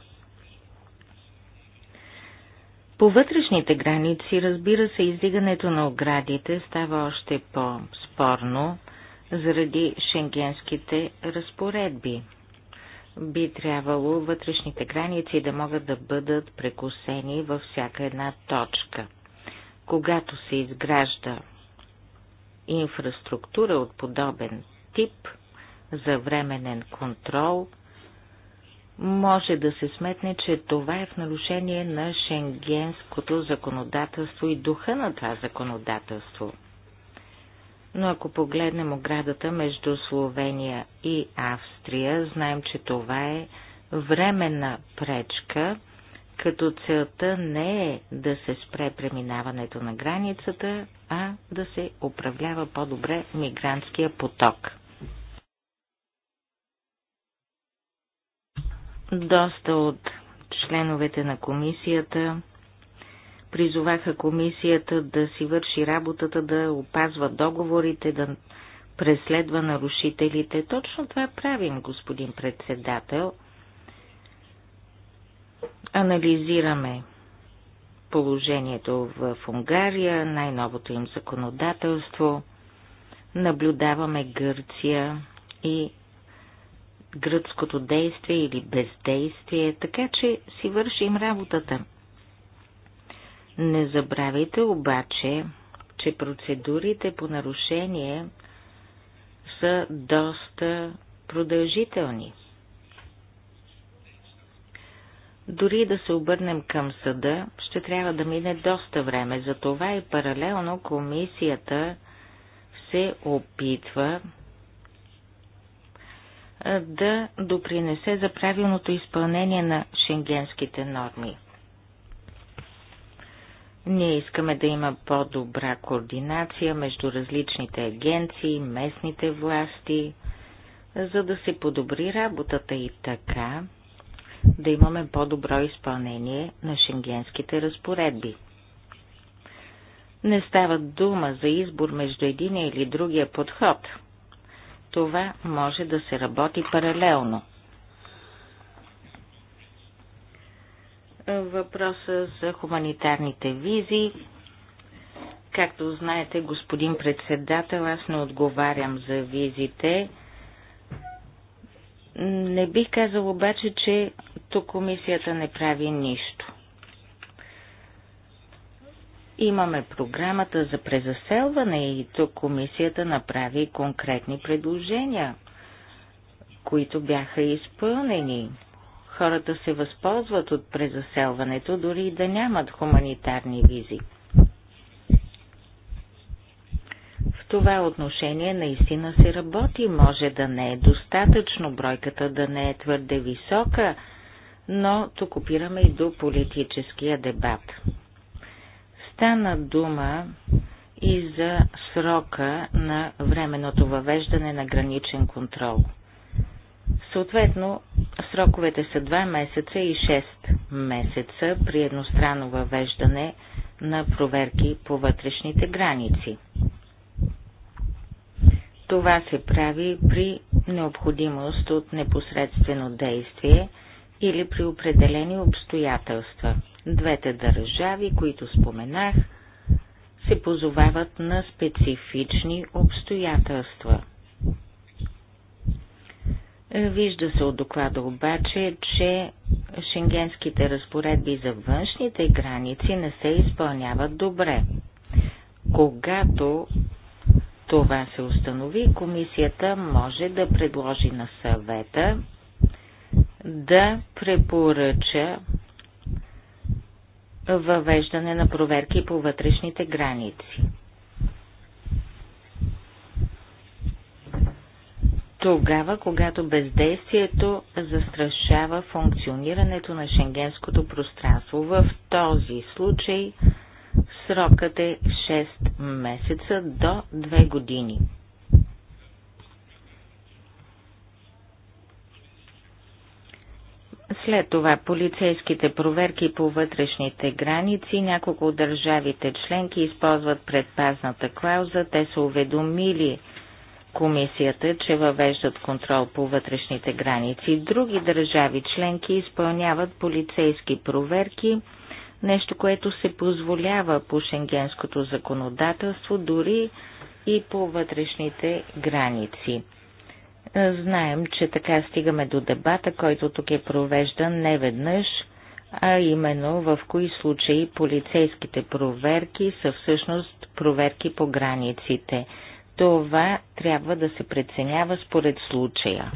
Speaker 2: По вътрешните граници, разбира се, издигането на оградите става още по-спорно, заради шенгенските разпоредби. Би трябвало вътрешните граници да могат да бъдат прекусени във всяка една точка. Когато се изгражда инфраструктура от подобен тип за временен контрол, може да се сметне, че това е в нарушение на шенгенското законодателство и духа на това законодателство – но ако погледнем оградата между Словения и Австрия, знаем, че това е временна пречка, като целта не е да се спре преминаването на границата, а да се управлява по-добре мигрантския поток. Доста от членовете на комисията призоваха комисията да си върши работата, да опазва договорите, да преследва нарушителите. Точно това правим, господин председател. Анализираме положението в Унгария, най-новото им законодателство. Наблюдаваме Гърция и гръцкото действие или бездействие, така че си вършим работата. Не забравяйте обаче, че процедурите по нарушение са доста продължителни. Дори да се обърнем към съда, ще трябва да мине доста време. Затова и паралелно комисията се опитва да допринесе за правилното изпълнение на шенгенските норми. Ние искаме да има по-добра координация между различните агенции, местните власти, за да се подобри работата и така да имаме по-добро изпълнение на шенгенските разпоредби. Не става дума за избор между единия или другия подход. Това може да се работи паралелно – въпроса за хуманитарните визи. Както знаете, господин председател, аз не отговарям за визите. Не бих казал обаче, че тук комисията не прави нищо. Имаме програмата за презаселване и тук комисията направи конкретни предложения, които бяха изпълнени хората се възползват от презаселването, дори и да нямат хуманитарни визи. В това отношение наистина се работи, може да не е достатъчно, бройката да не е твърде висока, но тук опираме и до политическия дебат. Стана дума и за срока на временното въвеждане на граничен контрол – Съответно, сроковете са 2 месеца и 6 месеца при едностранно въвеждане на проверки по вътрешните граници. Това се прави при необходимост от непосредствено действие или при определени обстоятелства. Двете държави, които споменах, се позовават на специфични обстоятелства – Вижда се от доклада обаче, че шенгенските разпоредби за външните граници не се изпълняват добре. Когато това се установи, комисията може да предложи на съвета да препоръча въвеждане на проверки по вътрешните граници. тогава, когато бездействието застрашава функционирането на шенгенското пространство. В този случай срокът е 6 месеца до 2 години. След това полицейските проверки по вътрешните граници, няколко от държавите членки използват предпазната клауза, те са уведомили комисията, че въвеждат контрол по вътрешните граници. Други държави членки изпълняват полицейски проверки, нещо, което се позволява по шенгенското законодателство, дори и по вътрешните граници. Знаем, че така стигаме до дебата, който тук е провеждан не веднъж, а именно в кои случаи полицейските проверки са всъщност проверки по границите – това трябва да се преценява според случая.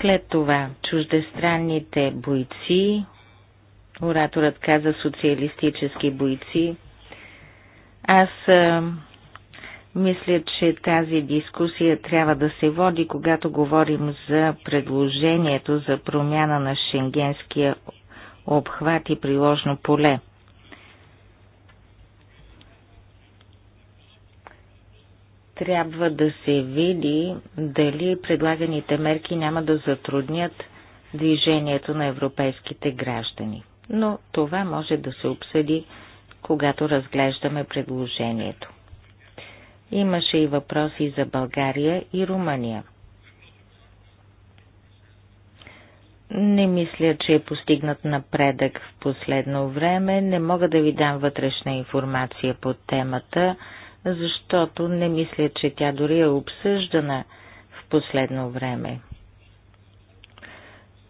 Speaker 2: След това чуждестранните бойци, ораторът каза социалистически бойци. Аз а, мисля, че тази дискусия трябва да се води, когато говорим за предложението за промяна на шенгенския обхват и приложно поле. трябва да се види дали предлаганите мерки няма да затруднят движението на европейските граждани. Но това може да се обсъди, когато разглеждаме предложението. Имаше и въпроси за България и Румъния. Не мисля, че е постигнат напредък в последно време. Не мога да ви дам вътрешна информация по темата защото не мисля, че тя дори е обсъждана в последно време.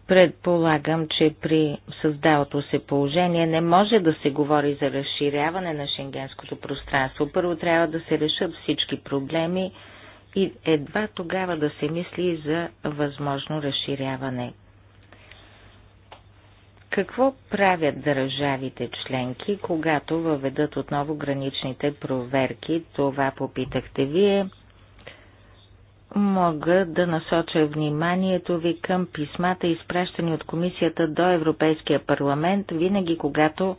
Speaker 2: Предполагам, че при създалото се положение не може да се говори за разширяване на шенгенското пространство. Първо трябва да се решат всички проблеми и едва тогава да се мисли за възможно разширяване. Какво правят държавите членки, когато въведат отново граничните проверки? Това попитахте вие. Мога да насоча вниманието ви към писмата, изпращани от комисията до Европейския парламент, винаги когато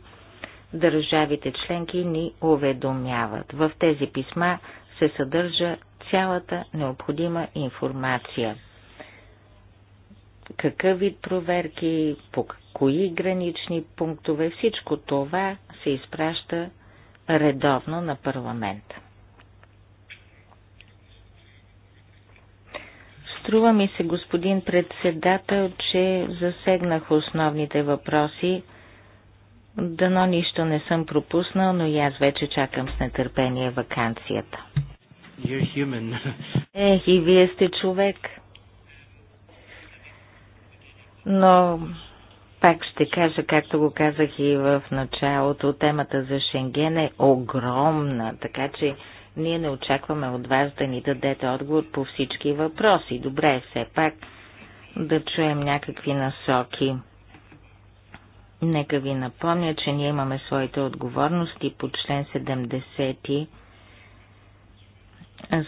Speaker 2: държавите членки ни уведомяват. В тези писма се съдържа цялата необходима информация. Какъв вид проверки, по кои гранични пунктове, всичко това се изпраща редовно на парламента. Струва ми се, господин председател, че засегнах основните въпроси. Дано нищо не съм пропуснал, но и аз вече чакам с нетърпение вакансията.
Speaker 1: You're human.
Speaker 2: Ех, и вие сте човек. Но пак ще кажа, както го казах и в началото, темата за Шенген е огромна, така че ние не очакваме от вас да ни дадете отговор по всички въпроси. Добре е все пак да чуем някакви насоки. Нека ви напомня, че ние имаме своите отговорности по член 70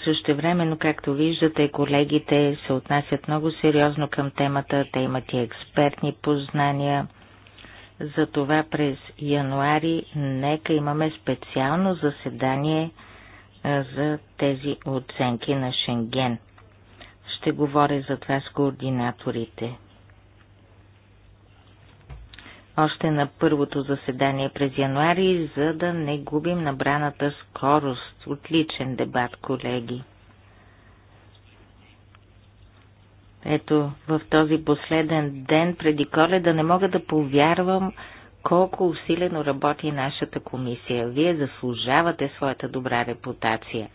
Speaker 2: също времено, както виждате, колегите се отнасят много сериозно към темата, те имат и експертни познания. Затова през януари нека имаме специално заседание за тези оценки на Шенген. Ще говоря за това с координаторите още на първото заседание през януари, за да не губим набраната скорост. Отличен дебат, колеги. Ето, в този последен ден преди коледа не мога да повярвам колко усилено работи нашата комисия. Вие заслужавате своята добра репутация.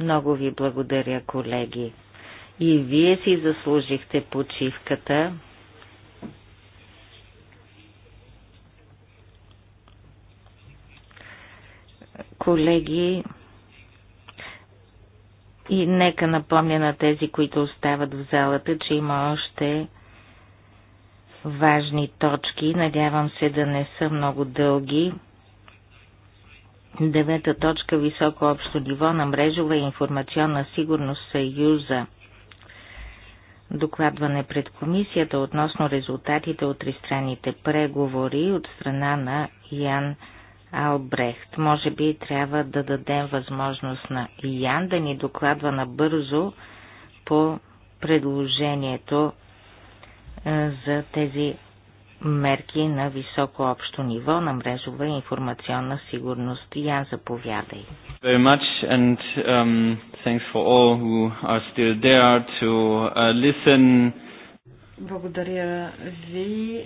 Speaker 2: Много ви благодаря, колеги. И вие си заслужихте почивката, Колеги, и нека напомня на тези, които остават в залата, че има още важни точки. Надявам се да не са много дълги. Девета точка – високо общо ниво на мрежова и информационна сигурност Съюза. Докладване пред комисията относно резултатите от тристранните преговори от страна на Ян Кирилов Албрехт. Може би трябва да дадем възможност на Ян да ни докладва набързо по предложението е, за тези мерки на високо общо ниво на мрежова и информационна сигурност. Ян, заповядай.
Speaker 1: Very much and um, thanks for all who are still there to uh, listen.
Speaker 3: Благодаря ви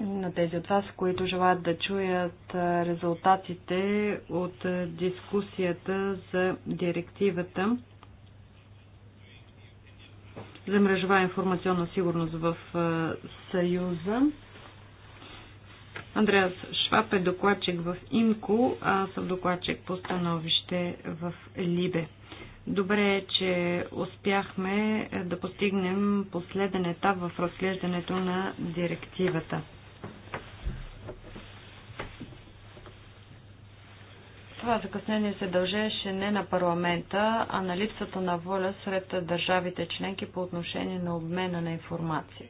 Speaker 3: на тези от вас, които желаят да чуят резултатите от дискусията за директивата за мрежова информационна сигурност в Съюза. Андреас Шваб е докладчик в ИМКО, а съм докладчик по становище в Либе. Добре е, че успяхме е, да постигнем последен етап в разглеждането на директивата. Това закъснение се дължеше не на парламента, а на липсата на воля сред държавите членки по отношение на обмена на информация.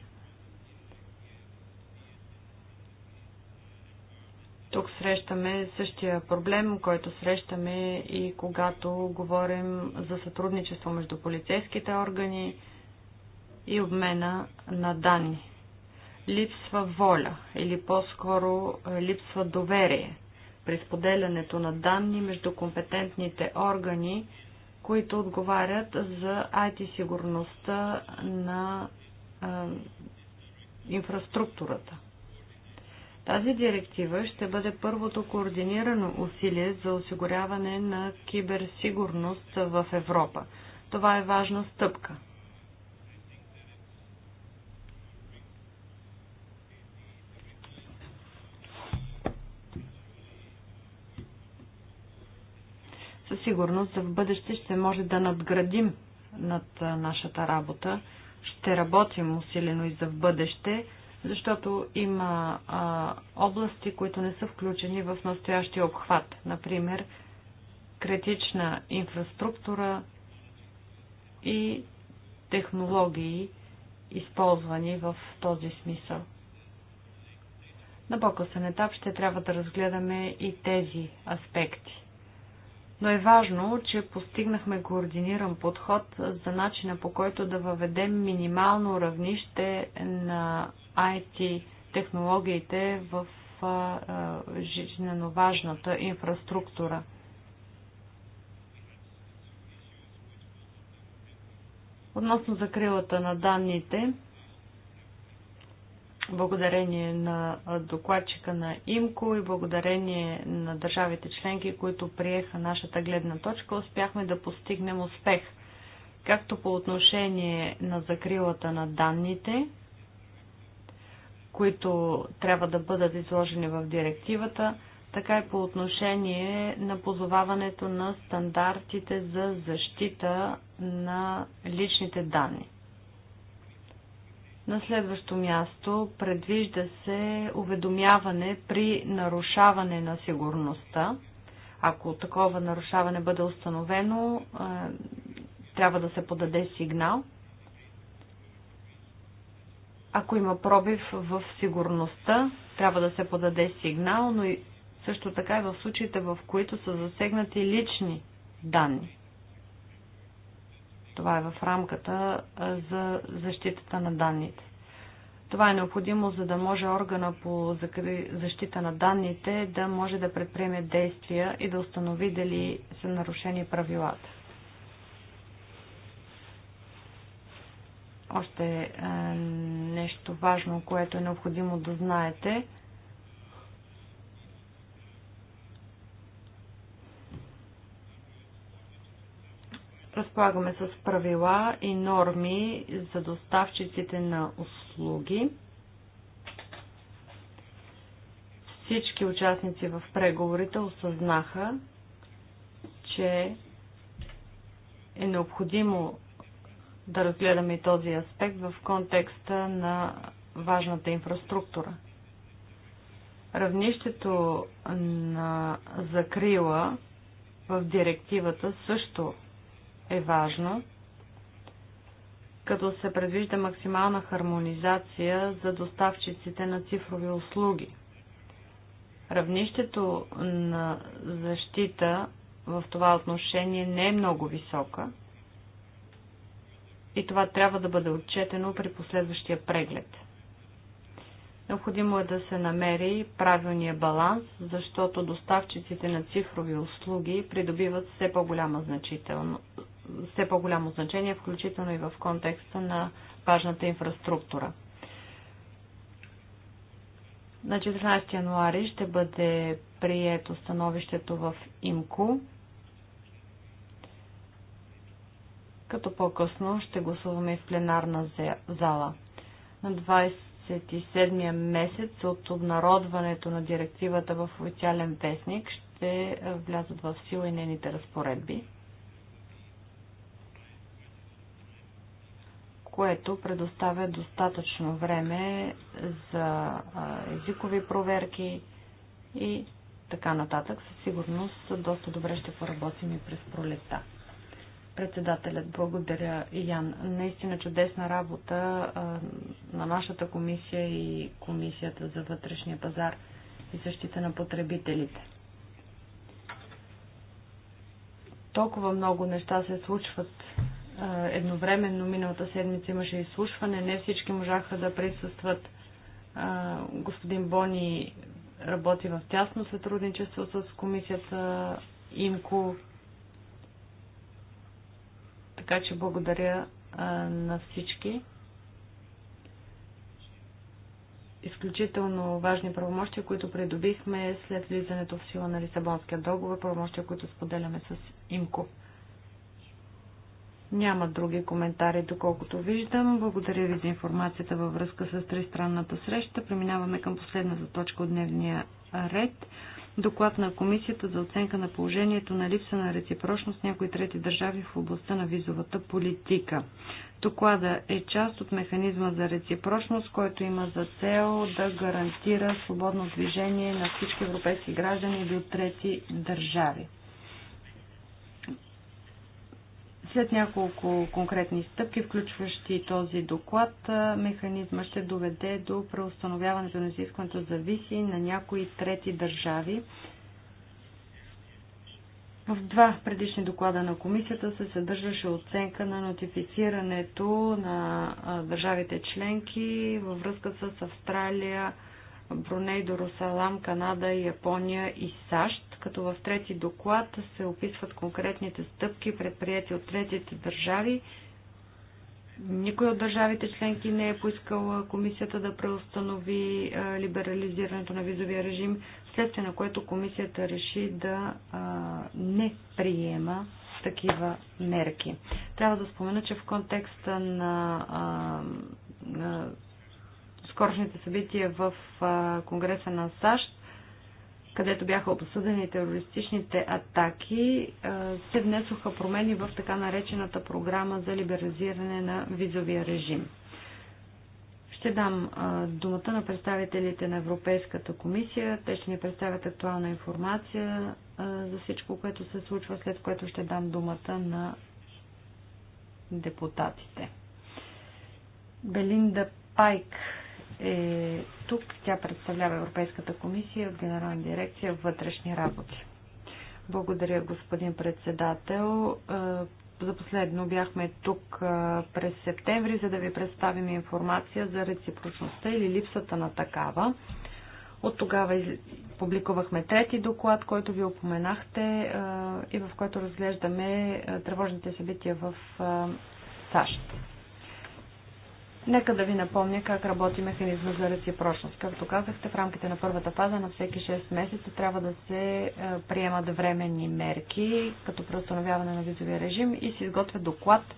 Speaker 3: Тук срещаме същия проблем, който срещаме и когато говорим за сътрудничество между полицейските органи и обмена на данни. Липсва воля или по-скоро липсва доверие при споделянето на данни между компетентните органи, които отговарят за IT сигурността на а, инфраструктурата. Тази директива ще бъде първото координирано усилие за осигуряване на киберсигурност в Европа. Това е важна стъпка. със сигурност в бъдеще ще може да надградим над нашата работа. Ще работим усилено и за в бъдеще, защото има а, области, които не са включени в настоящия обхват. Например, критична инфраструктура и технологии, използвани в този смисъл. На по-късен етап ще трябва да разгледаме и тези аспекти но е важно, че постигнахме координиран подход за начина по който да въведем минимално равнище на IT технологиите в жизненно важната инфраструктура. Относно закрилата на данните, благодарение на докладчика на ИМКО и благодарение на държавите членки, които приеха нашата гледна точка, успяхме да постигнем успех. Както по отношение на закрилата на данните, които трябва да бъдат изложени в директивата, така и по отношение на позоваването на стандартите за защита на личните данни. На следващо място предвижда се уведомяване при нарушаване на сигурността. Ако такова нарушаване бъде установено, е, трябва да се подаде сигнал. Ако има пробив в сигурността, трябва да се подаде сигнал, но и също така и в случаите, в които са засегнати лични данни. Това е в рамката за защитата на данните. Това е необходимо, за да може органа по защита на данните да може да предприеме действия и да установи дали са нарушени правилата. Още нещо важно, което е необходимо да знаете – разполагаме с правила и норми за доставчиците на услуги. Всички участници в преговорите осъзнаха, че е необходимо да разгледаме и този аспект в контекста на важната инфраструктура. Равнището на закрила в директивата също е важно, като се предвижда максимална хармонизация за доставчиците на цифрови услуги. Равнището на защита в това отношение не е много висока и това трябва да бъде отчетено при последващия преглед. Необходимо е да се намери правилния баланс, защото доставчиците на цифрови услуги придобиват все по-голяма значителност все по-голямо значение, включително и в контекста на важната инфраструктура. На 14 януари ще бъде прието становището в ИМКО, като по-късно ще гласуваме и в пленарна зала. На 27-я месец от обнародването на директивата в официален вестник ще влязат в сила и нейните разпоредби. което предоставя достатъчно време за езикови проверки и така нататък. Със сигурност доста добре ще поработим и през пролета. Председателят, благодаря Ян. Наистина чудесна работа на нашата комисия и комисията за вътрешния пазар и защита на потребителите. Толкова много неща се случват едновременно миналата седмица имаше изслушване. Не всички можаха да присъстват. Господин Бони работи в тясно сътрудничество с комисията ИМКО. Така че благодаря на всички. Изключително важни правомощия, които придобихме след влизането в сила на Лисабонския договор, правомощия, които споделяме с ИМКО. Няма други коментари, доколкото виждам. Благодаря ви за информацията във връзка с тристранната среща. Преминаваме към последната точка от дневния ред. Доклад на Комисията за оценка на положението на липса на реципрочност някои трети държави в областта на визовата политика. Доклада е част от механизма за реципрочност, който има за цел да гарантира свободно движение на всички европейски граждани до от трети държави. След няколко конкретни стъпки, включващи този доклад, механизма ще доведе до преустановяването на изискването за виси на някои трети държави. В два предишни доклада на комисията се съдържаше оценка на нотифицирането на държавите членки във връзка с Австралия, Бруней, Дорусалам, Канада, Япония и САЩ, като в трети доклад се описват конкретните стъпки, предприяти от третите държави. Никой от държавите членки не е поискала комисията да преустанови либерализирането на визовия режим, следствие на което комисията реши да не приема такива мерки. Трябва да спомена, че в контекста на скорошните събития в Конгреса на САЩ, където бяха обсъдени терористичните атаки, се внесоха промени в така наречената програма за либерализиране на визовия режим. Ще дам думата на представителите на Европейската комисия. Те ще ни представят актуална информация за всичко, което се случва, след което ще дам думата на депутатите. Белинда Пайк е тук. Тя представлява Европейската комисия от Генерална дирекция вътрешни работи. Благодаря, господин председател. Е, за последно бяхме тук е, през септември, за да ви представим информация за реципрочността или липсата на такава. От тогава публикувахме трети доклад, който ви опоменахте е, и в който разглеждаме тревожните събития в САЩ. Нека да ви напомня как работи механизма за реципрочност. Както казахте, в рамките на първата фаза на всеки 6 месеца трябва да се е, приемат временни мерки, като преустановяване на визовия режим и се изготвя доклад е,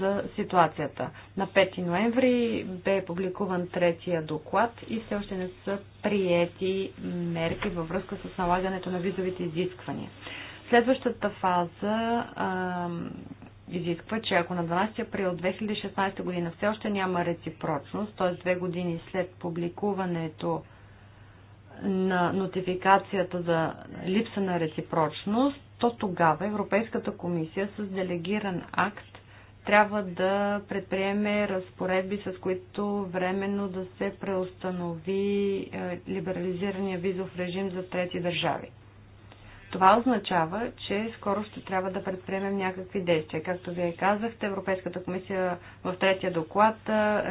Speaker 3: за ситуацията. На 5 ноември бе публикуван третия доклад и все още не са приети мерки във връзка с налагането на визовите изисквания. Следващата фаза е, изисква, че ако на 12 април 2016 година все още няма реципрочност, т.е. две години след публикуването на нотификацията за липса на реципрочност, то тогава Европейската комисия с делегиран акт трябва да предприеме разпоредби, с които временно да се преустанови е, либерализирания визов режим за трети държави. Това означава, че скоро ще трябва да предприемем някакви действия. Както вие казахте, Европейската комисия в третия доклад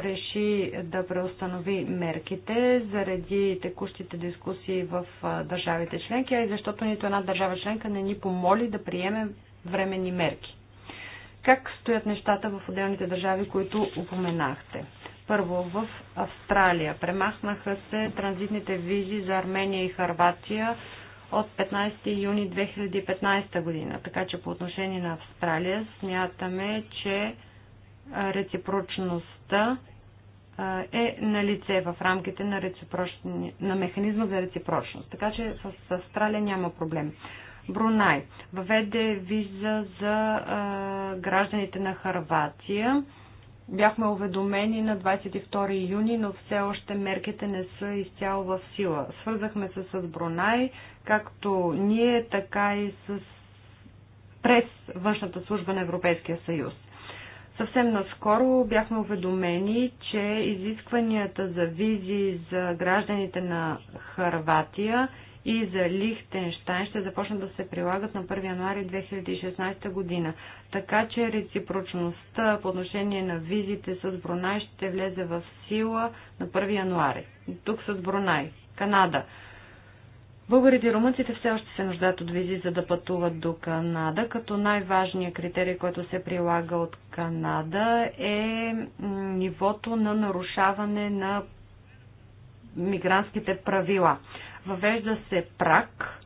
Speaker 3: реши да преустанови мерките заради текущите дискусии в държавите членки, а и защото нито една държава членка не ни помоли да приемем временни мерки. Как стоят нещата в отделните държави, които упоменахте? Първо, в Австралия премахнаха се транзитните визи за Армения и Харватия от 15 юни 2015 година. Така че по отношение на Австралия смятаме, че реципрочността е на лице в рамките на, на механизма за реципрочност. Така че с Австралия няма проблем. Брунай въведе виза за а, гражданите на Харватия. Бяхме уведомени на 22 юни, но все още мерките не са изцяло в сила. Свързахме се с Брунай, както ние, така и с, през външната служба на Европейския съюз. Съвсем наскоро бяхме уведомени, че изискванията за визи за гражданите на Харватия и за Лихтенштайн ще започнат да се прилагат на 1 януари 2016 година. Така че реципрочността по отношение на визите с Брунай ще влезе в сила на 1 януари. Тук с Брунай, Канада. Българите и румънците все още се нуждаят от визи, за да пътуват до Канада, като най-важният критерий, който се прилага от Канада е нивото на нарушаване на мигрантските правила. Въвежда се прак,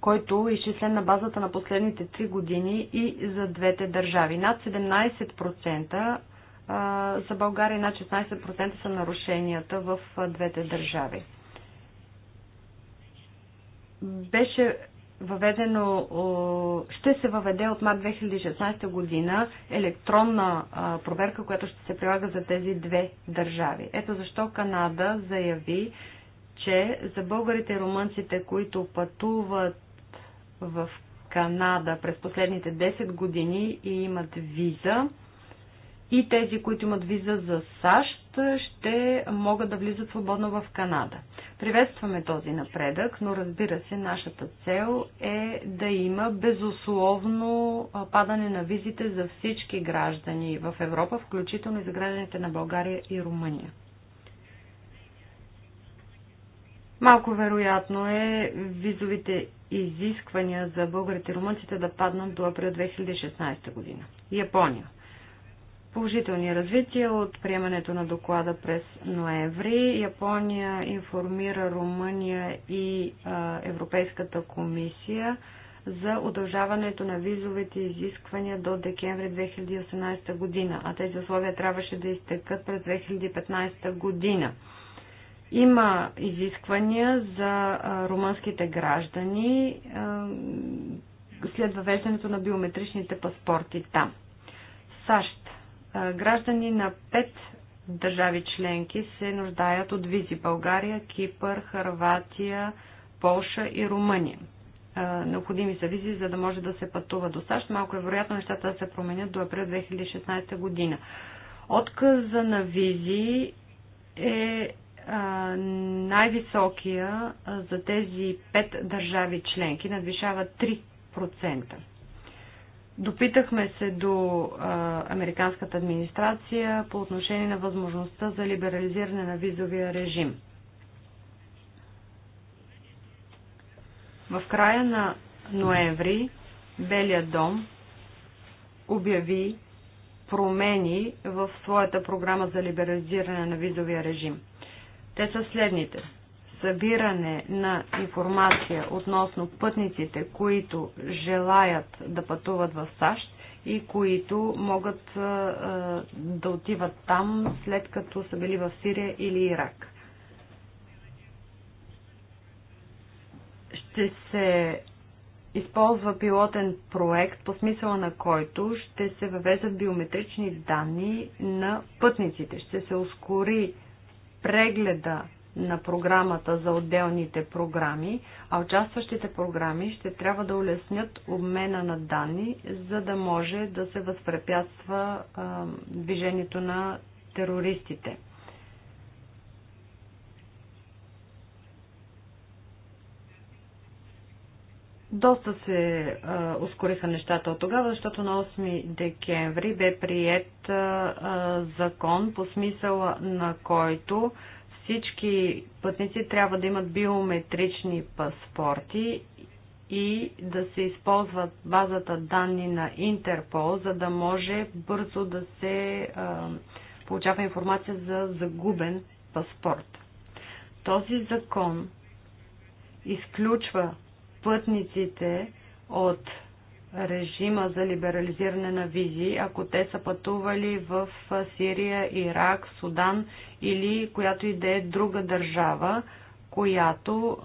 Speaker 3: който е изчислен на базата на последните 3 години и за двете държави. Над 17% за България и над 16% са нарушенията в двете държави беше въведено, ще се въведе от март 2016 година електронна проверка, която ще се прилага за тези две държави. Ето защо Канада заяви, че за българите и румънците, които пътуват в Канада през последните 10 години и имат виза, и тези, които имат виза за САЩ, ще могат да влизат свободно в Канада. Приветстваме този напредък, но разбира се, нашата цел е да има безусловно падане на визите за всички граждани в Европа, включително и за гражданите на България и Румъния. Малко вероятно е визовите изисквания за българите и румънците да паднат до април 2016 година. Япония положителни развития от приемането на доклада през ноември. Япония информира Румъния и а, Европейската комисия за удължаването на визовите изисквания до декември 2018 година, а тези условия трябваше да изтекат през 2015 година. Има изисквания за а, румънските граждани а, след въвеждането на биометричните паспорти там. САЩ Граждани на пет държави членки се нуждаят от визи България, Кипър, Харватия, Полша и Румъния. Необходими са визи, за да може да се пътува до САЩ. Малко е вероятно нещата да се променят до април 2016 година. Отказа на визи е най-високия за тези пет държави членки, надвишава 3%. Допитахме се до а, американската администрация по отношение на възможността за либерализиране на визовия режим. В края на ноември Белия дом обяви промени в своята програма за либерализиране на визовия режим. Те са следните събиране на информация относно пътниците, които желаят да пътуват в САЩ и които могат да отиват там след като са били в Сирия или Ирак. Ще се използва пилотен проект, по смисъла на който ще се въвезат биометрични данни на пътниците. Ще се ускори прегледа на програмата за отделните програми, а участващите програми ще трябва да улеснят обмена на данни, за да може да се възпрепятства а, движението на терористите. Доста се а, ускориха нещата от тогава, защото на 8 декември бе прият а, а, закон, по смисъла на който всички пътници трябва да имат биометрични паспорти и да се използват базата данни на Интерпол, за да може бързо да се а, получава информация за загубен паспорт. Този закон изключва пътниците от режима за либерализиране на визи, ако те са пътували в Сирия, Ирак, Судан или която и да е друга държава, която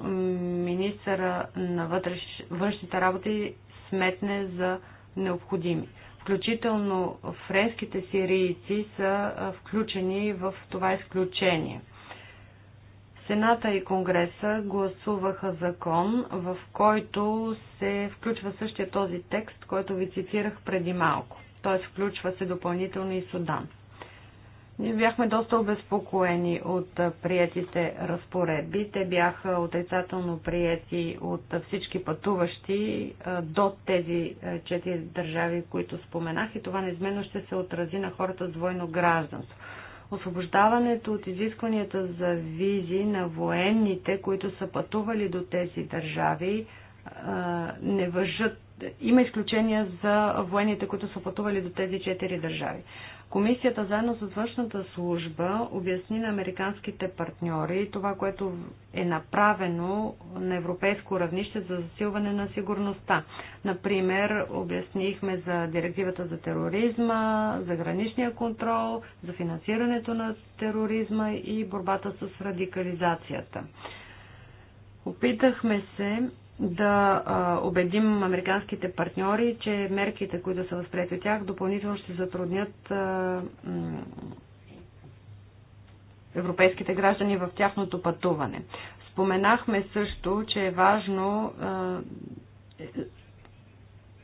Speaker 3: министъра на вътреш... външните работи сметне за необходими. Включително френските сирийци са включени в това изключение. Сената и Конгреса гласуваха закон, в който се включва същия този текст, който ви цитирах преди малко. Т.е. включва се допълнително и Судан. Ние бяхме доста обезпокоени от приетите разпоредби. Те бяха отрицателно приети от всички пътуващи до тези четири държави, които споменах и това неизменно ще се отрази на хората с двойно гражданство. Освобождаването от изискванията за визи на военните, които са пътували до тези държави, не въжат. Има изключения за военните, които са пътували до тези четири държави. Комисията заедно с външната служба обясни на американските партньори това, което е направено на европейско равнище за засилване на сигурността. Например, обяснихме за директивата за тероризма, за граничния контрол, за финансирането на тероризма и борбата с радикализацията. Опитахме се да убедим американските партньори, че мерките, които са възприяти от тях, допълнително ще затруднят европейските граждани в тяхното пътуване. Споменахме също, че е важно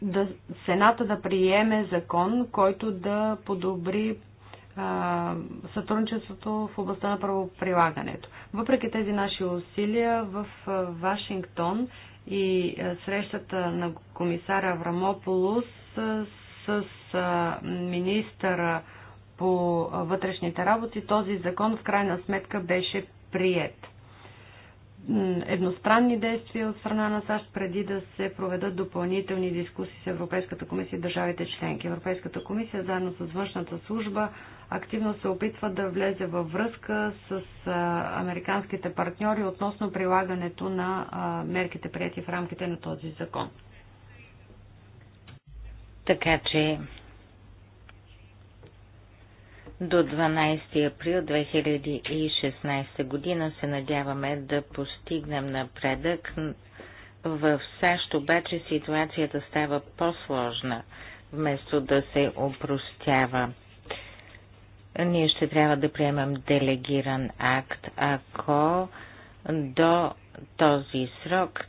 Speaker 3: да, Сената да приеме закон, който да подобри сътрудничеството в областта на правоприлагането. Въпреки тези наши усилия в Вашингтон и е, срещата на комисара Аврамополус е, с е, министъра по вътрешните работи, този закон в крайна сметка беше прият. Едностранни действия от страна на САЩ преди да се проведат допълнителни дискусии с Европейската комисия и държавите членки. Европейската комисия заедно с външната служба активно се опитва да влезе във връзка с американските партньори относно прилагането на мерките прияти в рамките на този закон.
Speaker 2: Така че до 12 април 2016 година се надяваме да постигнем напредък. В САЩ обаче ситуацията става по-сложна, вместо да се опростява ние ще трябва да приемам делегиран акт, ако до този срок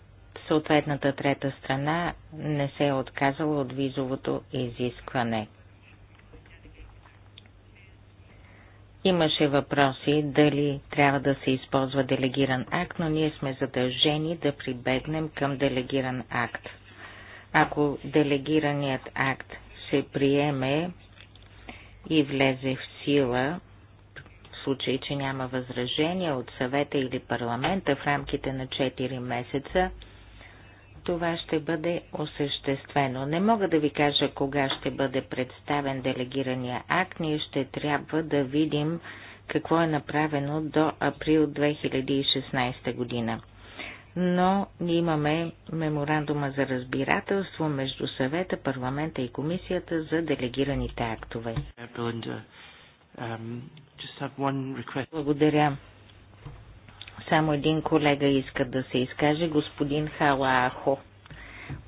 Speaker 2: съответната трета страна не се е отказала от визовото изискване. Имаше въпроси дали трябва да се използва делегиран акт, но ние сме задължени да прибегнем към делегиран акт. Ако делегираният акт се приеме, и влезе в сила, в случай, че няма възражения от съвета или парламента в рамките на 4 месеца, това ще бъде осъществено. Не мога да ви кажа кога ще бъде представен делегирания акт. Ние ще трябва да видим какво е направено до април 2016 година но имаме меморандума за разбирателство между съвета, парламента и комисията за делегираните актове. Благодаря. Само един колега иска да се изкаже, господин Халахо.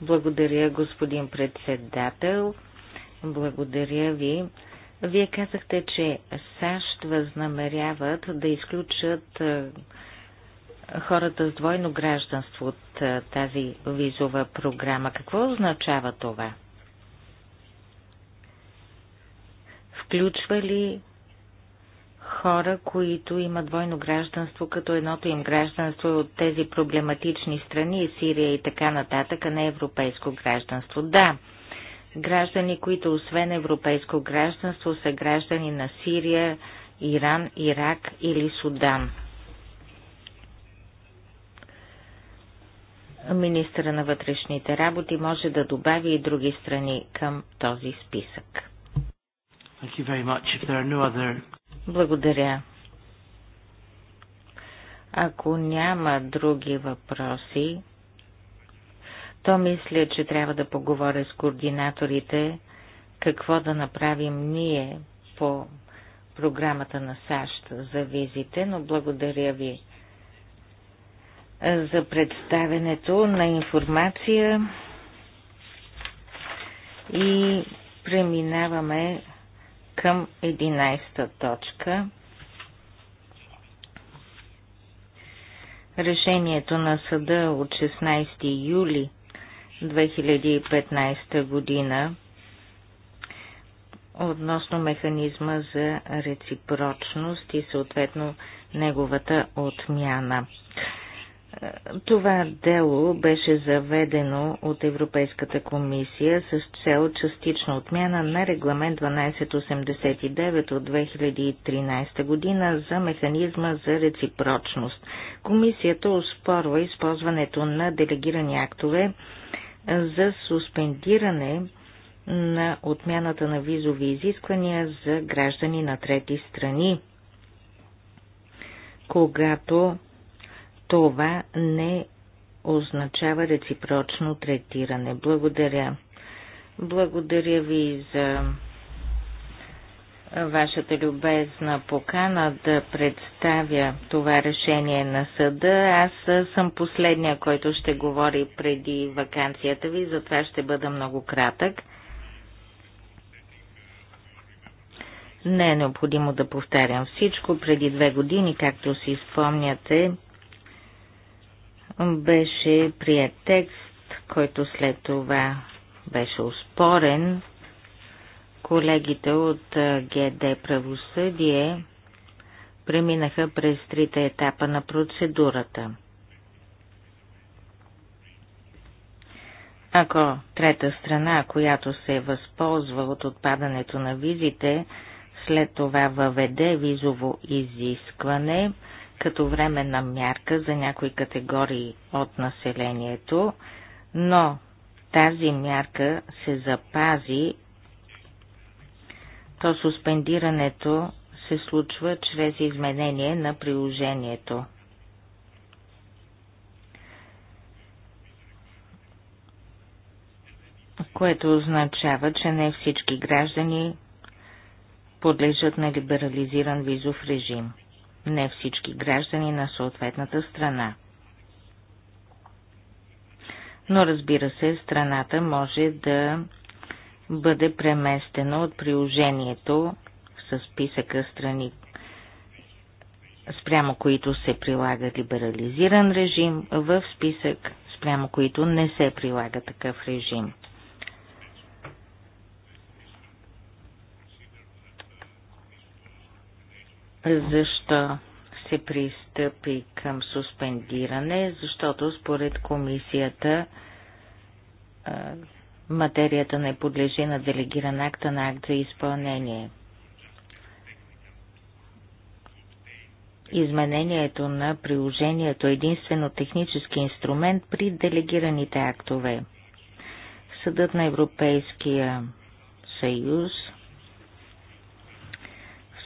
Speaker 2: Благодаря, господин председател. Благодаря ви. Вие казахте, че САЩ възнамеряват да изключат хората с двойно гражданство от е, тази визова програма. Какво означава това? Включва ли хора, които имат двойно гражданство, като едното им гражданство е от тези проблематични страни, Сирия и така нататък, а не европейско гражданство? Да, граждани, които освен европейско гражданство са граждани на Сирия, Иран, Ирак или Судан. министра на вътрешните работи може да добави и други страни към
Speaker 1: този списък. No other...
Speaker 2: Благодаря. Ако няма други въпроси, то мисля, че трябва да поговоря с координаторите какво да направим ние по програмата на САЩ за визите, но благодаря ви за представенето на информация и преминаваме към 11-та точка. Решението на съда от 16 юли 2015 година относно механизма за реципрочност и съответно неговата отмяна. Това дело беше заведено от Европейската комисия с цел частична отмяна на регламент 1289 от 2013 година за механизма за реципрочност. Комисията успорва използването на делегирани актове за суспендиране на отмяната на визови изисквания за граждани на трети страни, когато това не означава реципрочно третиране. Благодаря. Благодаря ви за вашата любезна покана да представя това решение на съда. Аз съм последния, който ще говори преди вакансията ви, затова ще бъда много кратък. Не е необходимо да повтарям всичко. Преди две години, както си спомняте, беше прият текст, който след това беше успорен. Колегите от ГД Правосъдие преминаха през трите етапа на процедурата. Ако трета страна, която се възползва от отпадането на визите, след това въведе визово изискване, като временна мярка за някои категории от населението, но тази мярка се запази, то суспендирането се случва чрез изменение на приложението. което означава, че не всички граждани подлежат на либерализиран визов режим не всички граждани на съответната страна. Но разбира се, страната може да бъде преместена от приложението с списъка страни, спрямо които се прилага либерализиран режим, в списък спрямо които не се прилага такъв режим – Защо се пристъпи към суспендиране? Защото според комисията материята не подлежи на делегиран акта на акт за изпълнение. Изменението на приложението е единствено технически инструмент при делегираните актове. Съдът на Европейския съюз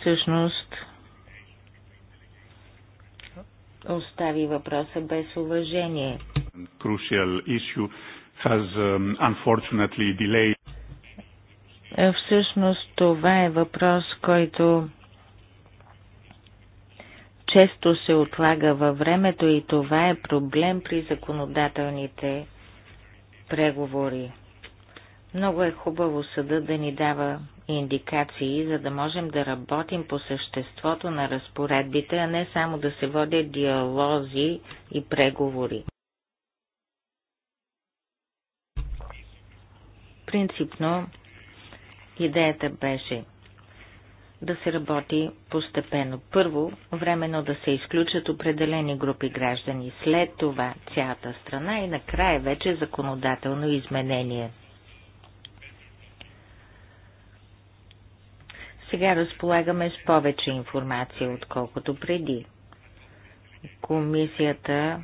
Speaker 2: всъщност остави въпроса без уважение.
Speaker 1: Um,
Speaker 2: е, всъщност това е въпрос, който често се отлага във времето и това е проблем при законодателните преговори. Много е хубаво съда да ни дава индикации, за да можем да работим по съществото на разпоредбите, а не само да се водят диалози и преговори. Принципно идеята беше да се работи постепенно. Първо, временно да се изключат определени групи граждани, след това цялата страна и накрая вече законодателно изменение – Сега разполагаме с повече информация, отколкото преди. Комисията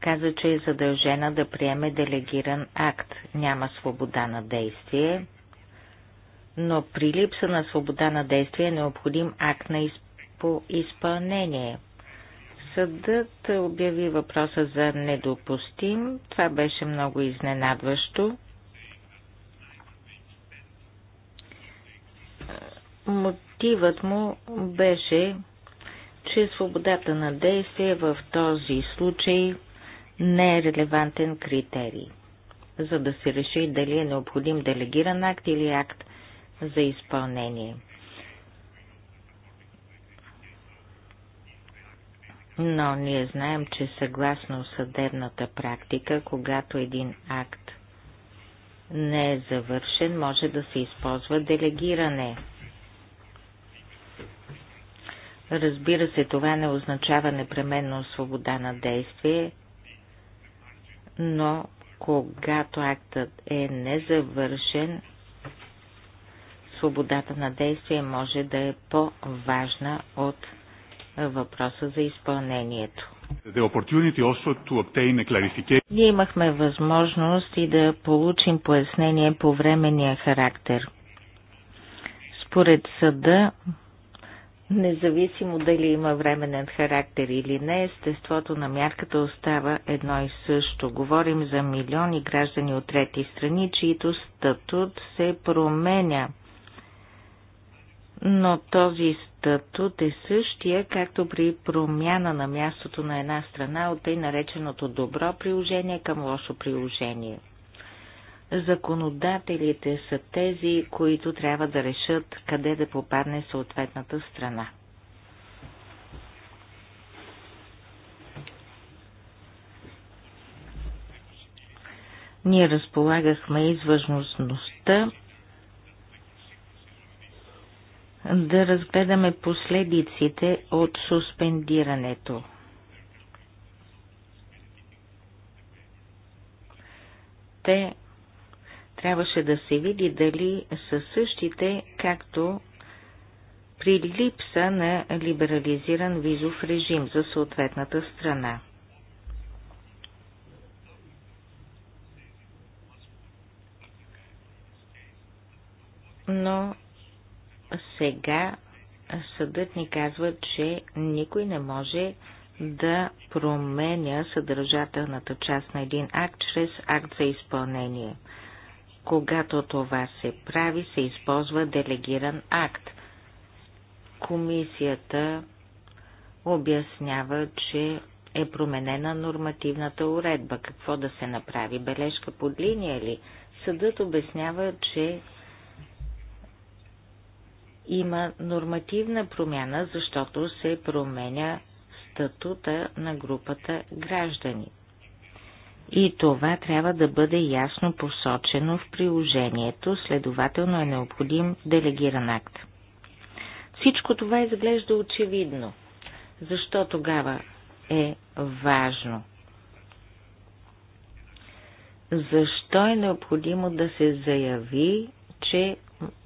Speaker 2: каза, че е задължена да приеме делегиран акт. Няма свобода на действие, но при липса на свобода на действие е необходим акт на изпълнение по изпълнение. Съдът обяви въпроса за недопустим. Това беше много изненадващо. Мотивът му беше, че свободата на действие в този случай не е релевантен критерий, за да се реши дали е необходим делегиран акт или акт за изпълнение. Но ние знаем, че съгласно съдебната практика, когато един акт не е завършен, може да се използва делегиране – Разбира се, това не означава непременно свобода на действие, но когато актът е незавършен, свободата на действие може да е по-важна от въпроса за изпълнението. Ние имахме възможност и да получим пояснение по временния характер. Според съда, Независимо дали има временен характер или не, естеството на мярката остава едно и също. Говорим за милиони граждани от трети страни, чието статут се променя. Но този статут е същия, както при промяна на мястото на една страна от тъй нареченото добро приложение към лошо приложение – Законодателите са тези, които трябва да решат къде да попадне съответната страна. Ние разполагахме и с възможността да разгледаме последиците от суспендирането. Те Трябваше да се види дали са същите, както при липса на либерализиран визов режим за съответната страна. Но сега съдът ни казва, че никой не може да променя съдържателната част на един акт чрез акт за изпълнение. Когато това се прави, се използва делегиран акт. Комисията обяснява, че е променена нормативната уредба. Какво да се направи? Бележка под линия ли? Съдът обяснява, че има нормативна промяна, защото се променя статута на групата граждани. И това трябва да бъде ясно посочено в приложението, следователно е необходим делегиран акт. Всичко това изглежда очевидно. Защо тогава е важно? Защо е необходимо да се заяви, че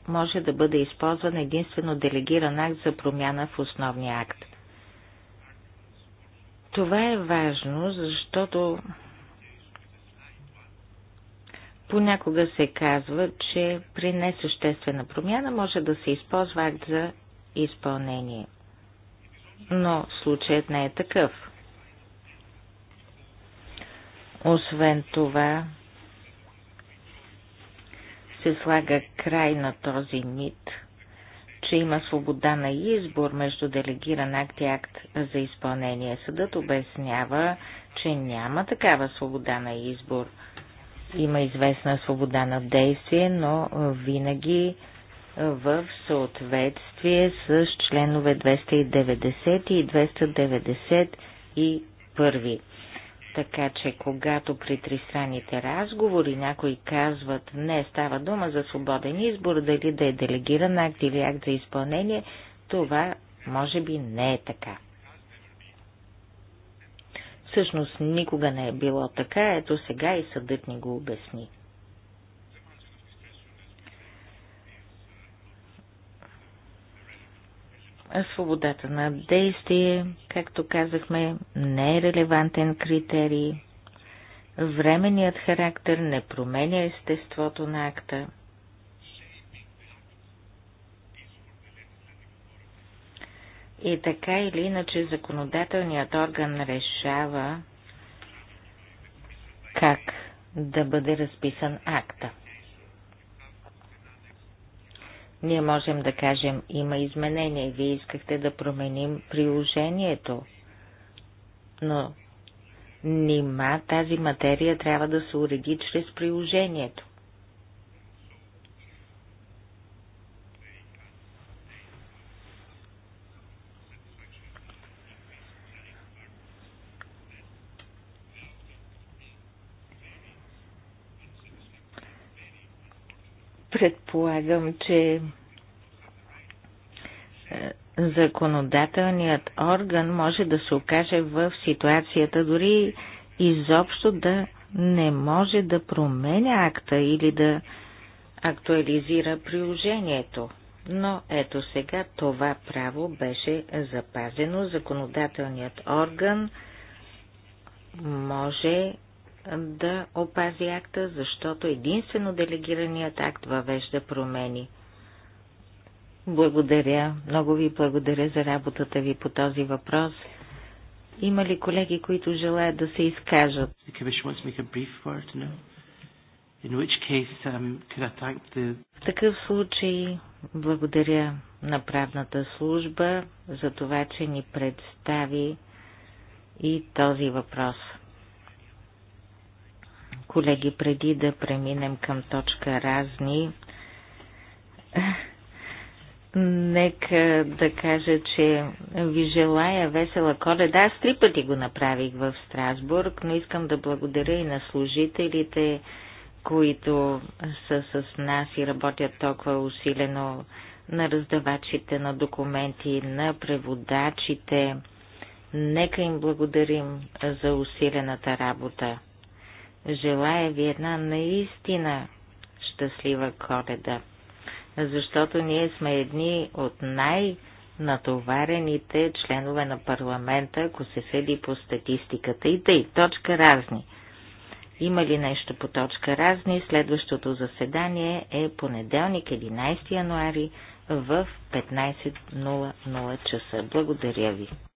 Speaker 2: може да бъде използван единствено делегиран акт за промяна в основния акт? Това е важно, защото Понякога се казва, че при несъществена промяна може да се използва акт за изпълнение. Но случаят не е такъв. Освен това, се слага край на този мит, че има свобода на избор между делегиран акт и акт за изпълнение. Съдът обяснява, че няма такава свобода на избор – има известна свобода на действие, но винаги в съответствие с членове 290 и 291. Така че, когато при тристранните разговори някои казват не става дума за свободен избор, дали да е делегиран акт или акт за изпълнение, това може би не е така. Всъщност никога не е било така, ето сега и съдът ни го обясни. Свободата на действие, както казахме, не е релевантен критерий. Временният характер не променя естеството на акта. И така или иначе законодателният орган решава как да бъде разписан акта. Ние можем да кажем, има изменения и вие искахте да променим приложението. Но нима тази материя трябва да се уреди чрез приложението. Предполагам, че е, законодателният орган може да се окаже в ситуацията дори изобщо да не може да променя акта или да актуализира приложението. Но ето сега това право беше запазено. Законодателният орган може да опази акта, защото единствено делегираният акт въвежда промени. Благодаря, много ви благодаря за работата ви по този въпрос. Има ли колеги, които желаят да се
Speaker 1: изкажат? Um,
Speaker 2: В такъв случай благодаря на правната служба за това, че ни представи и този въпрос. Колеги, преди да преминем към точка разни, нека да кажа, че ви желая весела коледа. Аз три пъти го направих в Страсбург, но искам да благодаря и на служителите, които са с нас и работят толкова усилено на раздавачите на документи, на преводачите. Нека им благодарим за усилената работа. Желая ви една наистина щастлива коледа, защото ние сме едни от най-натоварените членове на парламента, ако се съди по статистиката. И тъй, точка разни. Има ли нещо по точка разни? Следващото заседание е понеделник, 11 януари в 15.00 часа. Благодаря ви.